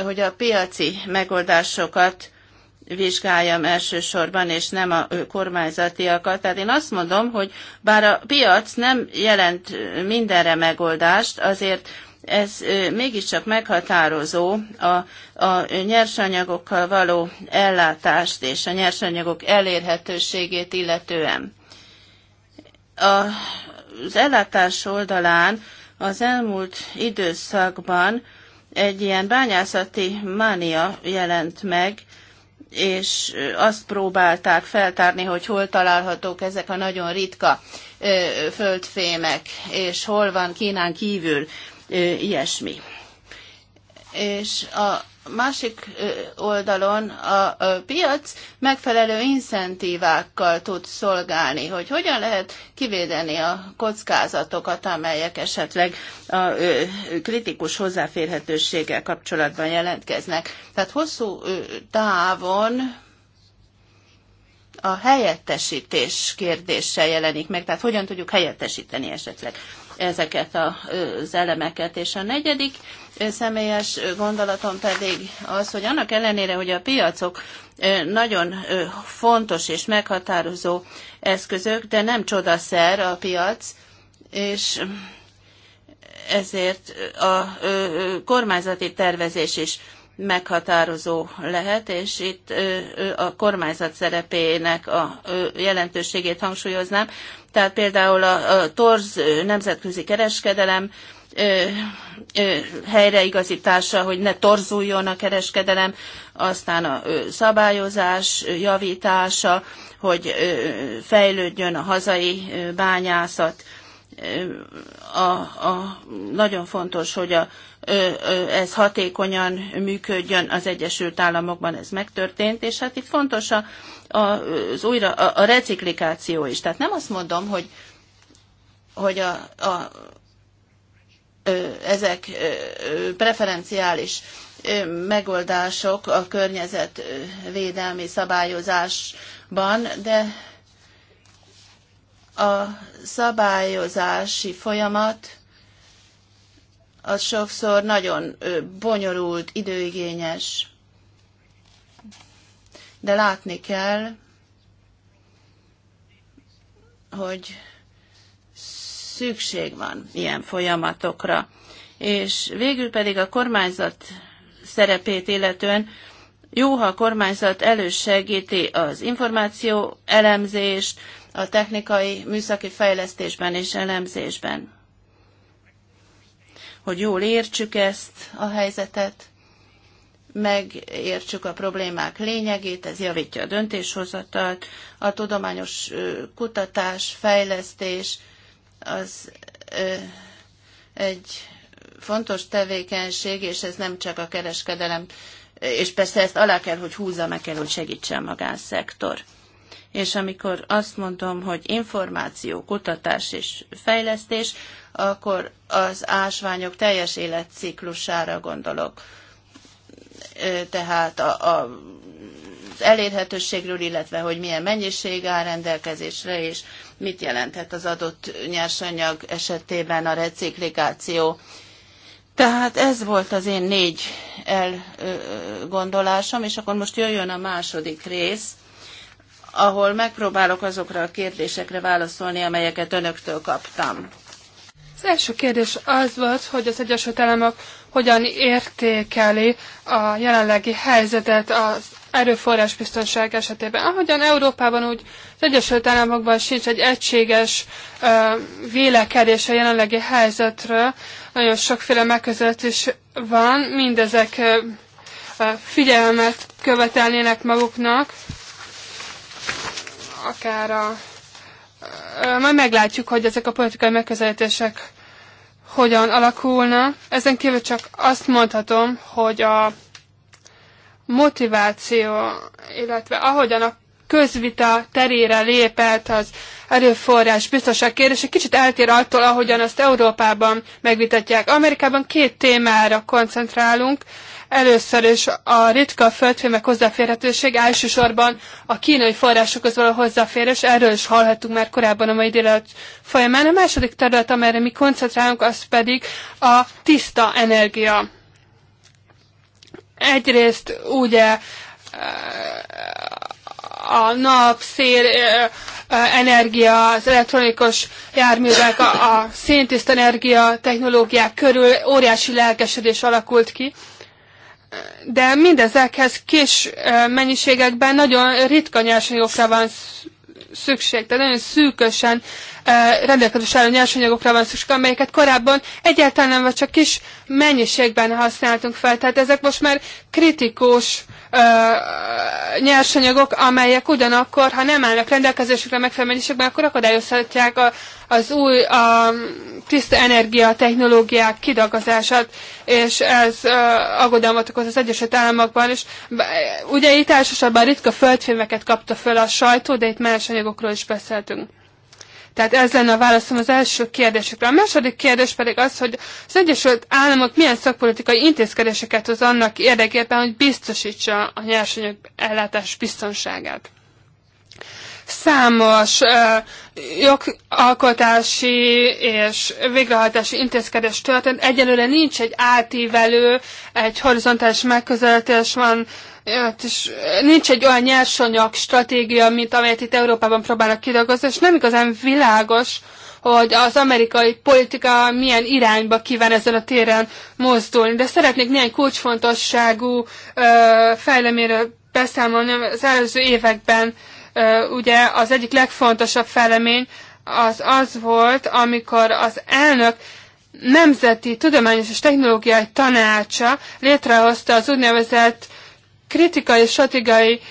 hogy a piaci megoldásokat vizsgáljam elsősorban, és nem a kormányzatiakat. Tehát én azt mondom, hogy bár a piac nem jelent mindenre megoldást, azért ez mégiscsak meghatározó a, a nyersanyagokkal való ellátást és a nyersanyagok elérhetőségét illetően. A, az ellátás oldalán az elmúlt időszakban egy ilyen bányászati mánia jelent meg, és azt próbálták feltárni, hogy hol találhatók ezek a nagyon ritka földfémek, és hol van Kínán kívül ilyesmi. És a másik oldalon a piac megfelelő incentívákkal tud szolgálni, hogy hogyan lehet kivédeni a kockázatokat, amelyek esetleg a kritikus hozzáférhetőséggel kapcsolatban jelentkeznek. Tehát hosszú távon a helyettesítés kérdése jelenik meg, tehát hogyan tudjuk helyettesíteni esetleg ezeket az elemeket. És a negyedik személyes gondolatom pedig az, hogy annak ellenére, hogy a piacok nagyon fontos és meghatározó eszközök, de nem csodaszer a piac, és ezért a kormányzati tervezés is meghatározó lehet, és itt a kormányzat szerepének a jelentőségét hangsúlyoznám, tehát például a, a torz nemzetközi kereskedelem helyreigazítása, hogy ne torzuljon a kereskedelem, aztán a szabályozás javítása, hogy fejlődjön a hazai bányászat. A, a, nagyon fontos, hogy a ez hatékonyan működjön az Egyesült Államokban, ez megtörtént, és hát itt fontos a, a, az újra, a, a reciklikáció is. Tehát nem azt mondom, hogy, hogy a, a, ezek preferenciális megoldások a környezetvédelmi szabályozásban, de a szabályozási folyamat az sokszor nagyon bonyolult, időigényes. De látni kell, hogy szükség van ilyen folyamatokra. És végül pedig a kormányzat szerepét illetően jó, ha a kormányzat elősegíti az információ elemzést, a technikai műszaki fejlesztésben és elemzésben hogy jól értsük ezt a helyzetet, megértsük a problémák lényegét, ez javítja a döntéshozatalt, a tudományos kutatás, fejlesztés az egy fontos tevékenység, és ez nem csak a kereskedelem, és persze ezt alá kell, hogy húzza, meg kell, hogy segítse a magánszektor és amikor azt mondom, hogy információ, kutatás és fejlesztés, akkor az ásványok teljes életciklusára gondolok. Tehát a, a, az elérhetőségről, illetve hogy milyen mennyiség áll rendelkezésre, és mit jelenthet az adott nyersanyag esetében a reciklikáció. Tehát ez volt az én négy elgondolásom, és akkor most jöjjön a második rész ahol megpróbálok azokra a kérdésekre válaszolni, amelyeket önöktől kaptam.
Az első kérdés az volt, hogy az Egyesült Államok hogyan értékeli a jelenlegi helyzetet az erőforrásbiztonság esetében. Ahogyan Európában, úgy az Egyesült Államokban sincs egy egységes ö, vélekedés a jelenlegi helyzetről. Nagyon sokféle megközelítés van, mindezek ö, ö, figyelmet követelnének maguknak akár a... Majd meglátjuk, hogy ezek a politikai megközelítések hogyan alakulna. Ezen kívül csak azt mondhatom, hogy a motiváció, illetve ahogyan a közvita terére lépett az erőforrás biztonság kérdése kicsit eltér attól, ahogyan azt Európában megvitatják. Amerikában két témára koncentrálunk, Először is a ritka földfémek hozzáférhetőség, elsősorban a kínai forrásokhoz való hozzáférés, erről is hallhattunk már korábban a mai délelőtt folyamán. A második terület, amelyre mi koncentrálunk, az pedig a tiszta energia. Egyrészt ugye eh, a nap, szél, eh, eh, energia, az elektronikus járművek, a, a energia technológiák körül óriási lelkesedés alakult ki de mindezekhez kis mennyiségekben nagyon ritka nyersanyagokra van szükség, tehát nagyon szűkösen rendelkezésre álló nyersanyagokra van szükség, amelyeket korábban egyáltalán nem, vagy csak kis mennyiségben használtunk fel. Tehát ezek most már kritikus ö, nyersanyagok, amelyek ugyanakkor, ha nem állnak rendelkezésükre megfelelő mennyiségben, akkor akadályozhatják a, az új a tiszta energiatechnológiák kidagazását, és ez uh, aggodalmat okoz az Egyesült Államokban is. Ugye itt elsősorban ritka földfémeket kapta föl a sajtó, de itt más anyagokról is beszéltünk. Tehát ez lenne a válaszom az első kérdésekre. A második kérdés pedig az, hogy az Egyesült Államok milyen szakpolitikai intézkedéseket hoz annak érdekében, hogy biztosítsa a nyersanyag ellátás biztonságát számos jogalkotási és végrehajtási intézkedés történt. Egyelőre nincs egy átívelő, egy horizontális megközelítés van, és nincs egy olyan nyersanyag stratégia, mint amelyet itt Európában próbálnak kidolgozni, és nem igazán világos, hogy az amerikai politika milyen irányba kíván ezen a téren mozdulni. De szeretnék néhány kulcsfontosságú fejleményről beszámolni, az előző években ugye az egyik legfontosabb felemény az az volt, amikor az elnök Nemzeti Tudományos és Technológiai Tanácsa létrehozta az úgynevezett kritikai és stratégiai uh,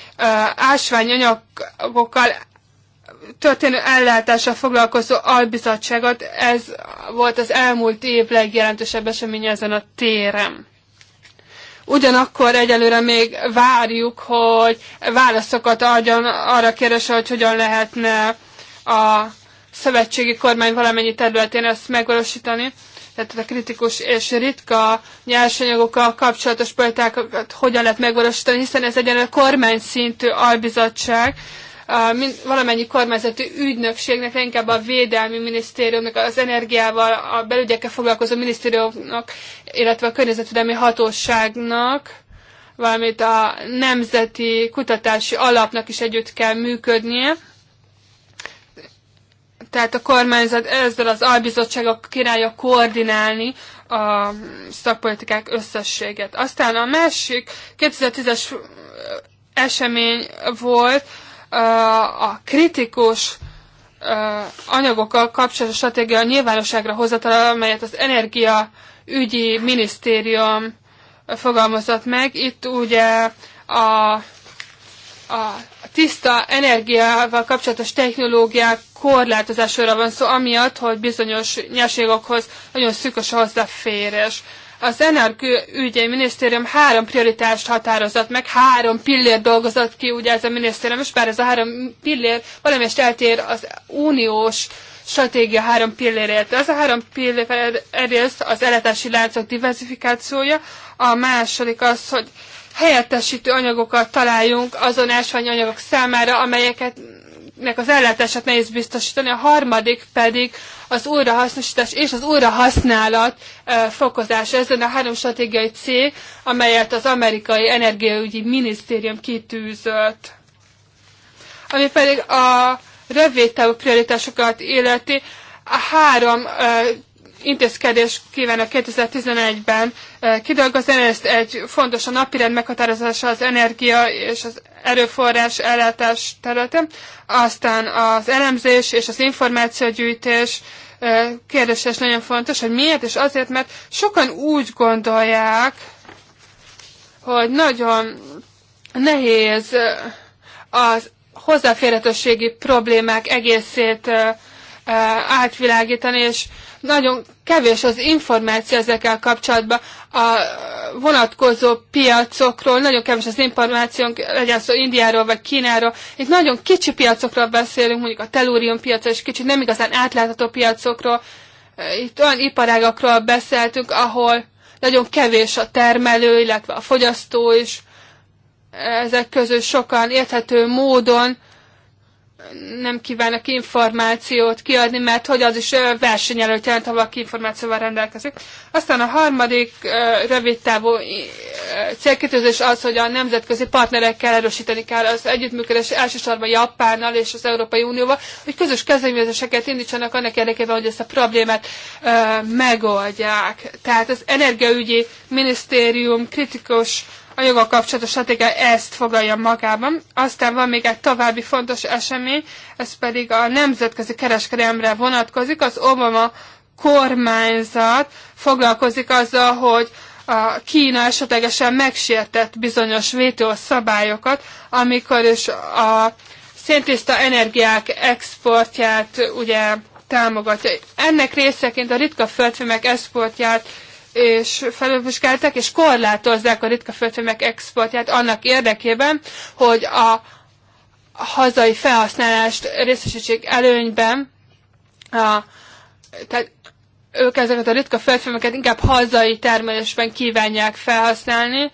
ásványanyagokkal történő ellátással foglalkozó albizottságot. Ez volt az elmúlt év legjelentősebb eseménye ezen a téren. Ugyanakkor egyelőre még várjuk, hogy válaszokat adjon arra kérdésre, hogy hogyan lehetne a szövetségi kormány valamennyi területén ezt megvalósítani tehát a kritikus és ritka nyersanyagokkal kapcsolatos politikákat hogyan lehet megvalósítani, hiszen ez egy kormány szintű albizottság, valamennyi kormányzati ügynökségnek, inkább a Védelmi Minisztériumnak, az energiával, a belügyekkel foglalkozó minisztériumnak, illetve a környezetvédelmi hatóságnak, valamint a Nemzeti Kutatási Alapnak is együtt kell működnie. Tehát a kormányzat ezzel az albizottságok királya koordinálni a szakpolitikák összességet. Aztán a másik 2010-es esemény volt, a kritikus anyagokkal kapcsolatos stratégia nyilvánosságra hozatala, amelyet az energia ügyi minisztérium fogalmazott meg. Itt ugye a, a tiszta energiával kapcsolatos technológiák korlátozásra van szó, amiatt, hogy bizonyos nyerségokhoz nagyon szűkös a hozzáférés az energiaügyi minisztérium három prioritást határozott meg, három pillér dolgozott ki ugye ez a minisztérium, és bár ez a három pillér valamelyest eltér az uniós stratégia három pillérért. Az a három pillér egyrészt az eletási láncok diversifikációja, a második az, hogy helyettesítő anyagokat találjunk azon ásványanyagok számára, amelyeket nek az ellátását nehéz biztosítani, a harmadik pedig az újrahasznosítás és az újrahasználat fokozása. Ez a három stratégiai cél, amelyet az amerikai energiaügyi minisztérium kitűzött. Ami pedig a rövid távú prioritásokat illeti, a három intézkedés kívánok 2011-ben kidolgozni, ezt egy fontos a napirend meghatározása az energia és az erőforrás ellátás területén, aztán az elemzés és az információgyűjtés kérdése is nagyon fontos, hogy miért, és azért, mert sokan úgy gondolják, hogy nagyon nehéz az hozzáférhetőségi problémák egészét átvilágítani, és nagyon kevés az információ ezekkel kapcsolatban a vonatkozó piacokról, nagyon kevés az információnk, legyen szó Indiáról vagy Kínáról. Itt nagyon kicsi piacokról beszélünk, mondjuk a telúrium piacról, és kicsit nem igazán átlátható piacokról. Itt olyan iparágakról beszéltünk, ahol nagyon kevés a termelő, illetve a fogyasztó is. Ezek közül sokan érthető módon nem kívánnak információt kiadni, mert hogy az is versenyelőt jelent, ha valaki információval rendelkezik. Aztán a harmadik rövidtávú célkitűzés az, hogy a nemzetközi partnerekkel erősíteni kell az együttműködés elsősorban Japánnal és az Európai Unióval, hogy közös kezdeményezéseket indítsanak annak érdekében, hogy ezt a problémát megoldják. Tehát az energiaügyi minisztérium kritikus a jogok kapcsolatos stratégia ezt foglalja magában. Aztán van még egy további fontos esemény, ez pedig a nemzetközi kereskedelemre vonatkozik. Az Obama kormányzat foglalkozik azzal, hogy a Kína esetlegesen megsértett bizonyos WTO szabályokat, amikor is a széntiszta energiák exportját ugye támogatja. Ennek részeként a ritka földfémek exportját és felülvizsgáltak, és korlátozzák a ritka földfémek exportját annak érdekében, hogy a hazai felhasználást részesítsék előnyben, a, tehát ők ezeket a ritka földfémeket inkább hazai termelésben kívánják felhasználni,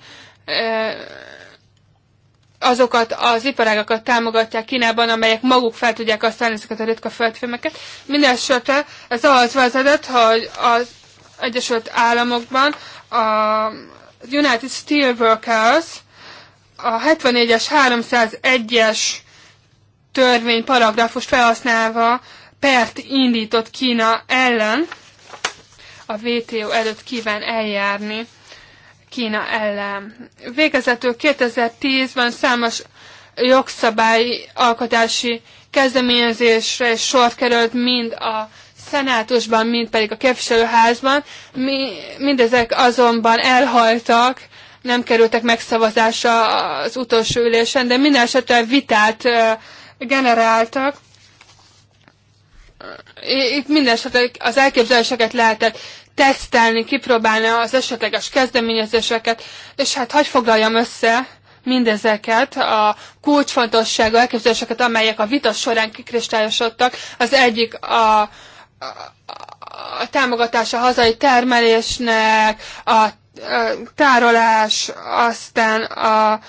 azokat az iparágakat támogatják Kínában, amelyek maguk fel tudják használni ezeket a ritka földfémeket. Mindenesetre ez ahhoz vezetett, hogy az Egyesült Államokban a United Steelworkers a 74-es 301-es törvény paragrafust felhasználva pert indított Kína ellen, a WTO előtt kíván eljárni Kína ellen. Végezetül 2010-ben számos jogszabályi alkotási kezdeményezésre és sor került mind a szenátusban, mint pedig a képviselőházban. Mi, mindezek azonban elhaltak, nem kerültek megszavazásra az utolsó ülésen, de minden esetre vitát generáltak. Itt minden esetre az elképzeléseket lehetett tesztelni, kipróbálni az esetleges kezdeményezéseket, és hát hagy foglaljam össze mindezeket, a kulcsfontosságú elképzeléseket, amelyek a vita során kikristályosodtak. Az egyik a a támogatás a hazai termelésnek, a tárolás, aztán a,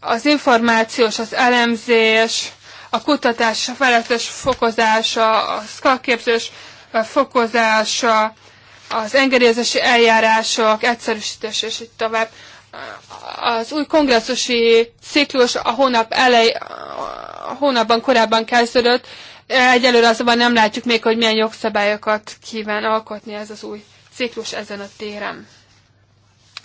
az információs, az elemzés, a kutatás a felettes fokozása, a szakképzés fokozása, az engedélyezési eljárások, egyszerűsítés és így tovább. Az új kongresszusi ciklus a hónap elej, a hónapban korábban kezdődött, Egyelőre azonban nem látjuk még, hogy milyen jogszabályokat kíván alkotni ez az új ciklus ezen a téren.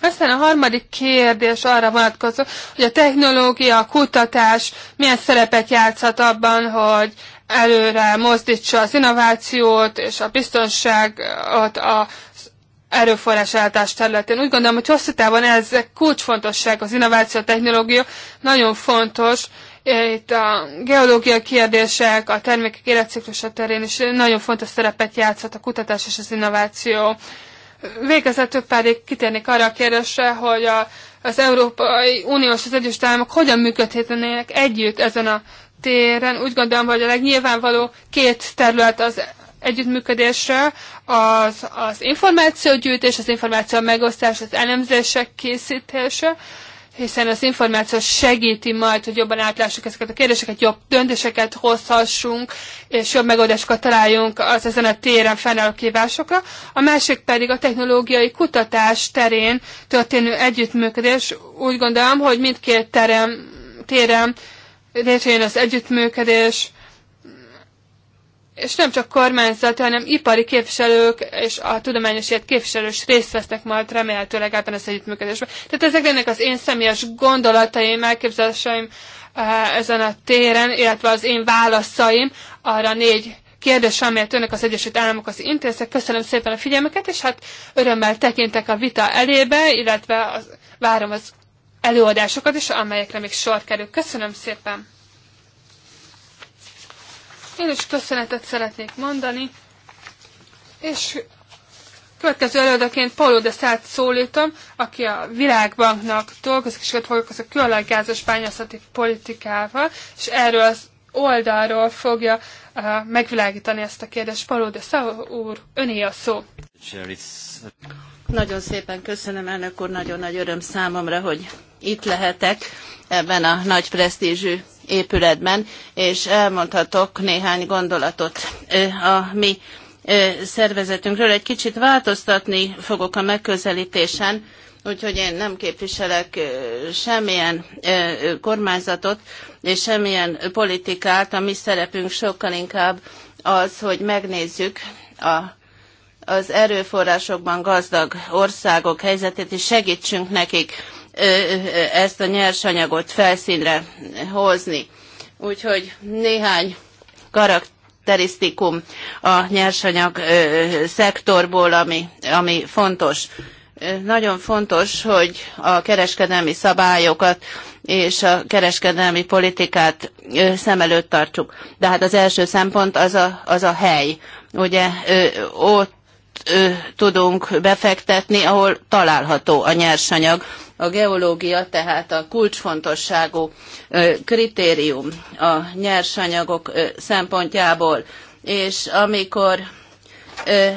Aztán a harmadik kérdés arra vonatkozó, hogy a technológia, a kutatás milyen szerepet játszhat abban, hogy előre mozdítsa az innovációt és a biztonságot a erőforrás álltás területén. Úgy gondolom, hogy hosszú távon ez kulcsfontosság az innováció, a technológia, nagyon fontos, itt a geológia kérdések, a termékek életciklusa terén is nagyon fontos szerepet játszott a kutatás és az innováció. Végezetül pedig kitérnék arra a kérdésre, hogy a, az Európai Uniós az Egyesült Államok hogyan működhetnének együtt ezen a téren. Úgy gondolom, hogy a legnyilvánvaló két terület az együttműködésre az, az információgyűjtés, az információ megosztás, az elemzések készítése, hiszen az információ segíti majd, hogy jobban átlássuk ezeket a kérdéseket, jobb döntéseket hozhassunk, és jobb megoldásokat találjunk az ezen a téren fennálló kívásokra. A másik pedig a technológiai kutatás terén történő együttműködés. Úgy gondolom, hogy mindkét terem, téren létrejön az együttműködés, és nem csak kormányzati, hanem ipari képviselők és a tudományos élet képviselők részt vesznek majd remélhetőleg ebben az együttműködésben. Tehát ezek lennek az én személyes gondolataim, elképzeléseim eh, ezen a téren, illetve az én válaszaim arra négy kérdés, amelyet önök az Egyesült Államok az intézek. Köszönöm szépen a figyelmeket, és hát örömmel tekintek a vita elébe, illetve az, várom az előadásokat is, amelyekre még sor kerül. Köszönöm szépen! Én is köszönetet szeretnék mondani, és következő előadóként Paulo de Szát szólítom, aki a Világbanknak dolgozik, és ott foglalkozik a kőolajgázos bányászati politikával, és erről az oldalról fogja uh, megvilágítani ezt a kérdést. Paulo de Szá úr,
öné a szó. Nagyon szépen köszönöm, elnök úr, nagyon nagy öröm számomra, hogy itt lehetek ebben a nagy presztízsű épületben, és elmondhatok néhány gondolatot a mi szervezetünkről. Egy kicsit változtatni fogok a megközelítésen, úgyhogy én nem képviselek semmilyen kormányzatot és semmilyen politikát. A mi szerepünk sokkal inkább az, hogy megnézzük a az erőforrásokban gazdag országok helyzetét, és segítsünk nekik ezt a nyersanyagot felszínre hozni. Úgyhogy néhány karakterisztikum a nyersanyag szektorból, ami, ami fontos nagyon fontos, hogy a kereskedelmi szabályokat és a kereskedelmi politikát szem előtt tartsuk. De hát az első szempont az a, az a hely. Ugye ott tudunk befektetni, ahol található a nyersanyag, a geológia tehát a kulcsfontosságú kritérium a nyersanyagok szempontjából. És amikor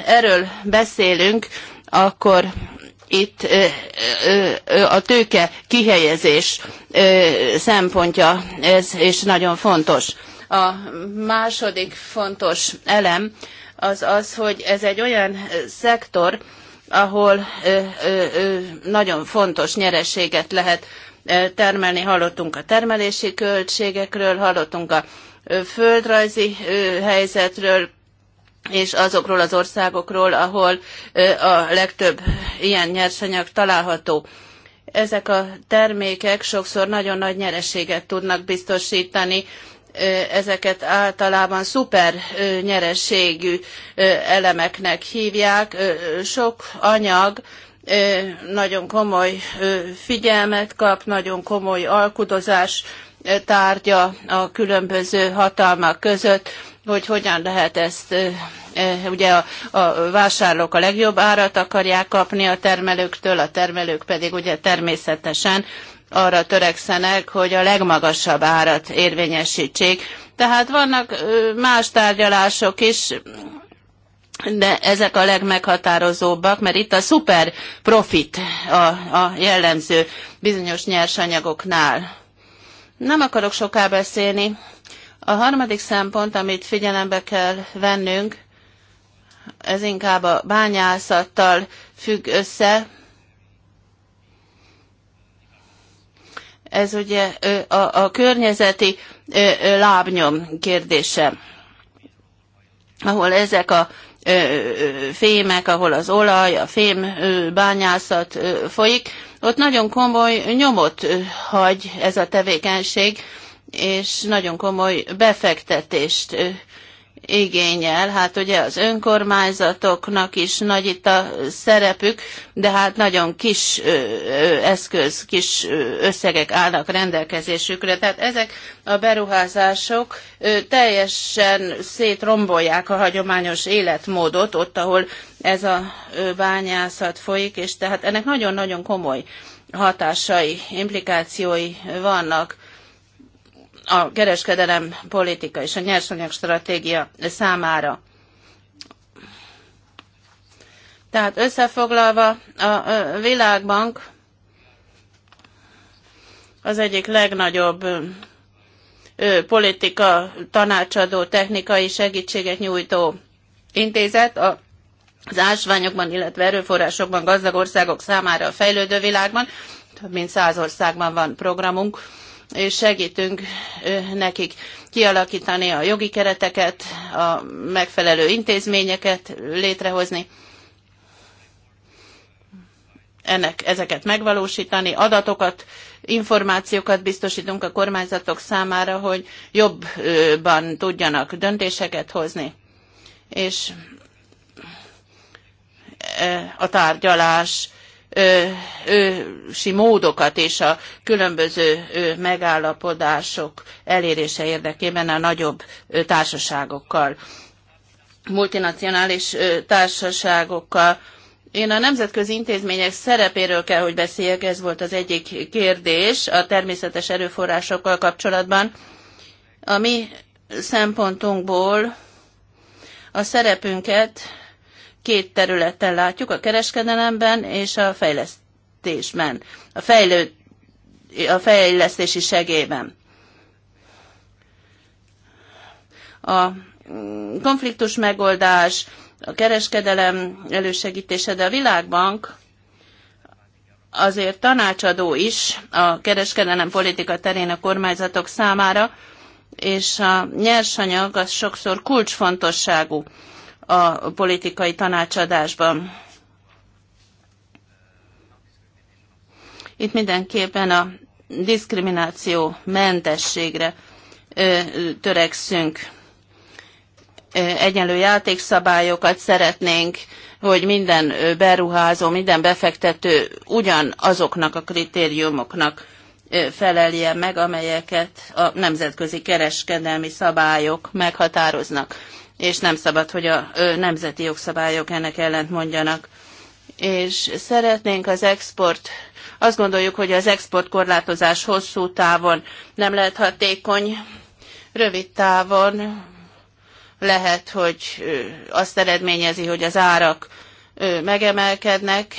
erről beszélünk, akkor itt a tőke kihelyezés szempontja ez, és nagyon fontos. A második fontos elem az az, hogy ez egy olyan szektor, ahol ö, ö, ö, nagyon fontos nyereséget lehet termelni. Hallottunk a termelési költségekről, hallottunk a földrajzi helyzetről, és azokról az országokról, ahol a legtöbb ilyen nyersanyag található. Ezek a termékek sokszor nagyon nagy nyereséget tudnak biztosítani ezeket általában szuper nyerességű elemeknek hívják. Sok anyag nagyon komoly figyelmet kap, nagyon komoly alkudozás tárgya a különböző hatalmak között, hogy hogyan lehet ezt, ugye a, a vásárlók a legjobb árat akarják kapni a termelőktől, a termelők pedig ugye természetesen arra törekszenek, hogy a legmagasabb árat érvényesítsék. Tehát vannak más tárgyalások is, de ezek a legmeghatározóbbak, mert itt a szuper profit a, a jellemző bizonyos nyersanyagoknál. Nem akarok soká beszélni. A harmadik szempont, amit figyelembe kell vennünk, ez inkább a bányászattal függ össze, Ez ugye a, a környezeti lábnyom kérdése, ahol ezek a fémek, ahol az olaj, a fém bányászat folyik, ott nagyon komoly nyomot hagy ez a tevékenység, és nagyon komoly befektetést igényel. Hát ugye az önkormányzatoknak is nagy itt a szerepük, de hát nagyon kis eszköz, kis összegek állnak rendelkezésükre. Tehát ezek a beruházások teljesen szétrombolják a hagyományos életmódot ott, ahol ez a bányászat folyik, és tehát ennek nagyon-nagyon komoly hatásai, implikációi vannak a kereskedelem politika és a nyersanyag stratégia számára. Tehát összefoglalva a Világbank az egyik legnagyobb politika tanácsadó, technikai segítséget nyújtó intézet a az ásványokban, illetve erőforrásokban gazdag országok számára a fejlődő világban, több mint száz országban van programunk, és segítünk nekik kialakítani a jogi kereteket, a megfelelő intézményeket létrehozni, ennek, ezeket megvalósítani, adatokat, információkat biztosítunk a kormányzatok számára, hogy jobban tudjanak döntéseket hozni. És a tárgyalás ősi módokat és a különböző megállapodások elérése érdekében a nagyobb társaságokkal, multinacionális társaságokkal, én a nemzetközi intézmények szerepéről kell, hogy beszéljek, ez volt az egyik kérdés a természetes erőforrásokkal kapcsolatban. A mi szempontunkból a szerepünket két területen látjuk, a kereskedelemben és a fejlesztésben, a, fejlő, a fejlesztési segélyben. A konfliktus megoldás, a kereskedelem elősegítése, de a Világbank azért tanácsadó is a kereskedelem politika terén a kormányzatok számára, és a nyersanyag az sokszor kulcsfontosságú a politikai tanácsadásban. Itt mindenképpen a diszkrimináció mentességre törekszünk. Egyenlő játékszabályokat szeretnénk, hogy minden beruházó, minden befektető ugyanazoknak a kritériumoknak felelje meg, amelyeket a nemzetközi kereskedelmi szabályok meghatároznak és nem szabad, hogy a nemzeti jogszabályok ennek ellent mondjanak. És szeretnénk az export, azt gondoljuk, hogy az exportkorlátozás hosszú távon nem lehet hatékony, rövid távon lehet, hogy azt eredményezi, hogy az árak megemelkednek,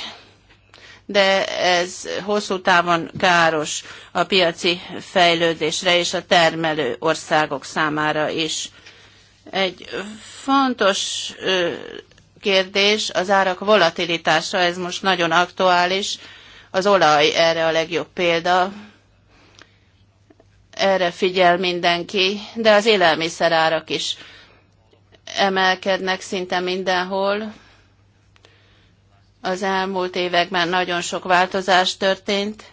de ez hosszú távon káros a piaci fejlődésre és a termelő országok számára is. Egy fontos kérdés az árak volatilitása, ez most nagyon aktuális. Az olaj erre a legjobb példa. Erre figyel mindenki, de az árak is emelkednek szinte mindenhol. Az elmúlt években nagyon sok változás történt,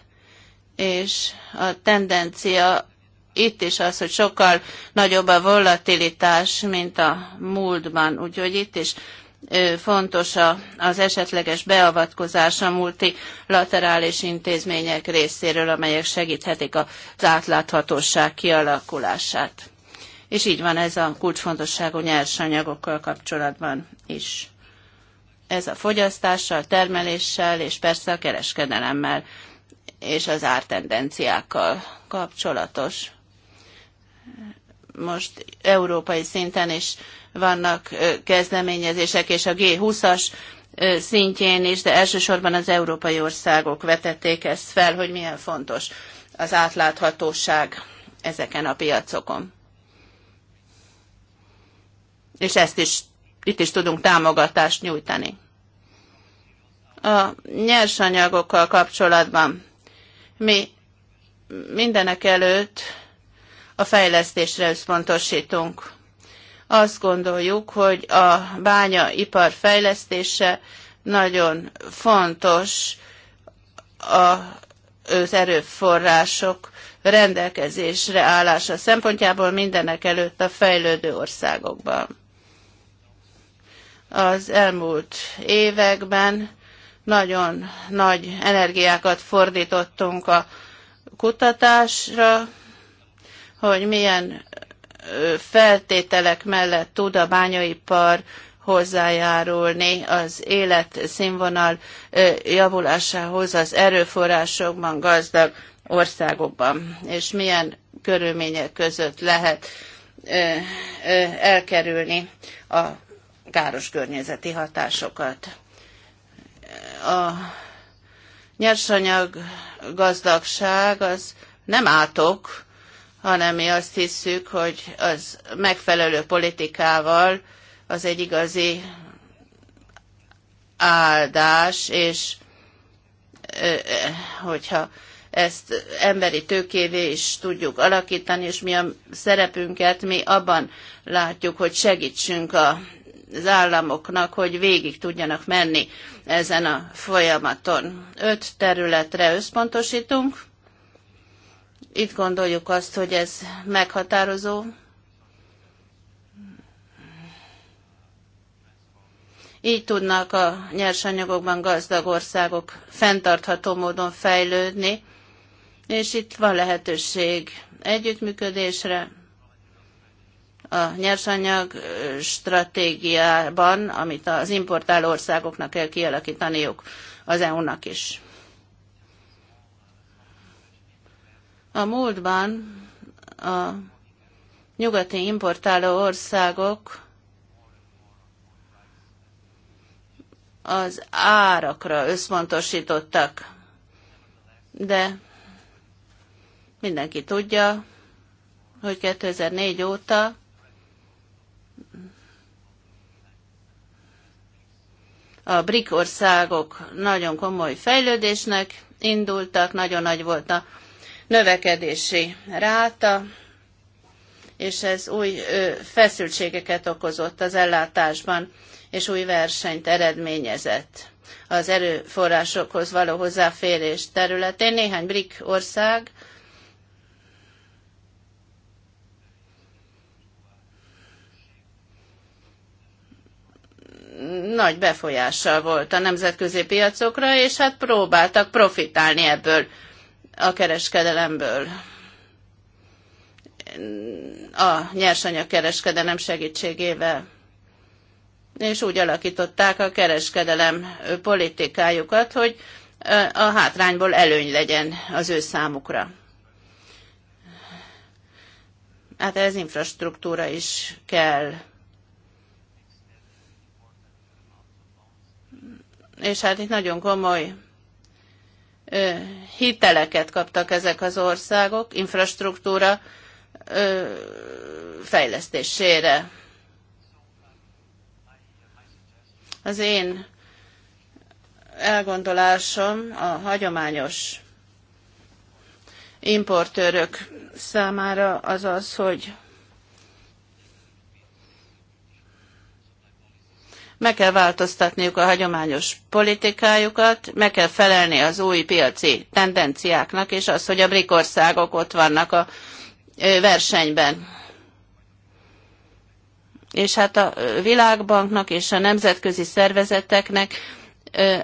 és a tendencia itt is az, hogy sokkal nagyobb a volatilitás, mint a múltban. Úgyhogy itt is fontos az esetleges beavatkozás a multilaterális intézmények részéről, amelyek segíthetik az átláthatóság kialakulását. És így van ez a kulcsfontosságú nyersanyagokkal kapcsolatban is. Ez a fogyasztással, termeléssel és persze a kereskedelemmel és az ártendenciákkal kapcsolatos most európai szinten is vannak kezdeményezések, és a G20-as szintjén is, de elsősorban az európai országok vetették ezt fel, hogy milyen fontos az átláthatóság ezeken a piacokon. És ezt is, itt is tudunk támogatást nyújtani. A nyersanyagokkal kapcsolatban mi mindenek előtt a fejlesztésre összpontosítunk. Azt gondoljuk, hogy a bányaipar fejlesztése nagyon fontos a, az erőforrások rendelkezésre állása szempontjából mindenek előtt a fejlődő országokban. Az elmúlt években nagyon nagy energiákat fordítottunk a kutatásra, hogy milyen feltételek mellett tud a bányaipar hozzájárulni az élet színvonal javulásához az erőforrásokban gazdag országokban, és milyen körülmények között lehet elkerülni a káros környezeti hatásokat. A nyersanyag gazdagság az nem átok, hanem mi azt hiszük, hogy az megfelelő politikával az egy igazi áldás, és hogyha ezt emberi tőkévé is tudjuk alakítani, és mi a szerepünket, mi abban látjuk, hogy segítsünk a, az államoknak, hogy végig tudjanak menni ezen a folyamaton. Öt területre összpontosítunk. Itt gondoljuk azt, hogy ez meghatározó. Így tudnak a nyersanyagokban gazdag országok fenntartható módon fejlődni, és itt van lehetőség együttműködésre, a nyersanyag stratégiában, amit az importáló országoknak kell kialakítaniuk, az EU-nak is. A múltban a nyugati importáló országok az árakra összpontosítottak. De mindenki tudja, hogy 2004 óta a BRIC országok nagyon komoly fejlődésnek indultak, nagyon nagy volt a növekedési ráta, és ez új feszültségeket okozott az ellátásban, és új versenyt eredményezett az erőforrásokhoz való hozzáférés területén. Néhány brik ország nagy befolyással volt a nemzetközi piacokra, és hát próbáltak profitálni ebből a kereskedelemből a nyersanyagkereskedelem segítségével. És úgy alakították a kereskedelem politikájukat, hogy a hátrányból előny legyen az ő számukra. Hát ez infrastruktúra is kell. És hát itt nagyon komoly hiteleket kaptak ezek az országok infrastruktúra fejlesztésére. Az én elgondolásom a hagyományos importőrök számára az az, hogy Meg kell változtatniuk a hagyományos politikájukat, meg kell felelni az új piaci tendenciáknak, és az, hogy a országok ott vannak a versenyben. És hát a világbanknak és a nemzetközi szervezeteknek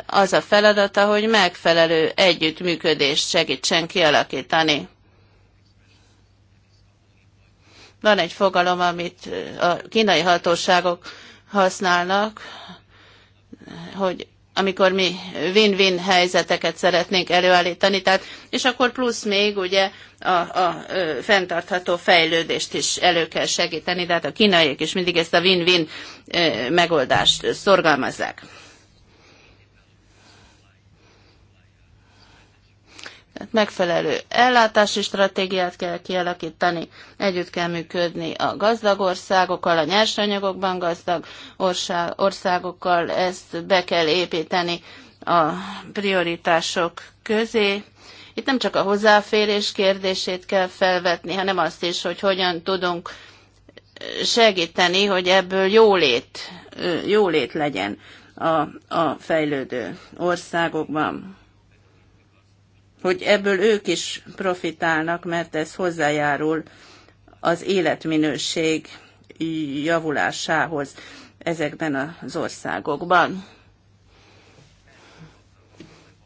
az a feladata, hogy megfelelő együttműködést segítsen kialakítani. Van egy fogalom, amit a kínai hatóságok használnak, hogy amikor mi win-win helyzeteket szeretnénk előállítani, tehát, és akkor plusz még ugye a, a, a fenntartható fejlődést is elő kell segíteni, tehát a kínaiak is mindig ezt a win-win megoldást szorgalmazzák. megfelelő ellátási stratégiát kell kialakítani, együtt kell működni a gazdag országokkal, a nyersanyagokban gazdag országokkal, ezt be kell építeni a prioritások közé. Itt nem csak a hozzáférés kérdését kell felvetni, hanem azt is, hogy hogyan tudunk segíteni, hogy ebből jólét, jólét legyen a, a fejlődő országokban hogy ebből ők is profitálnak, mert ez hozzájárul az életminőség javulásához ezekben az országokban.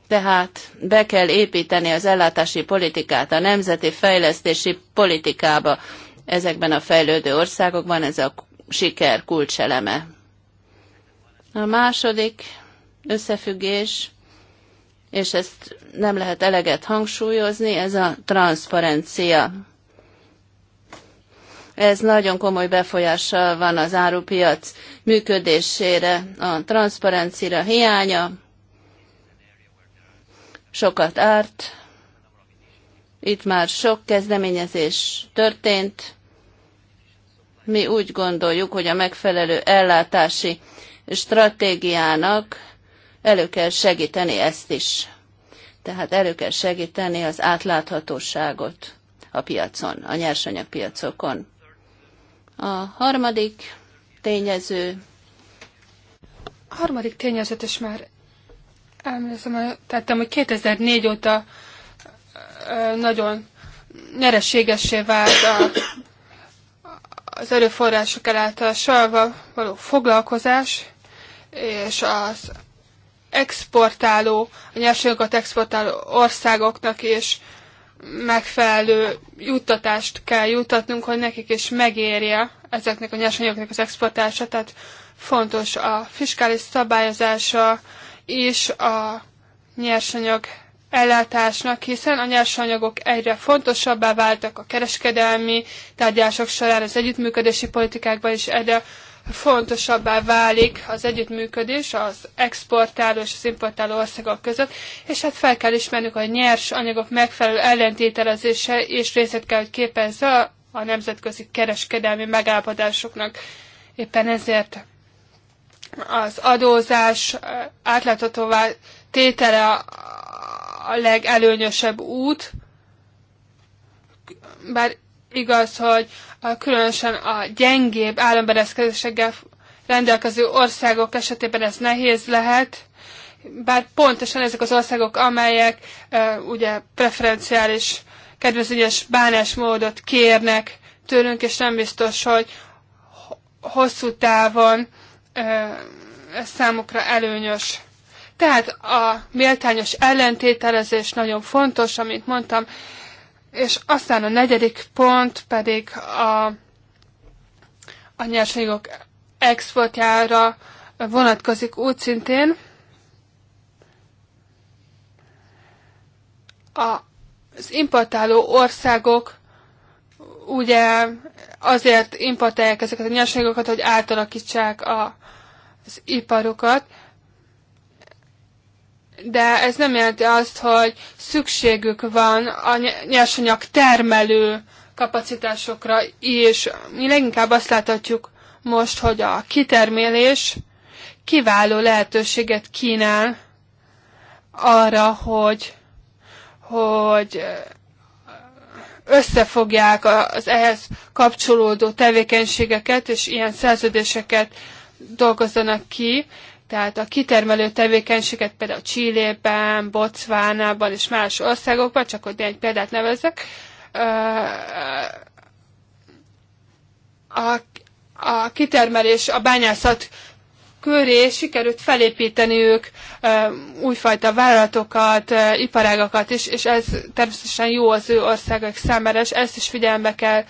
Tehát be kell építeni az ellátási politikát a nemzeti fejlesztési politikába ezekben a fejlődő országokban, ez a siker kulcseleme. A második összefüggés és ezt nem lehet eleget hangsúlyozni, ez a transzparencia. Ez nagyon komoly befolyással van az árupiac működésére, a transzparencia hiánya sokat árt. Itt már sok kezdeményezés történt. Mi úgy gondoljuk, hogy a megfelelő ellátási stratégiának elő kell segíteni ezt is. Tehát elő kell segíteni az átláthatóságot a piacon, a nyersanyagpiacokon. A harmadik tényező. A harmadik tényezőt
is már emlékszem, tettem, hogy 2004 óta nagyon nyereségessé vált a, az erőforrások által salva való foglalkozás, és az exportáló, a nyersanyagokat exportáló országoknak is megfelelő juttatást kell juttatnunk, hogy nekik is megérje ezeknek a nyersanyagoknak az exportása, tehát fontos a fiskális szabályozása és a nyersanyag ellátásnak, hiszen a nyersanyagok egyre fontosabbá váltak a kereskedelmi tárgyások során, az együttműködési politikákban is egyre fontosabbá válik az együttműködés az exportáló és az importáló országok között, és hát fel kell ismernünk, hogy nyers anyagok megfelelő ellentételezése és részét kell, hogy képezze a nemzetközi kereskedelmi megállapodásoknak. Éppen ezért az adózás eh, átláthatóvá tétele a legelőnyösebb út, bár igaz, hogy a, különösen a gyengébb állambereszkedésekkel rendelkező országok esetében ez nehéz lehet, bár pontosan ezek az országok, amelyek e, ugye preferenciális, kedvezményes bánásmódot kérnek tőlünk, és nem biztos, hogy hosszú távon e, ez számukra előnyös. Tehát a méltányos ellentételezés nagyon fontos, amit mondtam, és aztán a negyedik pont pedig a, a nyerségok exportjára vonatkozik úgy szintén. A, az importáló országok ugye azért importálják ezeket a nyerségokat, hogy átalakítsák a, az iparokat, de ez nem jelenti azt, hogy szükségük van a nyersanyag termelő kapacitásokra és Mi leginkább azt láthatjuk most, hogy a kitermélés kiváló lehetőséget kínál arra, hogy, hogy összefogják az ehhez kapcsolódó tevékenységeket, és ilyen szerződéseket dolgozzanak ki, tehát a kitermelő tevékenységet például Csillében, Botswánában és más országokban, csak hogy egy példát nevezek, a, a kitermelés, a bányászat köré sikerült felépíteniük újfajta vállalatokat, iparágakat is, és ez természetesen jó az ő országok számára, és ezt is figyelembe kell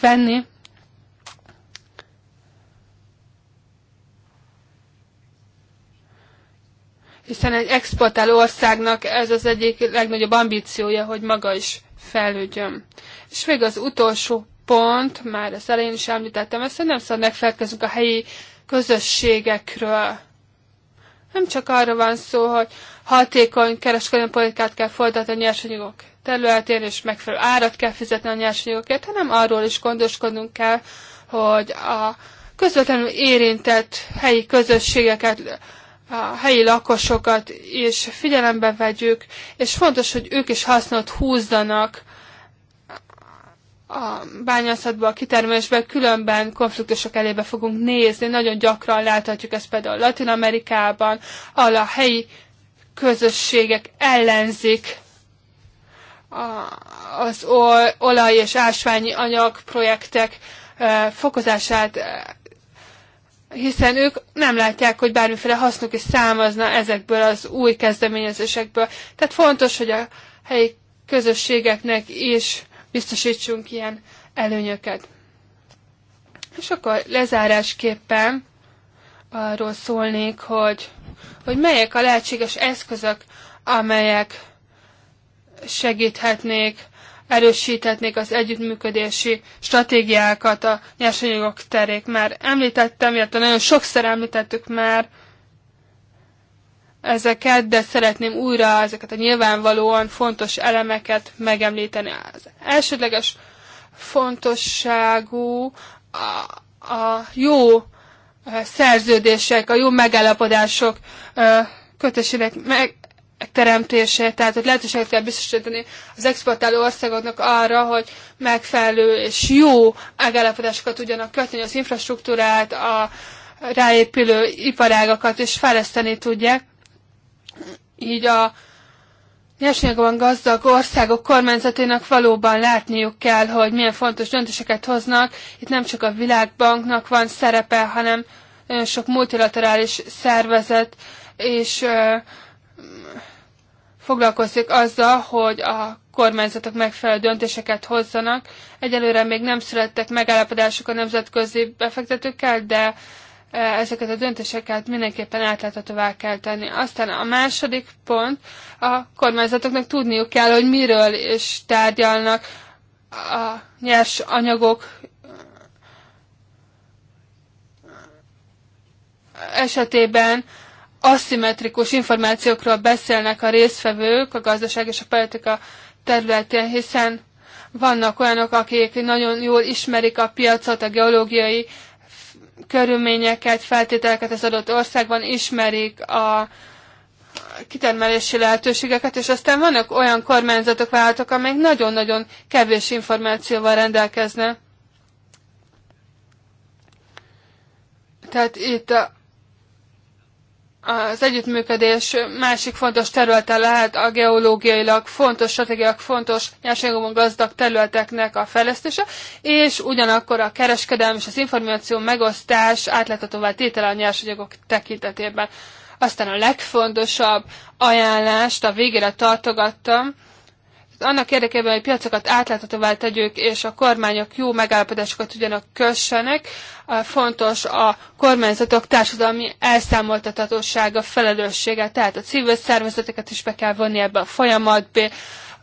venni. hiszen egy exportáló országnak ez az egyik legnagyobb ambíciója, hogy maga is fejlődjön. És még az utolsó pont, már az elején is említettem, ezt nem szabad megfelelkezünk a helyi közösségekről. Nem csak arra van szó, hogy hatékony kereskedelmi politikát kell folytatni a nyersanyagok területén, és megfelelő árat kell fizetni a nyersanyagokért, hanem arról is gondoskodnunk kell, hogy a közvetlenül érintett helyi közösségeket a helyi lakosokat is figyelembe vegyük, és fontos, hogy ők is hasznot húzzanak a bányászatba, a kitermelésbe, különben konfliktusok elébe fogunk nézni. Nagyon gyakran láthatjuk ezt például Latin Amerikában, ahol a helyi közösségek ellenzik az olaj és ásványi anyag projektek eh, fokozását hiszen ők nem látják, hogy bármiféle hasznuk is számozna ezekből az új kezdeményezésekből. Tehát fontos, hogy a helyi közösségeknek is biztosítsunk ilyen előnyöket. És akkor lezárásképpen arról szólnék, hogy, hogy melyek a lehetséges eszközök, amelyek segíthetnék erősíthetnék az együttműködési stratégiákat a nyersanyagok terék. Már említettem, illetve nagyon sokszor említettük már ezeket, de szeretném újra ezeket a nyilvánvalóan fontos elemeket megemlíteni. Az elsődleges fontosságú a, a jó szerződések, a jó megállapodások kötésének meg, teremtését, tehát hogy lehetőséget kell biztosítani az exportáló országoknak arra, hogy megfelelő és jó megállapodásokat tudjanak kötni az infrastruktúrát, a ráépülő iparágakat, és fejleszteni tudják. Így a nyersanyagban gazdag országok kormányzatének valóban látniuk kell, hogy milyen fontos döntéseket hoznak. Itt nem csak a világbanknak van szerepe, hanem nagyon sok multilaterális szervezet, és foglalkozik azzal, hogy a kormányzatok megfelelő döntéseket hozzanak. Egyelőre még nem születtek megállapodások a nemzetközi befektetőkkel, de e, ezeket a döntéseket mindenképpen átláthatóvá kell tenni. Aztán a második pont, a kormányzatoknak tudniuk kell, hogy miről is tárgyalnak a nyers anyagok esetében aszimmetrikus információkról beszélnek a résztvevők, a gazdaság és a politika területén, hiszen vannak olyanok, akik nagyon jól ismerik a piacot, a geológiai körülményeket, feltételeket az adott országban, ismerik a kitermelési lehetőségeket, és aztán vannak olyan kormányzatok, váltok, amelyek nagyon-nagyon kevés információval rendelkeznek. Tehát itt a, az együttműködés másik fontos területe lehet a geológiailag fontos, stratégiailag fontos nyerségokon gazdag területeknek a fejlesztése, és ugyanakkor a kereskedelem és az információ megosztás átláthatóvá tétele a nyersanyagok tekintetében. Aztán a legfontosabb ajánlást a végére tartogattam, annak érdekében, hogy piacokat átláthatóvá tegyük, és a kormányok jó megállapodásokat tudjanak kössenek, fontos a kormányzatok társadalmi elszámoltathatósága, felelőssége, tehát a civil szervezeteket is be kell vonni ebbe a folyamatba,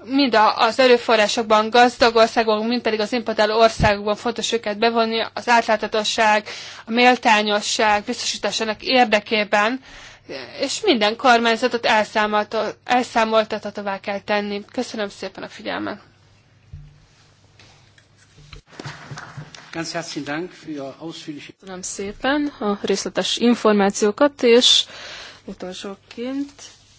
mind az erőforrásokban gazdag országokban, mind pedig az importáló országokban fontos őket bevonni az átláthatóság, a méltányosság biztosításának érdekében, és minden kormányzatot elszámoltathatóvá kell tenni. Köszönöm szépen a figyelmet.
Köszönöm szépen a részletes információkat, és utolsóként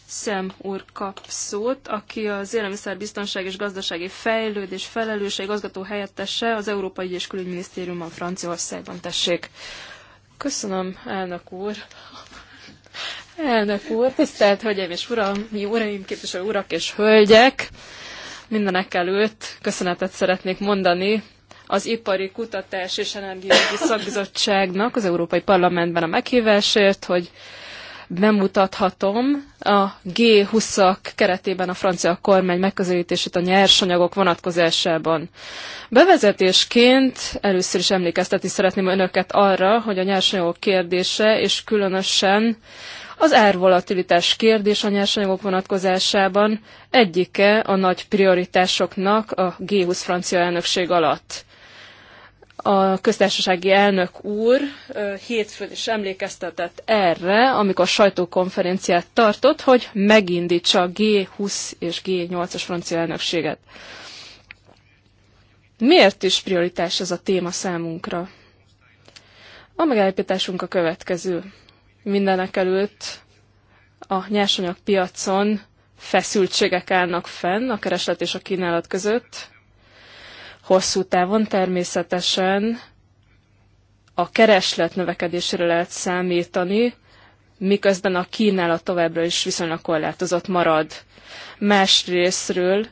Szem úr kap szót, aki az Élelmiszerbiztonság és Gazdasági Fejlődés Felelőség igazgató helyettese az Európai Ügy Külügyminisztériumban Franciaországban. Tessék! Köszönöm, elnök úr! Elnök úr, tisztelt Hölgyeim és Uram, mi uraim, képviselő urak és hölgyek, mindenek előtt köszönetet szeretnék mondani az Ipari Kutatás és Energiai Szakbizottságnak az Európai Parlamentben a meghívásért, hogy bemutathatom a G20-ak keretében a francia kormány megközelítését a nyersanyagok vonatkozásában. Bevezetésként először is emlékeztetni szeretném önöket arra, hogy a nyersanyagok kérdése és különösen az árvolatilitás kérdés a nyersanyagok vonatkozásában egyike a nagy prioritásoknak a G20 francia elnökség alatt. A köztársasági elnök úr hétfőn is emlékeztetett erre, amikor sajtókonferenciát tartott, hogy megindítsa a G20 és G8-as francia elnökséget. Miért is prioritás ez a téma számunkra? A megállapításunk a következő mindenek előtt a nyersanyag piacon feszültségek állnak fenn a kereslet és a kínálat között. Hosszú távon természetesen a kereslet növekedésére lehet számítani, miközben a kínálat továbbra is viszonylag korlátozott marad. más részről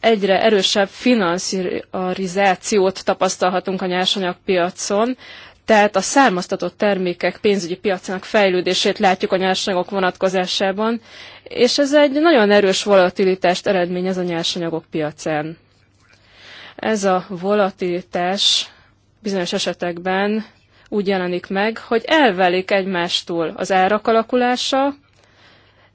egyre erősebb finanszírizációt tapasztalhatunk a nyersanyagpiacon, tehát a származtatott termékek pénzügyi piacának fejlődését látjuk a nyersanyagok vonatkozásában, és ez egy nagyon erős volatilitást eredményez a nyersanyagok piacán. Ez a volatilitás bizonyos esetekben úgy jelenik meg, hogy elvelik egymástól az árak alakulása,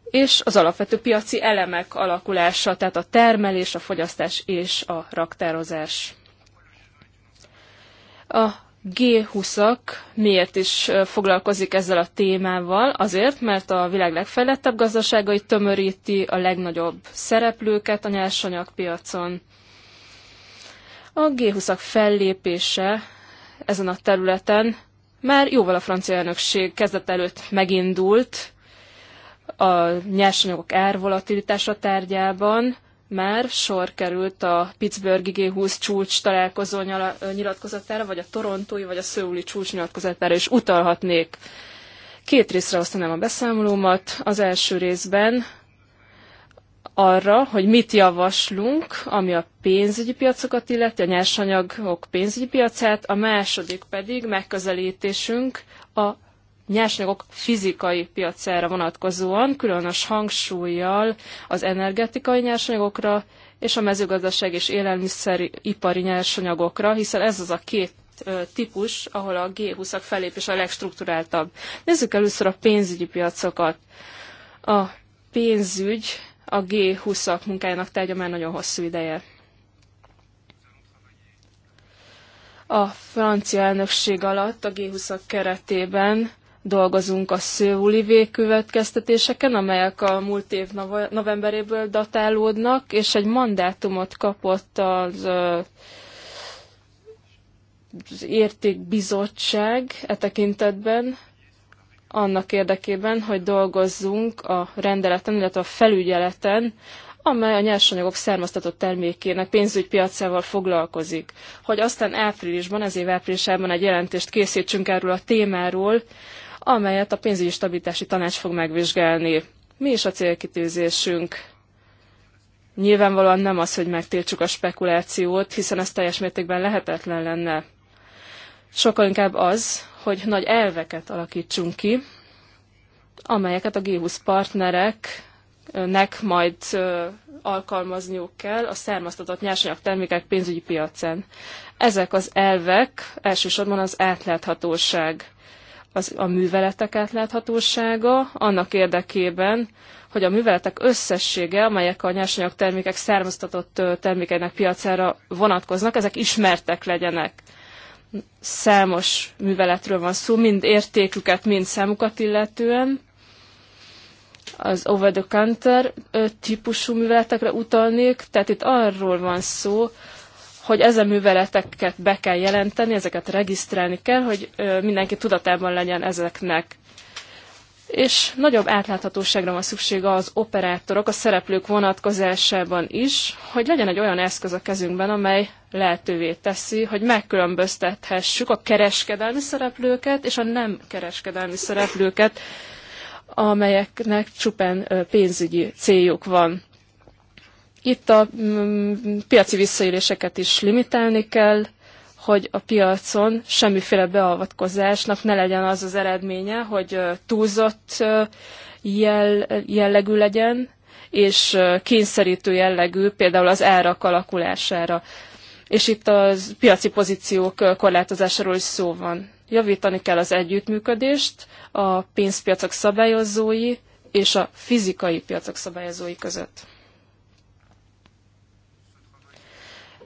és az alapvető piaci elemek alakulása, tehát a termelés, a fogyasztás és a raktározás. A G20-ak miért is foglalkozik ezzel a témával? Azért, mert a világ legfejlettebb gazdaságai tömöríti a legnagyobb szereplőket a nyersanyagpiacon. A G20-ak fellépése ezen a területen már jóval a francia elnökség kezdet előtt megindult a nyersanyagok árvolatilitása tárgyában, már sor került a Pittsburghi G20 csúcs találkozó nyilatkozatára, vagy a torontói, vagy a szőuli csúcs nyilatkozatára is utalhatnék. Két részre osztanám a beszámolómat. Az első részben arra, hogy mit javaslunk, ami a pénzügyi piacokat illeti, a nyersanyagok pénzügyi piacát, a második pedig megközelítésünk a nyersanyagok fizikai piacára vonatkozóan, különös hangsúlyjal az energetikai nyersanyagokra és a mezőgazdaság és élelmiszeripari nyersanyagokra, hiszen ez az a két típus, ahol a G20-ak felépés a legstruktúráltabb. Nézzük először a pénzügyi piacokat. A pénzügy a G20-ak munkájának tárgya már nagyon hosszú ideje. A francia elnökség alatt a G20-ak keretében dolgozunk a szőuli végkövetkeztetéseken, amelyek a múlt év novemberéből datálódnak, és egy mandátumot kapott az, az értékbizottság e tekintetben, annak érdekében, hogy dolgozzunk a rendeleten, illetve a felügyeleten, amely a nyersanyagok származtatott termékének pénzügypiacával foglalkozik. Hogy aztán áprilisban, ez év áprilisában egy jelentést készítsünk erről a témáról, amelyet a pénzügyi stabilitási tanács fog megvizsgálni. Mi is a célkitűzésünk? Nyilvánvalóan nem az, hogy megtiltsuk a spekulációt, hiszen ez teljes mértékben lehetetlen lenne. Sokkal inkább az, hogy nagy elveket alakítsunk ki, amelyeket a G20 partnereknek majd alkalmazniuk kell a származtatott nyersanyag termékek pénzügyi piacán. Ezek az elvek elsősorban az átláthatóság az, a műveletek átláthatósága annak érdekében, hogy a műveletek összessége, amelyek a nyersanyag termékek származtatott termékeinek piacára vonatkoznak, ezek ismertek legyenek. Számos műveletről van szó, mind értéküket, mind számukat illetően. Az over-the-counter típusú műveletekre utalnék, tehát itt arról van szó, hogy ezen műveleteket be kell jelenteni, ezeket regisztrálni kell, hogy mindenki tudatában legyen ezeknek. És nagyobb átláthatóságra van szüksége az operátorok, a szereplők vonatkozásában is, hogy legyen egy olyan eszköz a kezünkben, amely lehetővé teszi, hogy megkülönböztethessük a kereskedelmi szereplőket és a nem kereskedelmi szereplőket, amelyeknek csupán pénzügyi céljuk van. Itt a mm, piaci visszaéléseket is limitálni kell, hogy a piacon semmiféle beavatkozásnak ne legyen az az eredménye, hogy túlzott jellegű legyen, és kényszerítő jellegű, például az árak alakulására. És itt a piaci pozíciók korlátozásáról is szó van. Javítani kell az együttműködést a pénzpiacok szabályozói és a fizikai piacok szabályozói között.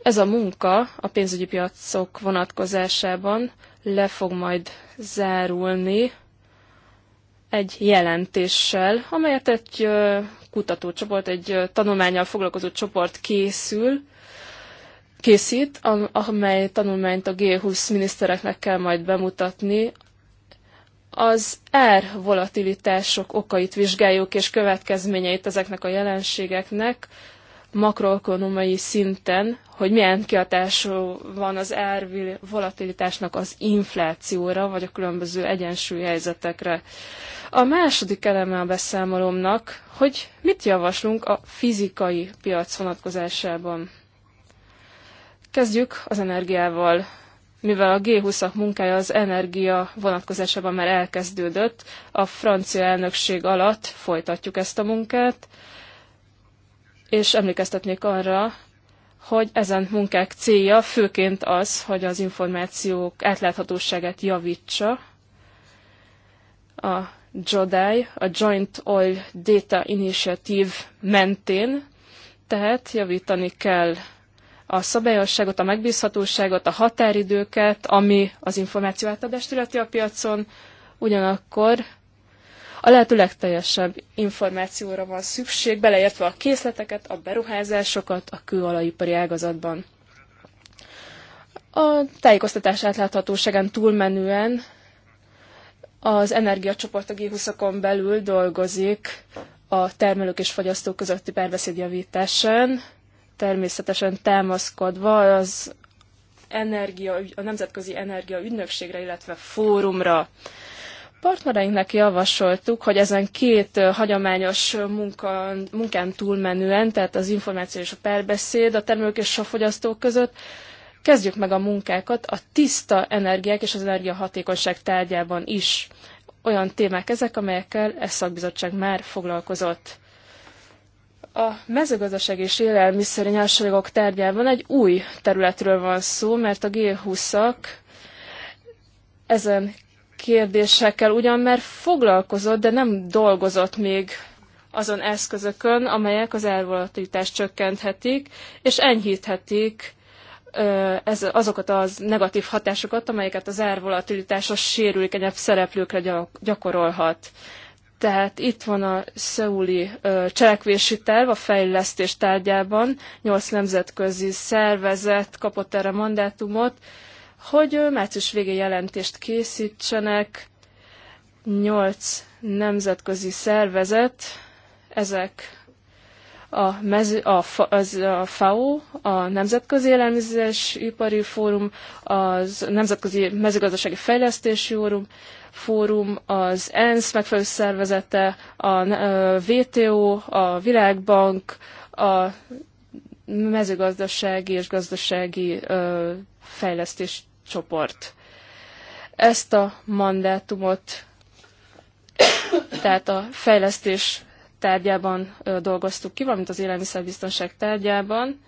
Ez a munka a pénzügyi piacok vonatkozásában le fog majd zárulni egy jelentéssel, amelyet egy kutatócsoport, egy tanulmányal foglalkozó csoport készül, készít, amely tanulmányt a G20 minisztereknek kell majd bemutatni. Az R volatilitások okait vizsgáljuk és következményeit ezeknek a jelenségeknek, makroekonomai szinten, hogy milyen kihatású van az ár volatilitásnak az inflációra, vagy a különböző egyensúlyhelyzetekre. A második eleme a beszámolomnak, hogy mit javaslunk a fizikai piac vonatkozásában. Kezdjük az energiával. Mivel a G20-ak munkája az energia vonatkozásában már elkezdődött, a francia elnökség alatt folytatjuk ezt a munkát, és emlékeztetnék arra, hogy ezen munkák célja főként az, hogy az információk átláthatóságát javítsa. A JODAI, a Joint Oil Data Initiative mentén, tehát javítani kell a szabályosságot, a megbízhatóságot, a határidőket, ami az információ átadást illeti a piacon, ugyanakkor a lehető legteljesebb információra van szükség, beleértve a készleteket, a beruházásokat a kőolajipari ágazatban. A tájékoztatás átláthatóságán túlmenően az energiacsoport a G20-okon belül dolgozik a termelők és fogyasztók közötti párbeszédjavításán, természetesen támaszkodva az energia, a Nemzetközi Energia Ügynökségre, illetve fórumra. Partnereinknek javasoltuk, hogy ezen két hagyományos munka, munkán túlmenően, tehát az információ és a perbeszéd a termők és a fogyasztók között, kezdjük meg a munkákat a tiszta energiák és az energiahatékonyság tárgyában is. Olyan témák ezek, amelyekkel ez szakbizottság már foglalkozott. A mezőgazdaság és élelmiszeri nyerségok tárgyában egy új területről van szó, mert a G20-ak ezen kérdésekkel ugyan már foglalkozott, de nem dolgozott még azon eszközökön, amelyek az elvonatítást csökkenthetik, és enyhíthetik ez, azokat az negatív hatásokat, amelyeket az árvolatilitás a sérülékenyebb szereplőkre gyakorolhat. Tehát itt van a szeuli cselekvési terv a fejlesztés tárgyában, nyolc nemzetközi szervezet kapott erre mandátumot, hogy március végén jelentést készítsenek, nyolc nemzetközi szervezet, ezek a, mező, a, az, a FAO, a Nemzetközi Élelmiszeripari Fórum, az Nemzetközi Mezőgazdasági Fejlesztési Fórum, Fórum, az ENSZ megfelelő szervezete, a WTO, a Világbank, a mezőgazdasági és gazdasági fejlesztés csoport. Ezt a mandátumot, tehát a fejlesztés tárgyában dolgoztuk ki, valamint az élelmiszerbiztonság tárgyában,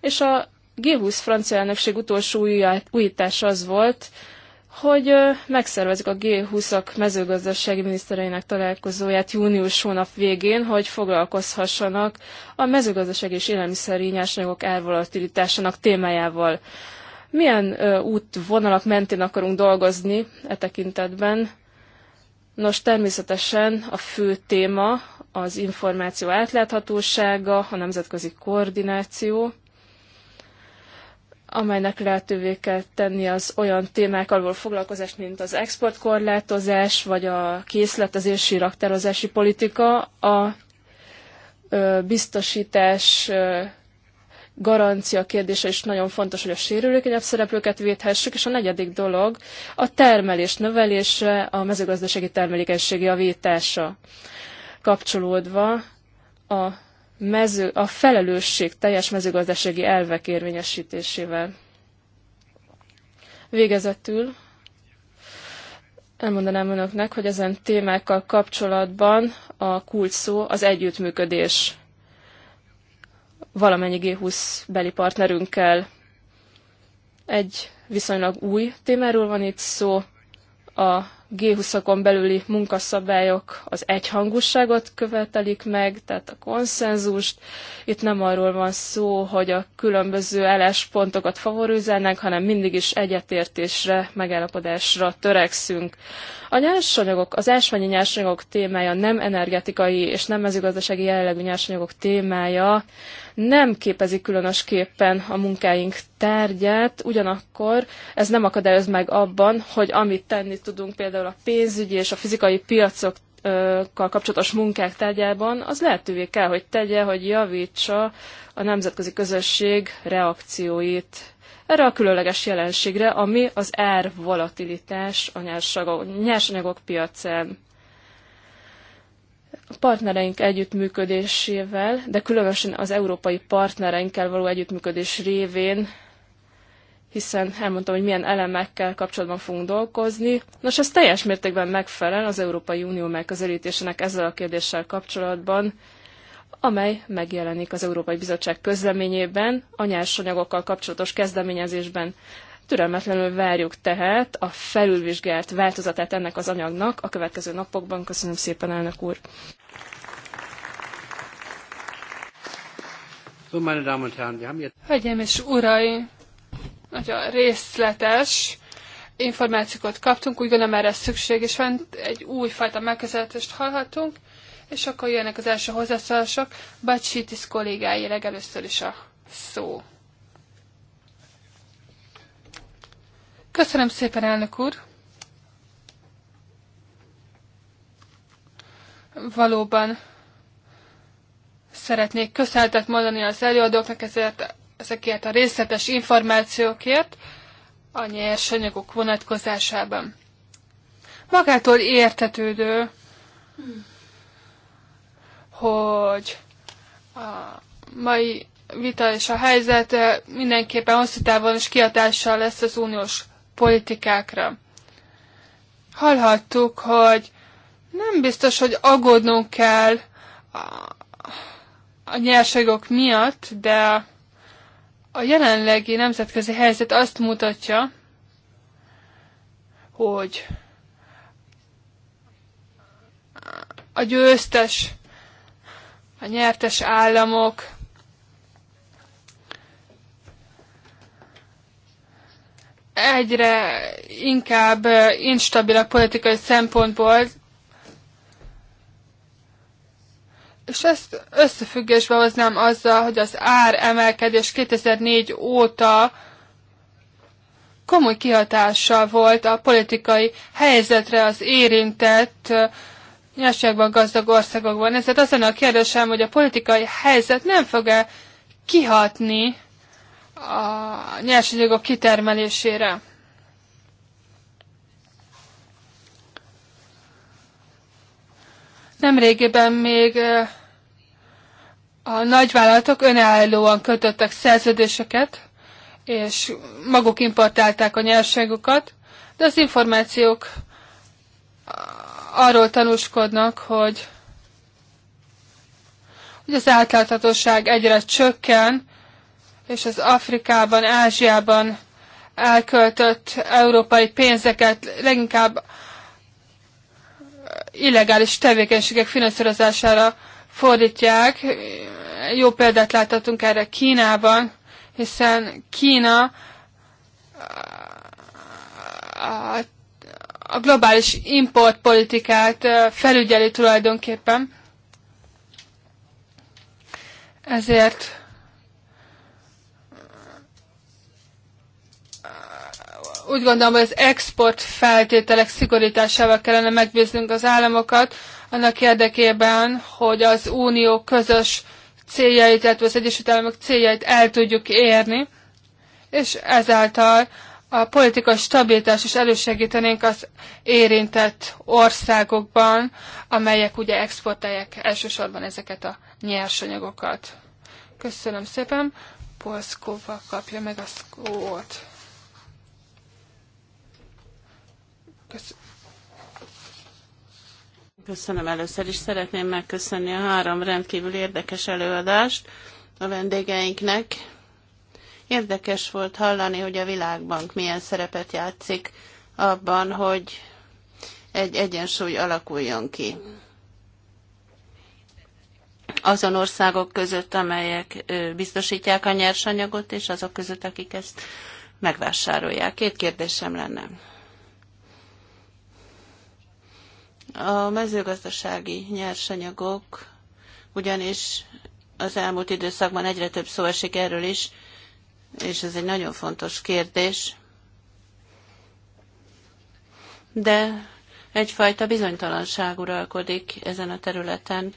és a G20 francia elnökség utolsó újítás az volt, hogy megszervezik a G20-ak mezőgazdasági minisztereinek találkozóját június hónap végén, hogy foglalkozhassanak a mezőgazdaság és élelmiszeri nyersanyagok árvolatilitásának témájával. Milyen útvonalak mentén akarunk dolgozni e tekintetben? Nos, természetesen a fő téma az információ átláthatósága, a nemzetközi koordináció, amelynek lehetővé kell tenni az olyan témákkal való foglalkozást, mint az exportkorlátozás, vagy a készletezési, raktározási politika, a biztosítás garancia kérdése is nagyon fontos, hogy a sérülékenyebb szereplőket védhessük, és a negyedik dolog a termelés növelése, a mezőgazdasági termelékenység javítása kapcsolódva a, mező, a felelősség teljes mezőgazdasági elvek érvényesítésével. Végezetül elmondanám önöknek, hogy ezen témákkal kapcsolatban a kulcs szó az együttműködés valamennyi G20 beli partnerünkkel. Egy viszonylag új témáról van itt szó, a G20-akon belüli munkaszabályok az egyhangúságot követelik meg, tehát a konszenzust. Itt nem arról van szó, hogy a különböző álláspontokat favorizálnánk, hanem mindig is egyetértésre, megállapodásra törekszünk. A nyersanyagok, az ásványi nyersanyagok témája nem energetikai és nem mezőgazdasági jellegű nyersanyagok témája, nem képezi különösképpen a munkáink tárgyát, ugyanakkor ez nem akadályoz meg abban, hogy amit tenni tudunk például a pénzügyi és a fizikai piacok kapcsolatos munkák tárgyában, az lehetővé kell, hogy tegye, hogy javítsa a nemzetközi közösség reakcióit erre a különleges jelenségre, ami az ár volatilitás a nyersanyagok piacán a partnereink együttműködésével, de különösen az európai partnereinkkel való együttműködés révén, hiszen elmondtam, hogy milyen elemekkel kapcsolatban fogunk dolgozni. Nos, ez teljes mértékben megfelel az Európai Unió megközelítésének ezzel a kérdéssel kapcsolatban, amely megjelenik az Európai Bizottság közleményében, a nyersanyagokkal kapcsolatos kezdeményezésben. Türelmetlenül várjuk tehát a felülvizsgált változatát ennek az anyagnak a következő napokban. Köszönöm szépen, elnök úr! Hölgyeim és
uraim, nagyon részletes információkat kaptunk, úgy gondolom erre szükség is van, egy újfajta megközelítést hallhatunk, és akkor jönnek az első hozzászólások, Bacsitis kollégái legelőször is a szó. Köszönöm szépen, elnök úr! Valóban szeretnék köszönetet mondani az előadóknak ezért, ezekért a részletes információkért a nyersanyagok vonatkozásában. Magától értetődő, hogy a mai vita és a helyzet mindenképpen hosszú távon is kiadással lesz az uniós politikákra. Hallhattuk, hogy nem biztos, hogy aggódnunk kell a, nyerságok miatt, de a jelenlegi nemzetközi helyzet azt mutatja, hogy a győztes, a nyertes államok egyre inkább instabil a politikai szempontból, és ezt összefüggésbe hoznám azzal, hogy az ár emelkedés 2004 óta komoly kihatással volt a politikai helyzetre az érintett nyersanyagban gazdag országokban. Ezért azon a kérdésem, hogy a politikai helyzet nem fog-e kihatni a nyersanyagok kitermelésére. Nemrégiben még a nagyvállalatok önállóan kötöttek szerződéseket, és maguk importálták a nyersanyagokat, de az információk arról tanúskodnak, hogy, hogy az átláthatóság egyre csökken, és az Afrikában, Ázsiában elköltött európai pénzeket leginkább illegális tevékenységek finanszírozására fordítják. Jó példát láthatunk erre Kínában, hiszen Kína a globális importpolitikát felügyeli tulajdonképpen. Ezért úgy gondolom, hogy az export feltételek szigorításával kellene megbíznünk az államokat, annak érdekében, hogy az unió közös céljait, illetve az Egyesült Államok céljait el tudjuk érni, és ezáltal a politikai stabilitás is elősegítenénk az érintett országokban, amelyek ugye exportálják elsősorban ezeket a nyersanyagokat. Köszönöm szépen, Polszkóval kapja meg a szót. Köszönöm.
Köszönöm először is. Szeretném megköszönni a három rendkívül érdekes előadást a vendégeinknek. Érdekes volt hallani, hogy a Világbank milyen szerepet játszik abban, hogy egy egyensúly alakuljon ki azon országok között, amelyek biztosítják a nyersanyagot, és azok között, akik ezt megvásárolják. Két kérdésem lenne. A mezőgazdasági nyersanyagok ugyanis az elmúlt időszakban egyre több szó esik erről is, és ez egy nagyon fontos kérdés. De egyfajta bizonytalanság uralkodik ezen a területen.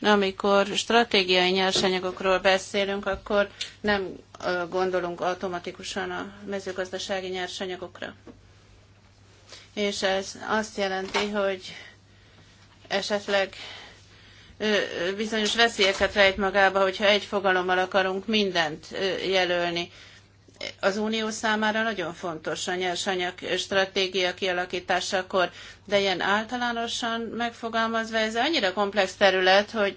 Amikor stratégiai nyersanyagokról beszélünk, akkor nem gondolunk automatikusan a mezőgazdasági nyersanyagokra és ez azt jelenti, hogy esetleg bizonyos veszélyeket rejt magába, hogyha egy fogalommal akarunk mindent jelölni. Az Unió számára nagyon fontos a nyersanyag stratégia kialakításakor, de ilyen általánosan megfogalmazva ez annyira komplex terület, hogy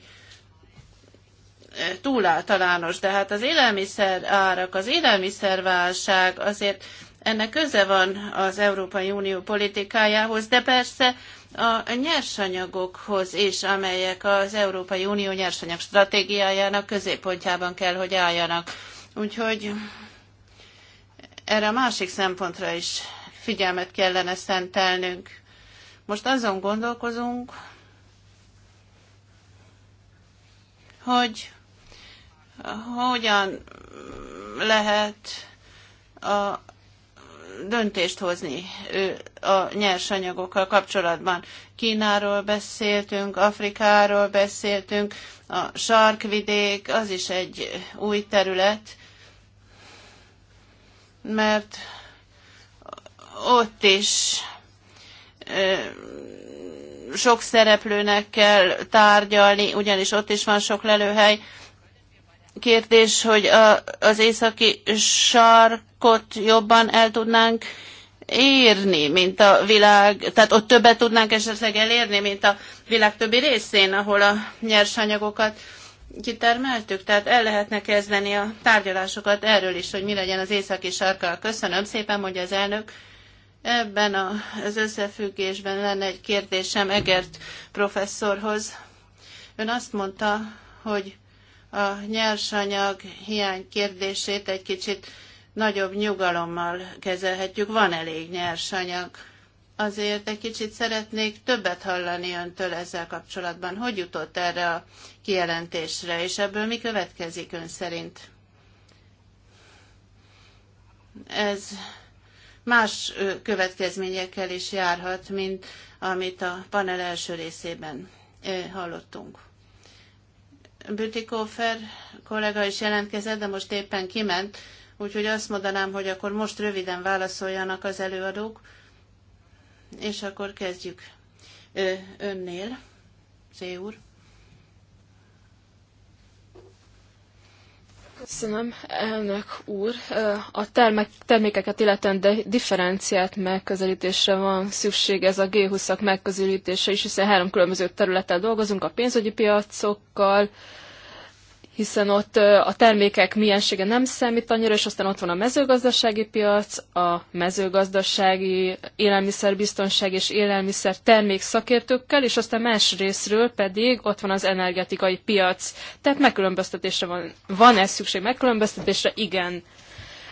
túl általános, de hát az élelmiszer árak, az élelmiszerválság azért ennek köze van az Európai Unió politikájához, de persze a nyersanyagokhoz is, amelyek az Európai Unió nyersanyag stratégiájának középpontjában kell, hogy álljanak. Úgyhogy erre a másik szempontra is figyelmet kellene szentelnünk. Most azon gondolkozunk, hogy hogyan lehet a döntést hozni a nyersanyagokkal kapcsolatban. Kínáról beszéltünk, Afrikáról beszéltünk, a sarkvidék az is egy új terület, mert ott is sok szereplőnek kell tárgyalni, ugyanis ott is van sok lelőhely, kérdés, hogy a, az északi sarkot jobban el tudnánk érni, mint a világ, tehát ott többet tudnánk esetleg elérni, mint a világ többi részén, ahol a nyersanyagokat kitermeltük, tehát el lehetne kezdeni a tárgyalásokat erről is, hogy mi legyen az északi sarkkal. Köszönöm szépen, hogy az elnök. Ebben a, az összefüggésben lenne egy kérdésem Egert professzorhoz. Ön azt mondta, hogy a nyersanyag hiány kérdését egy kicsit nagyobb nyugalommal kezelhetjük. Van elég nyersanyag. Azért egy kicsit szeretnék többet hallani öntől ezzel kapcsolatban. Hogy jutott erre a kijelentésre, és ebből mi következik ön szerint? Ez más következményekkel is járhat, mint amit a panel első részében hallottunk. Bütikofer kollega is jelentkezett, de most éppen kiment, úgyhogy azt mondanám, hogy akkor most röviden válaszoljanak az előadók, és akkor kezdjük önnél, Zé úr. Köszönöm,
elnök úr. A termek, termékeket illetően de differenciált megközelítésre van szükség, ez a G20-ak megközelítése is, hiszen három különböző területtel dolgozunk, a pénzügyi piacokkal, hiszen ott a termékek miensége nem számít annyira, és aztán ott van a mezőgazdasági piac, a mezőgazdasági élelmiszerbiztonság és élelmiszer termék szakértőkkel, és aztán más részről pedig ott van az energetikai piac. Tehát megkülönböztetésre van, van ez szükség, megkülönböztetésre igen.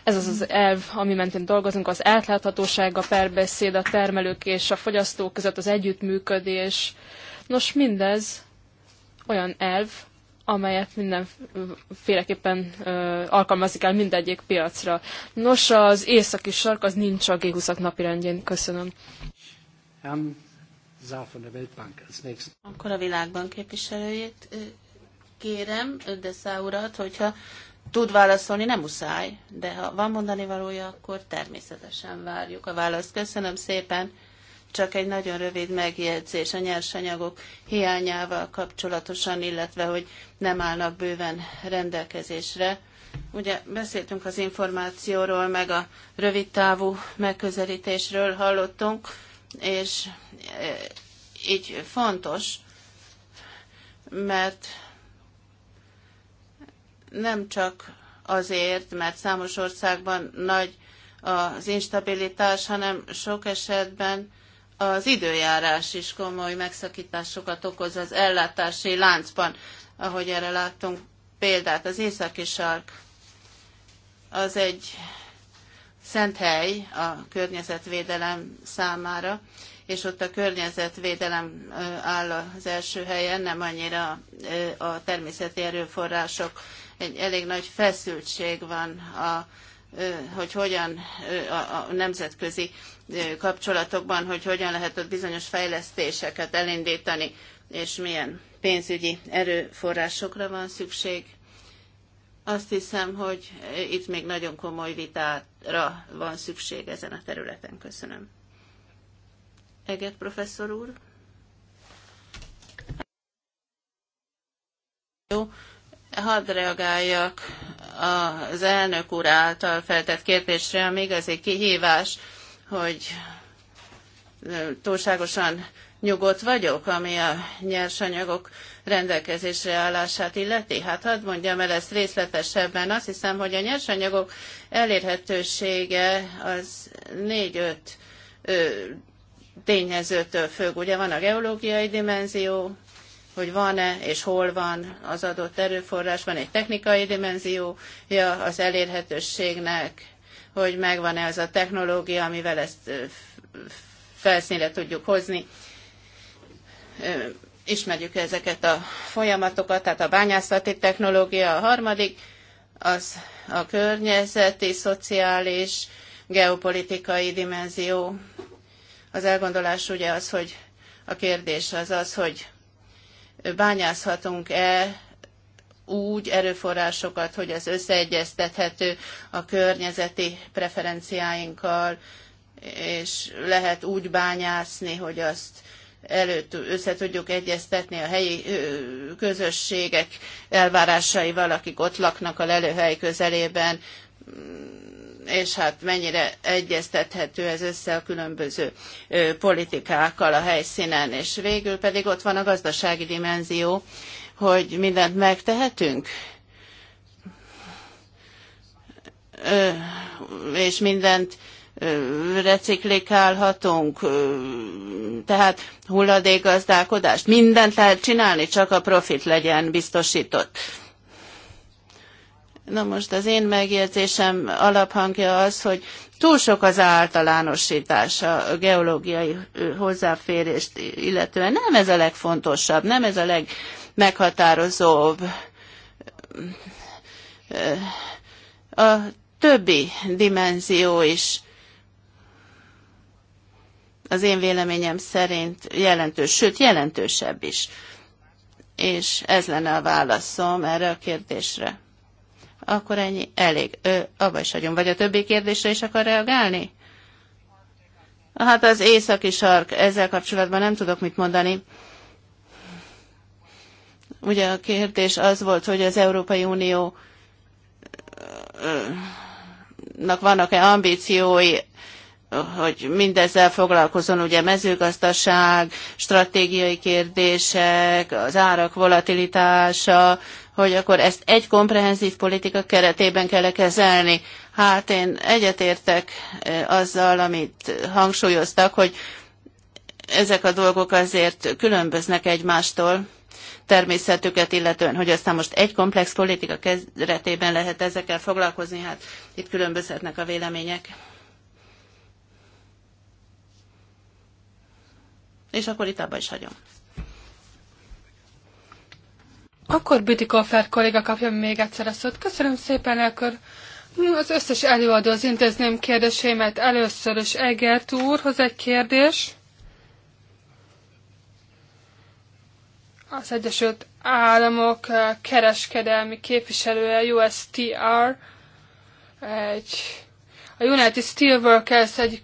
Ez az az elv, ami mentén dolgozunk, az átláthatóság, a perbeszéd a termelők és a fogyasztók között, az együttműködés. Nos, mindez olyan elv, amelyet mindenféleképpen ö, alkalmazni kell mindegyik piacra. Nos, az északi sark az nincs a G20-ak napirendjén. Köszönöm.
Akkor a világban képviselőjét kérem, de urat, hogyha tud válaszolni, nem muszáj, de ha van mondani valója, akkor természetesen várjuk a választ. Köszönöm szépen. Csak egy nagyon rövid megjegyzés a nyersanyagok hiányával kapcsolatosan, illetve hogy nem állnak bőven rendelkezésre. Ugye beszéltünk az információról, meg a rövidtávú megközelítésről hallottunk, és e, így fontos, mert nem csak azért, mert számos országban nagy az instabilitás, hanem sok esetben az időjárás is komoly megszakításokat okoz az ellátási láncban, ahogy erre láttunk példát. Az északi sark az egy szent hely a környezetvédelem számára, és ott a környezetvédelem áll az első helyen, nem annyira a természeti erőforrások. Egy elég nagy feszültség van, a, hogy hogyan a, a nemzetközi kapcsolatokban, hogy hogyan lehet ott bizonyos fejlesztéseket elindítani, és milyen pénzügyi erőforrásokra van szükség. Azt hiszem, hogy itt még nagyon komoly vitára van szükség ezen a területen. Köszönöm. Eget professzor úr. Jó, hadd reagáljak az elnök úr által feltett kérdésre, ami igazi kihívás hogy túlságosan nyugodt vagyok, ami a nyersanyagok rendelkezésre állását illeti. Hát hadd mondjam el ezt részletesebben. Azt hiszem, hogy a nyersanyagok elérhetősége az négy-öt tényezőtől függ. Ugye van a geológiai dimenzió, hogy van-e és hol van az adott erőforrás, van egy technikai dimenziója az elérhetőségnek, hogy megvan-e az a technológia, amivel ezt felszínre tudjuk hozni. Ismerjük ezeket a folyamatokat, tehát a bányászati technológia, a harmadik, az a környezeti, szociális, geopolitikai dimenzió. Az elgondolás ugye az, hogy a kérdés az az, hogy bányászhatunk-e úgy erőforrásokat, hogy ez összeegyeztethető a környezeti preferenciáinkkal, és lehet úgy bányászni, hogy azt előtt össze tudjuk egyeztetni a helyi közösségek elvárásaival, akik ott laknak a lelőhely közelében, mm, és hát mennyire egyeztethető ez össze a különböző politikákkal a helyszínen. És végül pedig ott van a gazdasági dimenzió, hogy mindent megtehetünk? és mindent reciklikálhatunk, tehát hulladékgazdálkodást, mindent lehet csinálni, csak a profit legyen biztosított. Na most az én megjegyzésem alaphangja az, hogy túl sok az általánosítás a geológiai hozzáférést illetően. Nem ez a legfontosabb, nem ez a leg meghatározóbb. A többi dimenzió is az én véleményem szerint jelentős, sőt jelentősebb is. És ez lenne a válaszom erre a kérdésre. Akkor ennyi, elég. Ö, abba is hagyom. Vagy a többi kérdésre is akar reagálni? Hát az északi sark, ezzel kapcsolatban nem tudok mit mondani. Ugye a kérdés az volt, hogy az Európai Unió vannak-e ambíciói, hogy mindezzel foglalkozon, ugye mezőgazdaság, stratégiai kérdések, az árak volatilitása, hogy akkor ezt egy komprehenzív politika keretében kell -e kezelni. Hát én egyetértek azzal, amit hangsúlyoztak, hogy ezek a dolgok azért különböznek egymástól természetüket illetően, hogy aztán most egy komplex politika keretében lehet ezekkel foglalkozni, hát itt különbözhetnek a vélemények. És akkor itt abba is hagyom.
Akkor Büdikoffer kolléga kapja még egyszer a szót. Köszönöm szépen, akkor az összes előadó az intézném kérdéseimet. Először is Egert úrhoz egy kérdés. az Egyesült Államok eh, kereskedelmi képviselője, USTR, egy, a United Steelworkers egy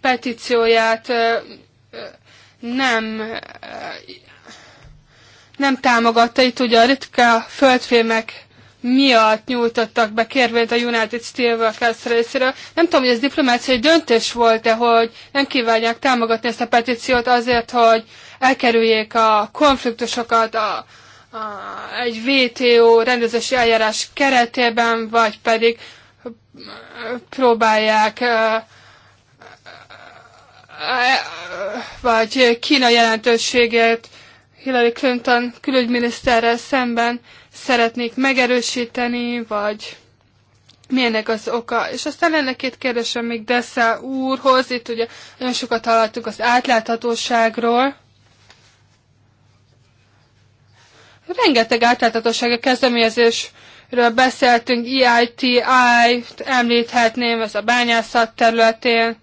petícióját eh, eh, nem nem támogatta, itt ugye a ritka földfémek miatt nyújtottak be kérvényt a United Steelworkers részéről. Nem tudom, hogy ez diplomáciai döntés volt-e, hogy nem kívánják támogatni ezt a petíciót azért, hogy elkerüljék a konfliktusokat a, a, egy VTO rendezési eljárás keretében, vagy pedig próbálják vagy Kína jelentőségét Hillary Clinton külügyminiszterrel szemben szeretnék megerősíteni, vagy mi ennek az oka. És aztán lenne két kérdésem még Dessa úrhoz, itt ugye nagyon sokat hallottunk az átláthatóságról, rengeteg átláthatósági kezdeményezésről beszéltünk, EITI-t említhetném, ez a bányászat területén,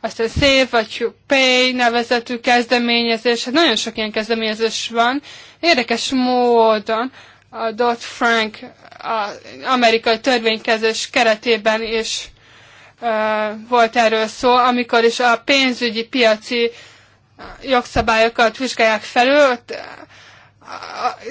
aztán Save vagy Pay nevezetű kezdeményezés, hát nagyon sok ilyen kezdeményezés van. Érdekes módon a Dot frank amerikai törvénykezés keretében is uh, volt erről szó, amikor is a pénzügyi piaci jogszabályokat vizsgálják felül, ott,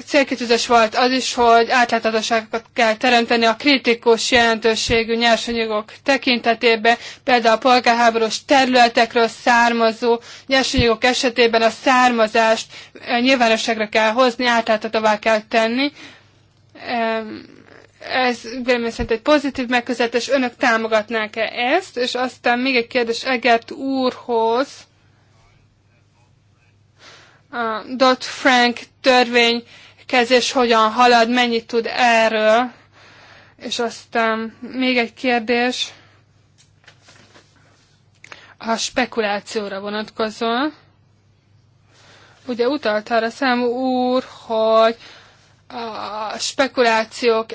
célkitűzés volt az is, hogy átláthatóságot kell teremteni a kritikus jelentőségű nyersanyagok tekintetében, például a polgárháborús területekről származó nyersanyagok esetében a származást eh, nyilvánosságra kell hozni, átláthatóvá kell tenni. Ez vélemény szerint egy pozitív megközelítés, önök támogatnák-e ezt? És aztán még egy kérdés Egert úrhoz, a Dodd-Frank törvény kezés hogyan halad, mennyit tud erről. És aztán még egy kérdés a spekulációra vonatkozóan. Ugye utalt arra számú úr, hogy a spekulációk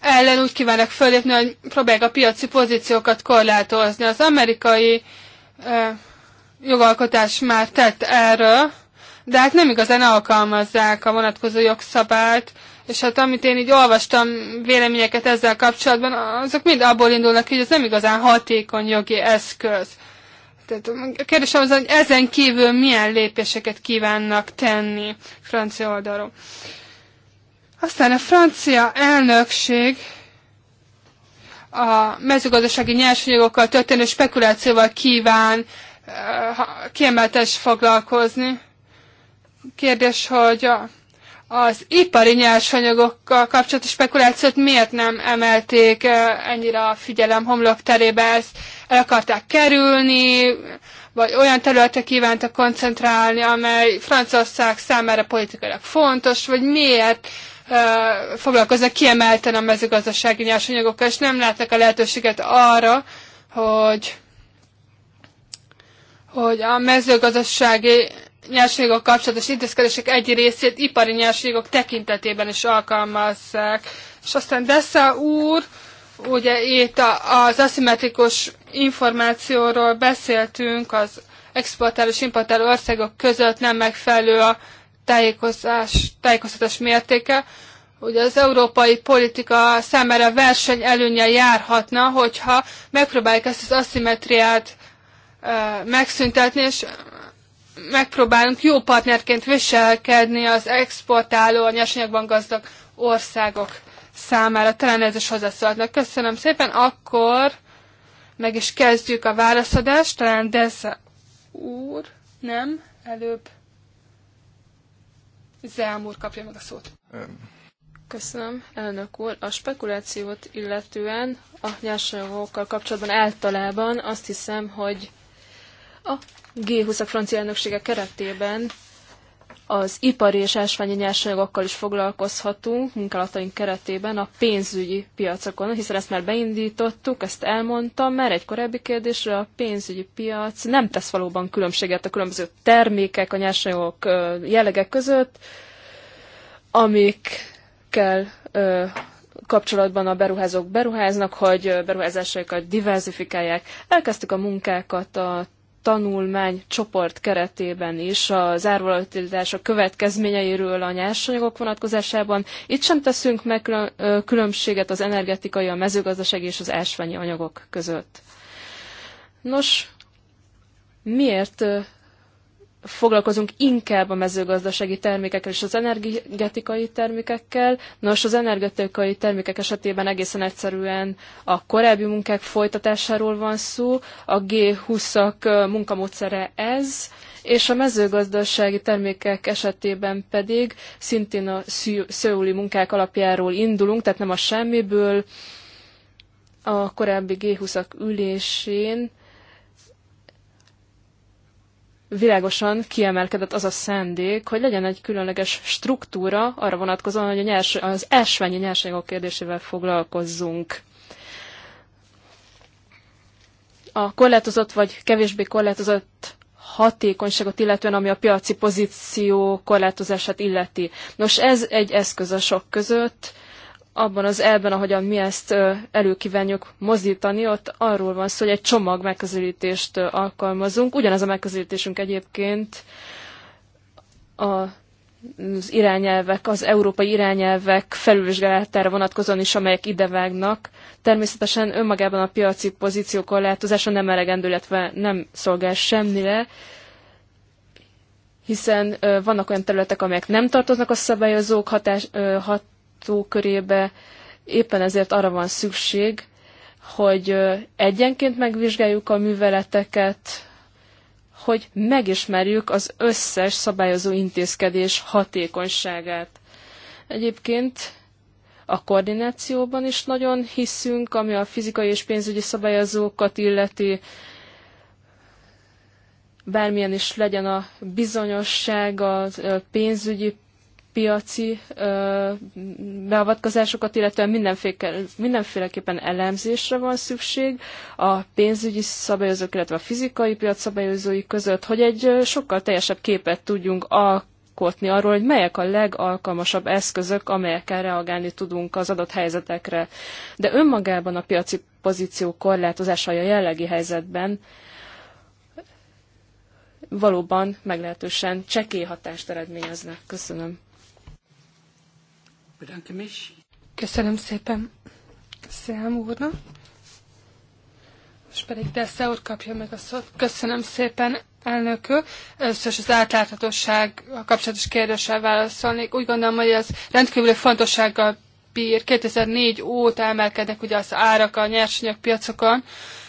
ellen úgy kívánnak fölépni, hogy próbálják a piaci pozíciókat korlátozni. Az amerikai eh, jogalkotás már tett erről, de hát nem igazán alkalmazzák a vonatkozó jogszabályt, és hát amit én így olvastam véleményeket ezzel kapcsolatban, azok mind abból indulnak, hogy ez nem igazán hatékony jogi eszköz. Tehát a kérdésem az, hogy ezen kívül milyen lépéseket kívánnak tenni francia oldalról. Aztán a francia elnökség a mezőgazdasági nyersanyagokkal történő spekulációval kíván eh, kiemeltes foglalkozni kérdés, hogy a, az ipari nyersanyagokkal kapcsolatos spekulációt miért nem emelték ennyire a figyelem homlok terébe, ezt el akarták kerülni, vagy olyan területre kívántak koncentrálni, amely Franciaország számára politikailag fontos, vagy miért foglalkoznak kiemelten a mezőgazdasági nyersanyagokkal, és nem látnak a lehetőséget arra, hogy, hogy a mezőgazdasági nyerségok kapcsolatos intézkedések egy részét ipari nyerségok tekintetében is alkalmazzák. És aztán Dessa úr, ugye itt az aszimetrikus információról beszéltünk, az exportáló és importáló országok között nem megfelelő a tájékozás, tájékoztatás mértéke. Ugye az európai politika számára verseny előnye járhatna, hogyha megpróbálják ezt az aszimetriát eh, megszüntetni, és megpróbálunk jó partnerként viselkedni az exportáló, a nyersanyagban gazdag országok számára. Talán ez is hozzászólhatnak. Köszönöm szépen. Akkor meg is kezdjük a válaszadást. Talán Dezza úr, nem, előbb Zelm
úr kapja meg a szót. Köszönöm, elnök úr. A spekulációt illetően a nyersanyagokkal kapcsolatban általában azt hiszem, hogy a g 20 francia elnöksége keretében az ipari és ásványi nyersanyagokkal is foglalkozhatunk munkálataink keretében a pénzügyi piacokon, hiszen ezt már beindítottuk, ezt elmondtam már egy korábbi kérdésre, a pénzügyi piac nem tesz valóban különbséget a különböző termékek, a nyersanyagok jellegek között, amikkel kapcsolatban a beruházók beruháznak, hogy beruházásaikat diversifikálják. Elkezdtük a munkákat a tanulmány csoport keretében is az árvolatilitás a következményeiről a nyersanyagok vonatkozásában. Itt sem teszünk meg különbséget az energetikai, a mezőgazdasági és az ásványi anyagok között. Nos, miért foglalkozunk inkább a mezőgazdasági termékekkel és az energetikai termékekkel. Nos, az energetikai termékek esetében egészen egyszerűen a korábbi munkák folytatásáról van szó, a G20-ak munkamódszere ez, és a mezőgazdasági termékek esetében pedig szintén a szőuli munkák alapjáról indulunk, tehát nem a semmiből, a korábbi G20-ak ülésén világosan kiemelkedett az a szendék, hogy legyen egy különleges struktúra arra vonatkozóan, hogy a nyers, az ásványi nyerségok kérdésével foglalkozzunk. A korlátozott vagy kevésbé korlátozott hatékonyságot illetően, ami a piaci pozíció korlátozását illeti. Nos, ez egy eszköz a sok között, abban az elben, ahogyan mi ezt előkívánjuk mozdítani, ott arról van szó, hogy egy csomag megközelítést alkalmazunk. Ugyanaz a megközelítésünk egyébként a az irányelvek, az európai irányelvek felülvizsgálatára vonatkozóan is, amelyek idevágnak. Természetesen önmagában a piaci pozíció korlátozása nem elegendő, illetve nem szolgál semmire, hiszen vannak olyan területek, amelyek nem tartoznak a szabályozók hatás, hat, körébe. Éppen ezért arra van szükség, hogy egyenként megvizsgáljuk a műveleteket, hogy megismerjük az összes szabályozó intézkedés hatékonyságát. Egyébként a koordinációban is nagyon hiszünk, ami a fizikai és pénzügyi szabályozókat illeti, bármilyen is legyen a bizonyosság a pénzügyi piaci ö, beavatkozásokat, illetően mindenféleképpen elemzésre van szükség a pénzügyi szabályozók, illetve a fizikai piac szabályozói között, hogy egy sokkal teljesebb képet tudjunk alkotni arról, hogy melyek a legalkalmasabb eszközök, amelyekkel reagálni tudunk az adott helyzetekre. De önmagában a piaci pozíció korlátozása a jellegi helyzetben valóban meglehetősen csekély hatást eredményeznek. Köszönöm. Köszönöm szépen Szám
úrnak. Most pedig Dessa úr kapja meg a szót. Köszönöm szépen, elnökő. Először az átláthatóság a kapcsolatos kérdéssel válaszolnék. Úgy gondolom, hogy ez rendkívül fontossággal bír. 2004 óta emelkednek ugye az árak a nyersanyagpiacokon,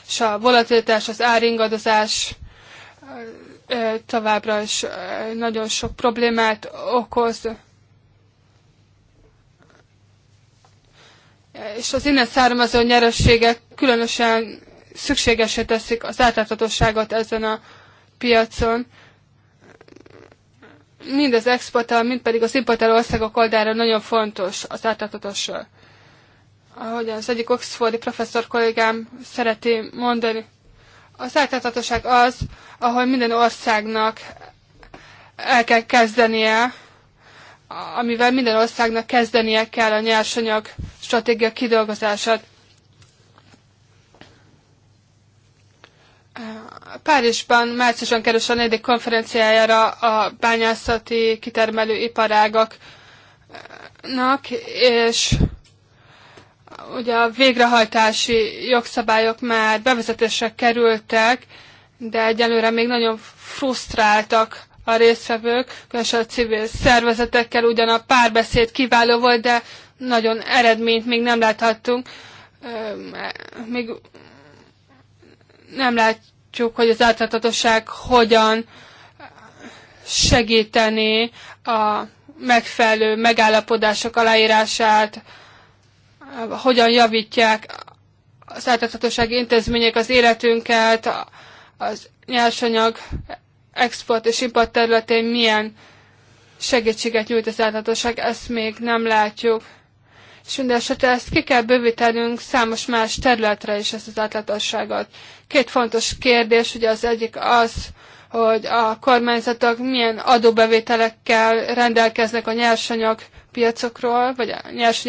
és a volatilitás, az áringadozás továbbra is nagyon sok problémát okoz. és az innen származó nyerességek különösen szükségesé teszik az átláthatóságot ezen a piacon. Mind az exportál, mind pedig az importáló országok oldalára nagyon fontos az átláthatóság. Ahogy az egyik oxfordi professzor kollégám szereti mondani, az átláthatóság az, ahol minden országnak el kell kezdenie amivel minden országnak kezdenie kell a nyersanyag stratégia kidolgozását. Párizsban márciusban kerül a negyedik konferenciájára a bányászati kitermelő iparágaknak, és ugye a végrehajtási jogszabályok már bevezetésre kerültek, de egyelőre még nagyon frusztráltak a résztvevők, különösen a civil szervezetekkel, ugyan a párbeszéd kiváló volt, de nagyon eredményt még nem láthattunk. Még nem látjuk, hogy az átláthatóság hogyan segíteni a megfelelő megállapodások aláírását, hogyan javítják az átláthatósági intézmények az életünket, az nyersanyag export és import területén milyen segítséget nyújt az állatosság, ezt még nem látjuk. És mindesetre ezt ki kell bővítenünk számos más területre is ezt az átlatosságot. Két fontos kérdés, ugye az egyik az, hogy a kormányzatok milyen adóbevételekkel rendelkeznek a nyersanyag piacokról, vagy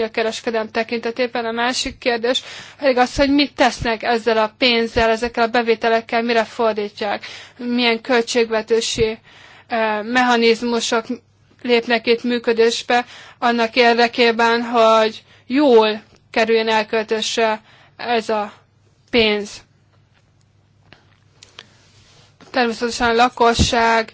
a kereskedelem tekintetében. A másik kérdés pedig az, hogy mit tesznek ezzel a pénzzel, ezekkel a bevételekkel, mire fordítják, milyen költségvetési eh, mechanizmusok lépnek itt működésbe annak érdekében, hogy jól kerüljön elköltésre ez a pénz. Természetesen a lakosság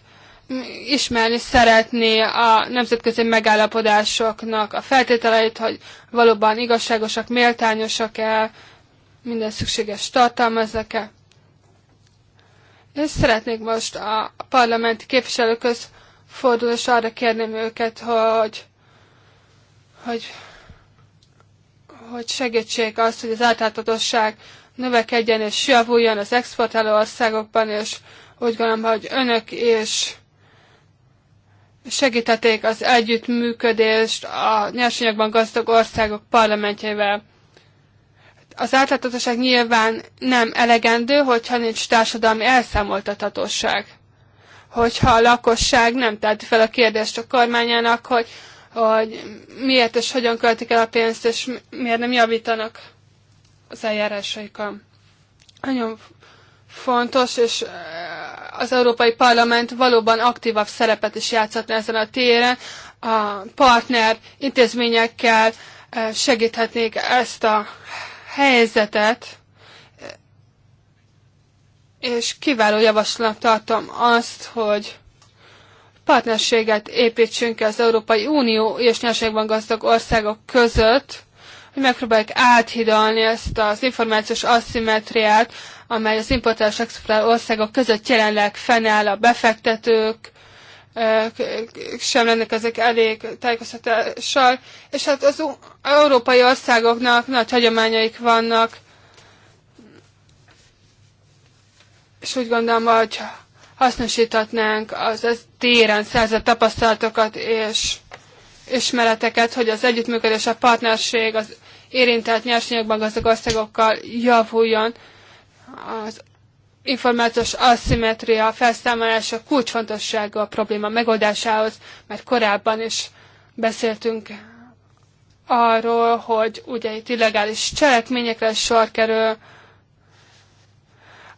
ismerni szeretné a nemzetközi megállapodásoknak a feltételeit, hogy valóban igazságosak, méltányosak-e, minden szükséges tartalmaznak-e. Én szeretnék most a parlamenti képviselőköz fordulni, és arra kérném őket, hogy, hogy, hogy segítsék azt, hogy az átláthatóság növekedjen és javuljon az exportáló országokban, és úgy gondolom, hogy önök és segítették az együttműködést a nyersanyagban gazdag országok parlamentjével. Az átláthatóság nyilván nem elegendő, hogyha nincs társadalmi elszámoltathatóság. Hogyha a lakosság nem tett fel a kérdést a kormányának, hogy, hogy miért és hogyan költik el a pénzt, és miért nem javítanak az eljárásaikon. Nagyon fontos, és az Európai Parlament valóban aktívabb szerepet is játszhatna ezen a téren. A partner intézményekkel segíthetnék ezt a helyzetet, és kiváló javaslatnak tartom azt, hogy partnerséget építsünk az Európai Unió és nyerségben gazdag országok között, hogy megpróbáljuk áthidalni ezt az információs asszimetriát, amely az importáros exportáló országok között jelenleg fennáll a befektetők, sem lennek ezek elég tájékoztatással, és hát az európai országoknak nagy hagyományaik vannak, és úgy gondolom, hogy hasznosíthatnánk az ez téren szerzett tapasztalatokat és ismereteket, hogy az együttműködés, a partnerség az érintett nyersanyagban gazdag országokkal javuljon, az információs aszimetria felszámolása kulcsfontossága a probléma megoldásához, mert korábban is beszéltünk arról, hogy ugye itt illegális cselekményekre sor kerül,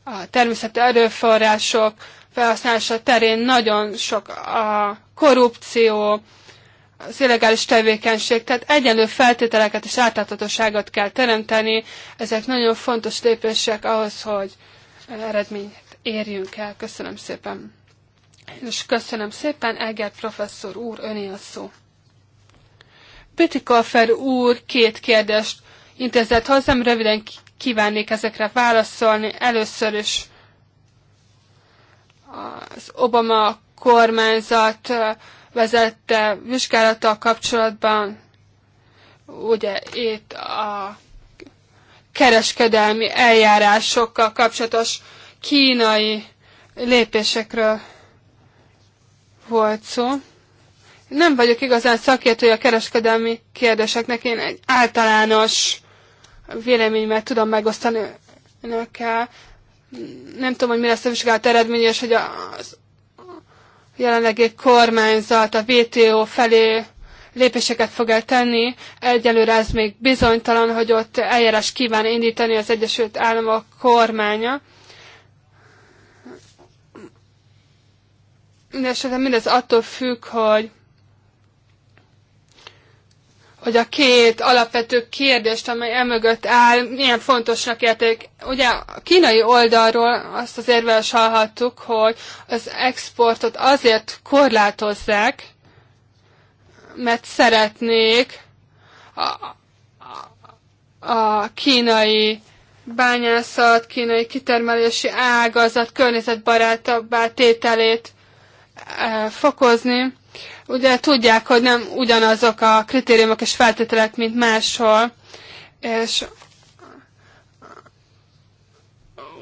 a természeti erőforrások felhasználása terén nagyon sok a korrupció, az illegális tevékenység, tehát egyenlő feltételeket és átláthatóságot kell teremteni. Ezek nagyon fontos lépések ahhoz, hogy eredményt érjünk el. Köszönöm szépen. És köszönöm szépen, Eger professzor úr, öné a szó. Bütikofer úr két kérdést intézett hozzám, röviden kívánnék ezekre válaszolni. Először is az Obama kormányzat vezette vizsgálattal kapcsolatban, ugye itt a kereskedelmi eljárásokkal kapcsolatos kínai lépésekről volt szó. Nem vagyok igazán szakértője a kereskedelmi kérdéseknek, én egy általános véleményemet tudom megosztani önökkel. Nem tudom, hogy mi lesz a vizsgálat eredménye, és hogy az jelenlegi kormányzat a WTO felé lépéseket fog el tenni. Egyelőre ez még bizonytalan, hogy ott eljárás kíván indítani az Egyesült Államok kormánya. De esetleg mindez attól függ, hogy hogy a két alapvető kérdést, amely emögött áll, milyen fontosnak érték. Ugye a kínai oldalról azt az is hallhattuk, hogy az exportot azért korlátozzák, mert szeretnék a, a kínai bányászat, kínai kitermelési ágazat környezetbarátabbá tételét eh, fokozni ugye tudják, hogy nem ugyanazok a kritériumok és feltételek, mint máshol, és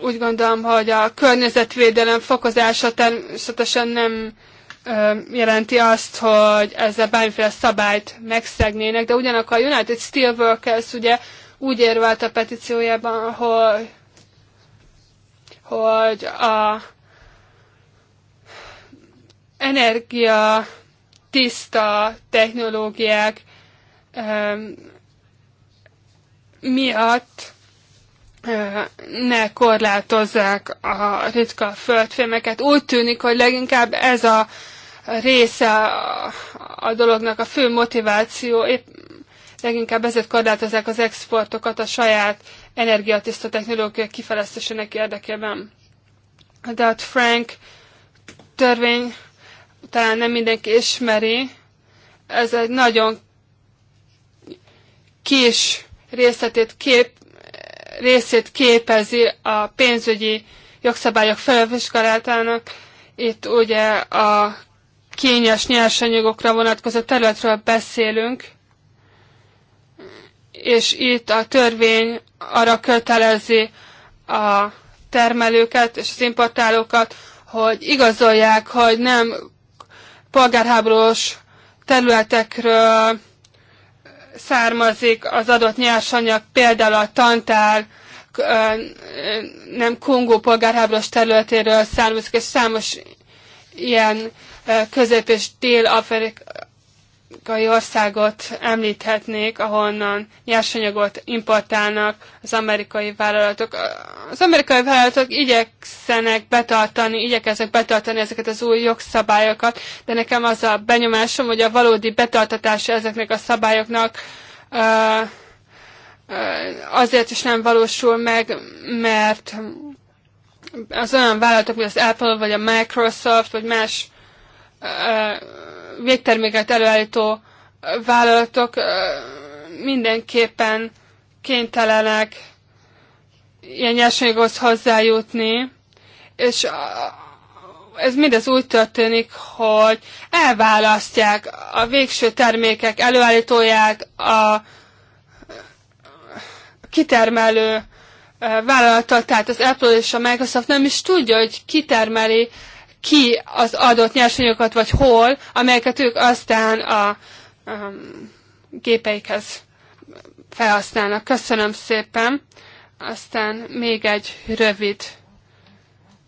úgy gondolom, hogy a környezetvédelem fokozása természetesen nem jelenti azt, hogy ezzel bármiféle szabályt megszegnének, de ugyanakkor a United Steelworkers ugye úgy érvelt a petíciójában, hogy, hogy a energia tiszta technológiák miatt ne korlátozzák a ritka földfémeket. Úgy tűnik, hogy leginkább ez a része a dolognak a fő motiváció, épp leginkább ezért korlátozzák az exportokat a saját energiatiszta technológiák kifejlesztésének érdekében. De Frank törvény talán nem mindenki ismeri, ez egy nagyon kis részletét kép, részét képezi a pénzügyi jogszabályok felvizsgálatának. Itt ugye a kényes nyersanyagokra vonatkozó területről beszélünk, és itt a törvény arra kötelezi a termelőket és az importálókat, hogy igazolják, hogy nem polgárháborús területekről származik az adott nyersanyag, például a tantál, nem Kongó polgárháborús területéről származik, és számos ilyen közép- és dél-afrikai afrikai országot említhetnék, ahonnan nyersanyagot importálnak az amerikai vállalatok. Az amerikai vállalatok igyekszenek betartani, igyekeznek betartani ezeket az új jogszabályokat, de nekem az a benyomásom, hogy a valódi betartatása ezeknek a szabályoknak azért is nem valósul meg, mert az olyan vállalatok, mint az Apple, vagy a Microsoft, vagy más végterméket előállító vállalatok mindenképpen kénytelenek ilyen nyersanyaghoz hozzájutni, és ez mindez úgy történik, hogy elválasztják a végső termékek előállítóját a kitermelő vállalattal, tehát az Apple és a Microsoft nem is tudja, hogy kitermeli ki az adott nyersanyagokat, vagy hol, amelyeket ők aztán a, a gépeikhez felhasználnak. Köszönöm szépen. Aztán még egy rövid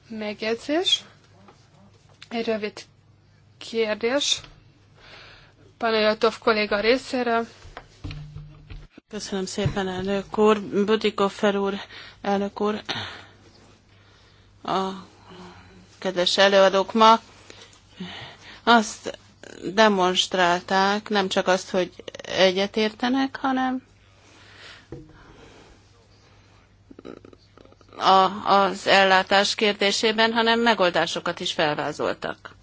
megjegyzés. Egy rövid kérdés. Panajatov kolléga
részére. Köszönöm szépen, elnök úr. Budikofer úr, elnök úr. A kedves előadók ma azt demonstrálták, nem csak azt, hogy egyetértenek, hanem a, az ellátás kérdésében, hanem megoldásokat is felvázoltak.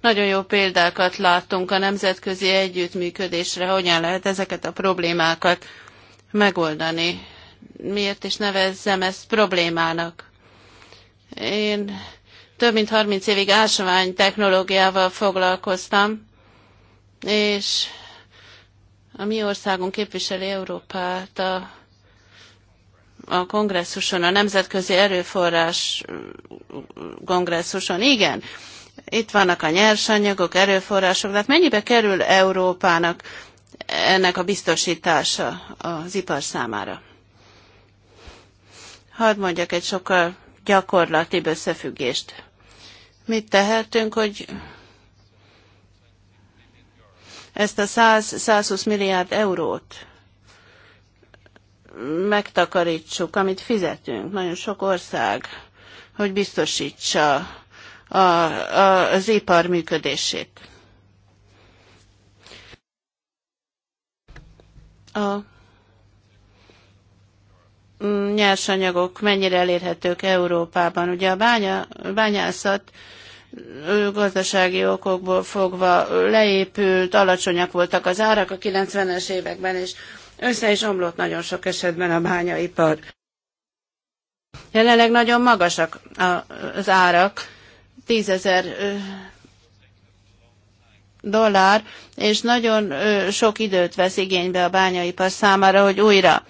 Nagyon jó példákat láttunk a nemzetközi együttműködésre, hogyan lehet ezeket a problémákat megoldani. Miért is nevezzem ezt problémának? Én több mint 30 évig ásvány technológiával foglalkoztam, és a mi országunk képviseli Európát a, a kongresszuson, a Nemzetközi Erőforrás kongresszuson. Igen, itt vannak a nyersanyagok, erőforrások, de hát mennyibe kerül Európának ennek a biztosítása az ipar számára? Hadd mondjak egy sokkal gyakorlati összefüggést. Mit tehetünk, hogy ezt a 100-120 milliárd eurót megtakarítsuk, amit fizetünk, nagyon sok ország, hogy biztosítsa a, a, az ipar működését. A nyersanyagok mennyire elérhetők Európában. Ugye a bánya, bányászat gazdasági okokból fogva leépült, alacsonyak voltak az árak a 90-es években, és össze is omlott nagyon sok esetben a bányaipar. Jelenleg nagyon magasak az árak, tízezer dollár, és nagyon sok időt vesz igénybe a bányaipar számára, hogy újra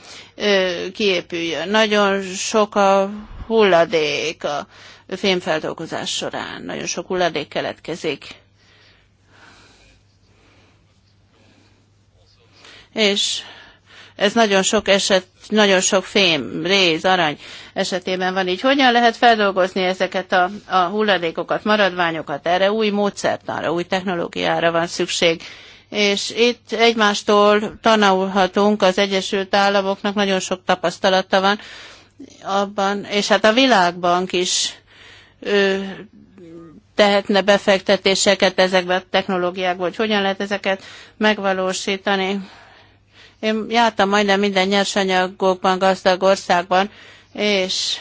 kiépüljön. Nagyon sok a hulladék a fémfeldolgozás során, nagyon sok hulladék keletkezik. És ez nagyon sok eset, nagyon sok fém, réz, arany esetében van így. Hogyan lehet feldolgozni ezeket a, a hulladékokat, maradványokat? Erre új módszertanra, új technológiára van szükség és itt egymástól tanulhatunk, az Egyesült Államoknak nagyon sok tapasztalata van abban, és hát a világbank is ő, tehetne befektetéseket ezekbe a technológiákba, hogy hogyan lehet ezeket megvalósítani. Én jártam majdnem minden nyersanyagokban gazdag országban, és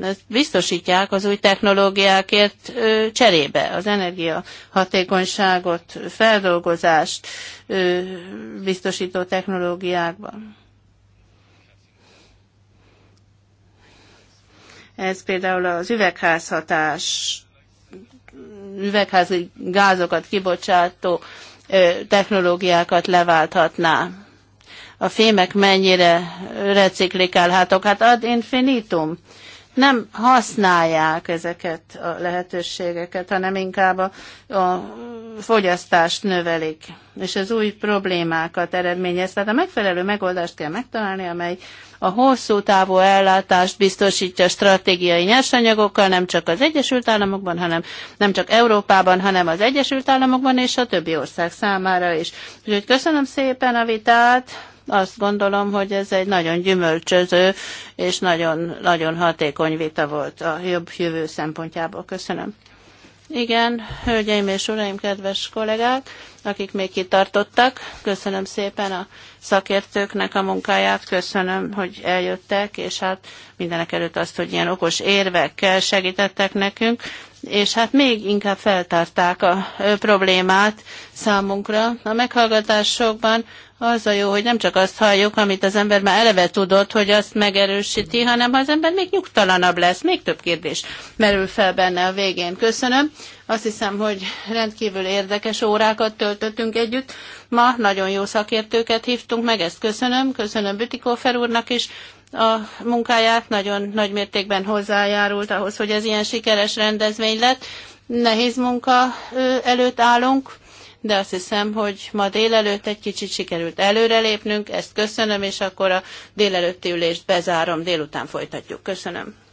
ezt biztosítják az új technológiákért cserébe, az energiahatékonyságot, feldolgozást biztosító technológiákban. Ez például az üvegházhatás üvegházi gázokat kibocsátó technológiákat leválthatná. A fémek mennyire reciklikálhatók? Hát ad infinitum. Nem használják ezeket a lehetőségeket, hanem inkább a, a fogyasztást növelik, és ez új problémákat eredményez. Tehát a megfelelő megoldást kell megtalálni, amely a hosszú távú ellátást biztosítja stratégiai nyersanyagokkal, nem csak az Egyesült Államokban, hanem nem csak Európában, hanem az Egyesült Államokban és a többi ország számára is. Úgyhogy köszönöm szépen a vitát azt gondolom, hogy ez egy nagyon gyümölcsöző és nagyon, nagyon hatékony vita volt a jobb jövő szempontjából. Köszönöm. Igen, hölgyeim és uraim, kedves kollégák, akik még kitartottak, köszönöm szépen a szakértőknek a munkáját, köszönöm, hogy eljöttek, és hát mindenek előtt azt, hogy ilyen okos érvekkel segítettek nekünk, és hát még inkább feltárták a problémát számunkra. A meghallgatásokban az a jó, hogy nem csak azt halljuk, amit az ember már eleve tudott, hogy azt megerősíti, hanem az ember még nyugtalanabb lesz. Még több kérdés merül fel benne a végén. Köszönöm. Azt hiszem, hogy rendkívül érdekes órákat töltöttünk együtt. Ma nagyon jó szakértőket hívtunk meg, ezt köszönöm. Köszönöm Bütikófer úrnak is a munkáját, nagyon nagy mértékben hozzájárult ahhoz, hogy ez ilyen sikeres rendezvény lett. Nehéz munka előtt állunk de azt hiszem, hogy ma délelőtt egy kicsit sikerült előrelépnünk, ezt köszönöm, és akkor a délelőtti ülést bezárom, délután folytatjuk. Köszönöm.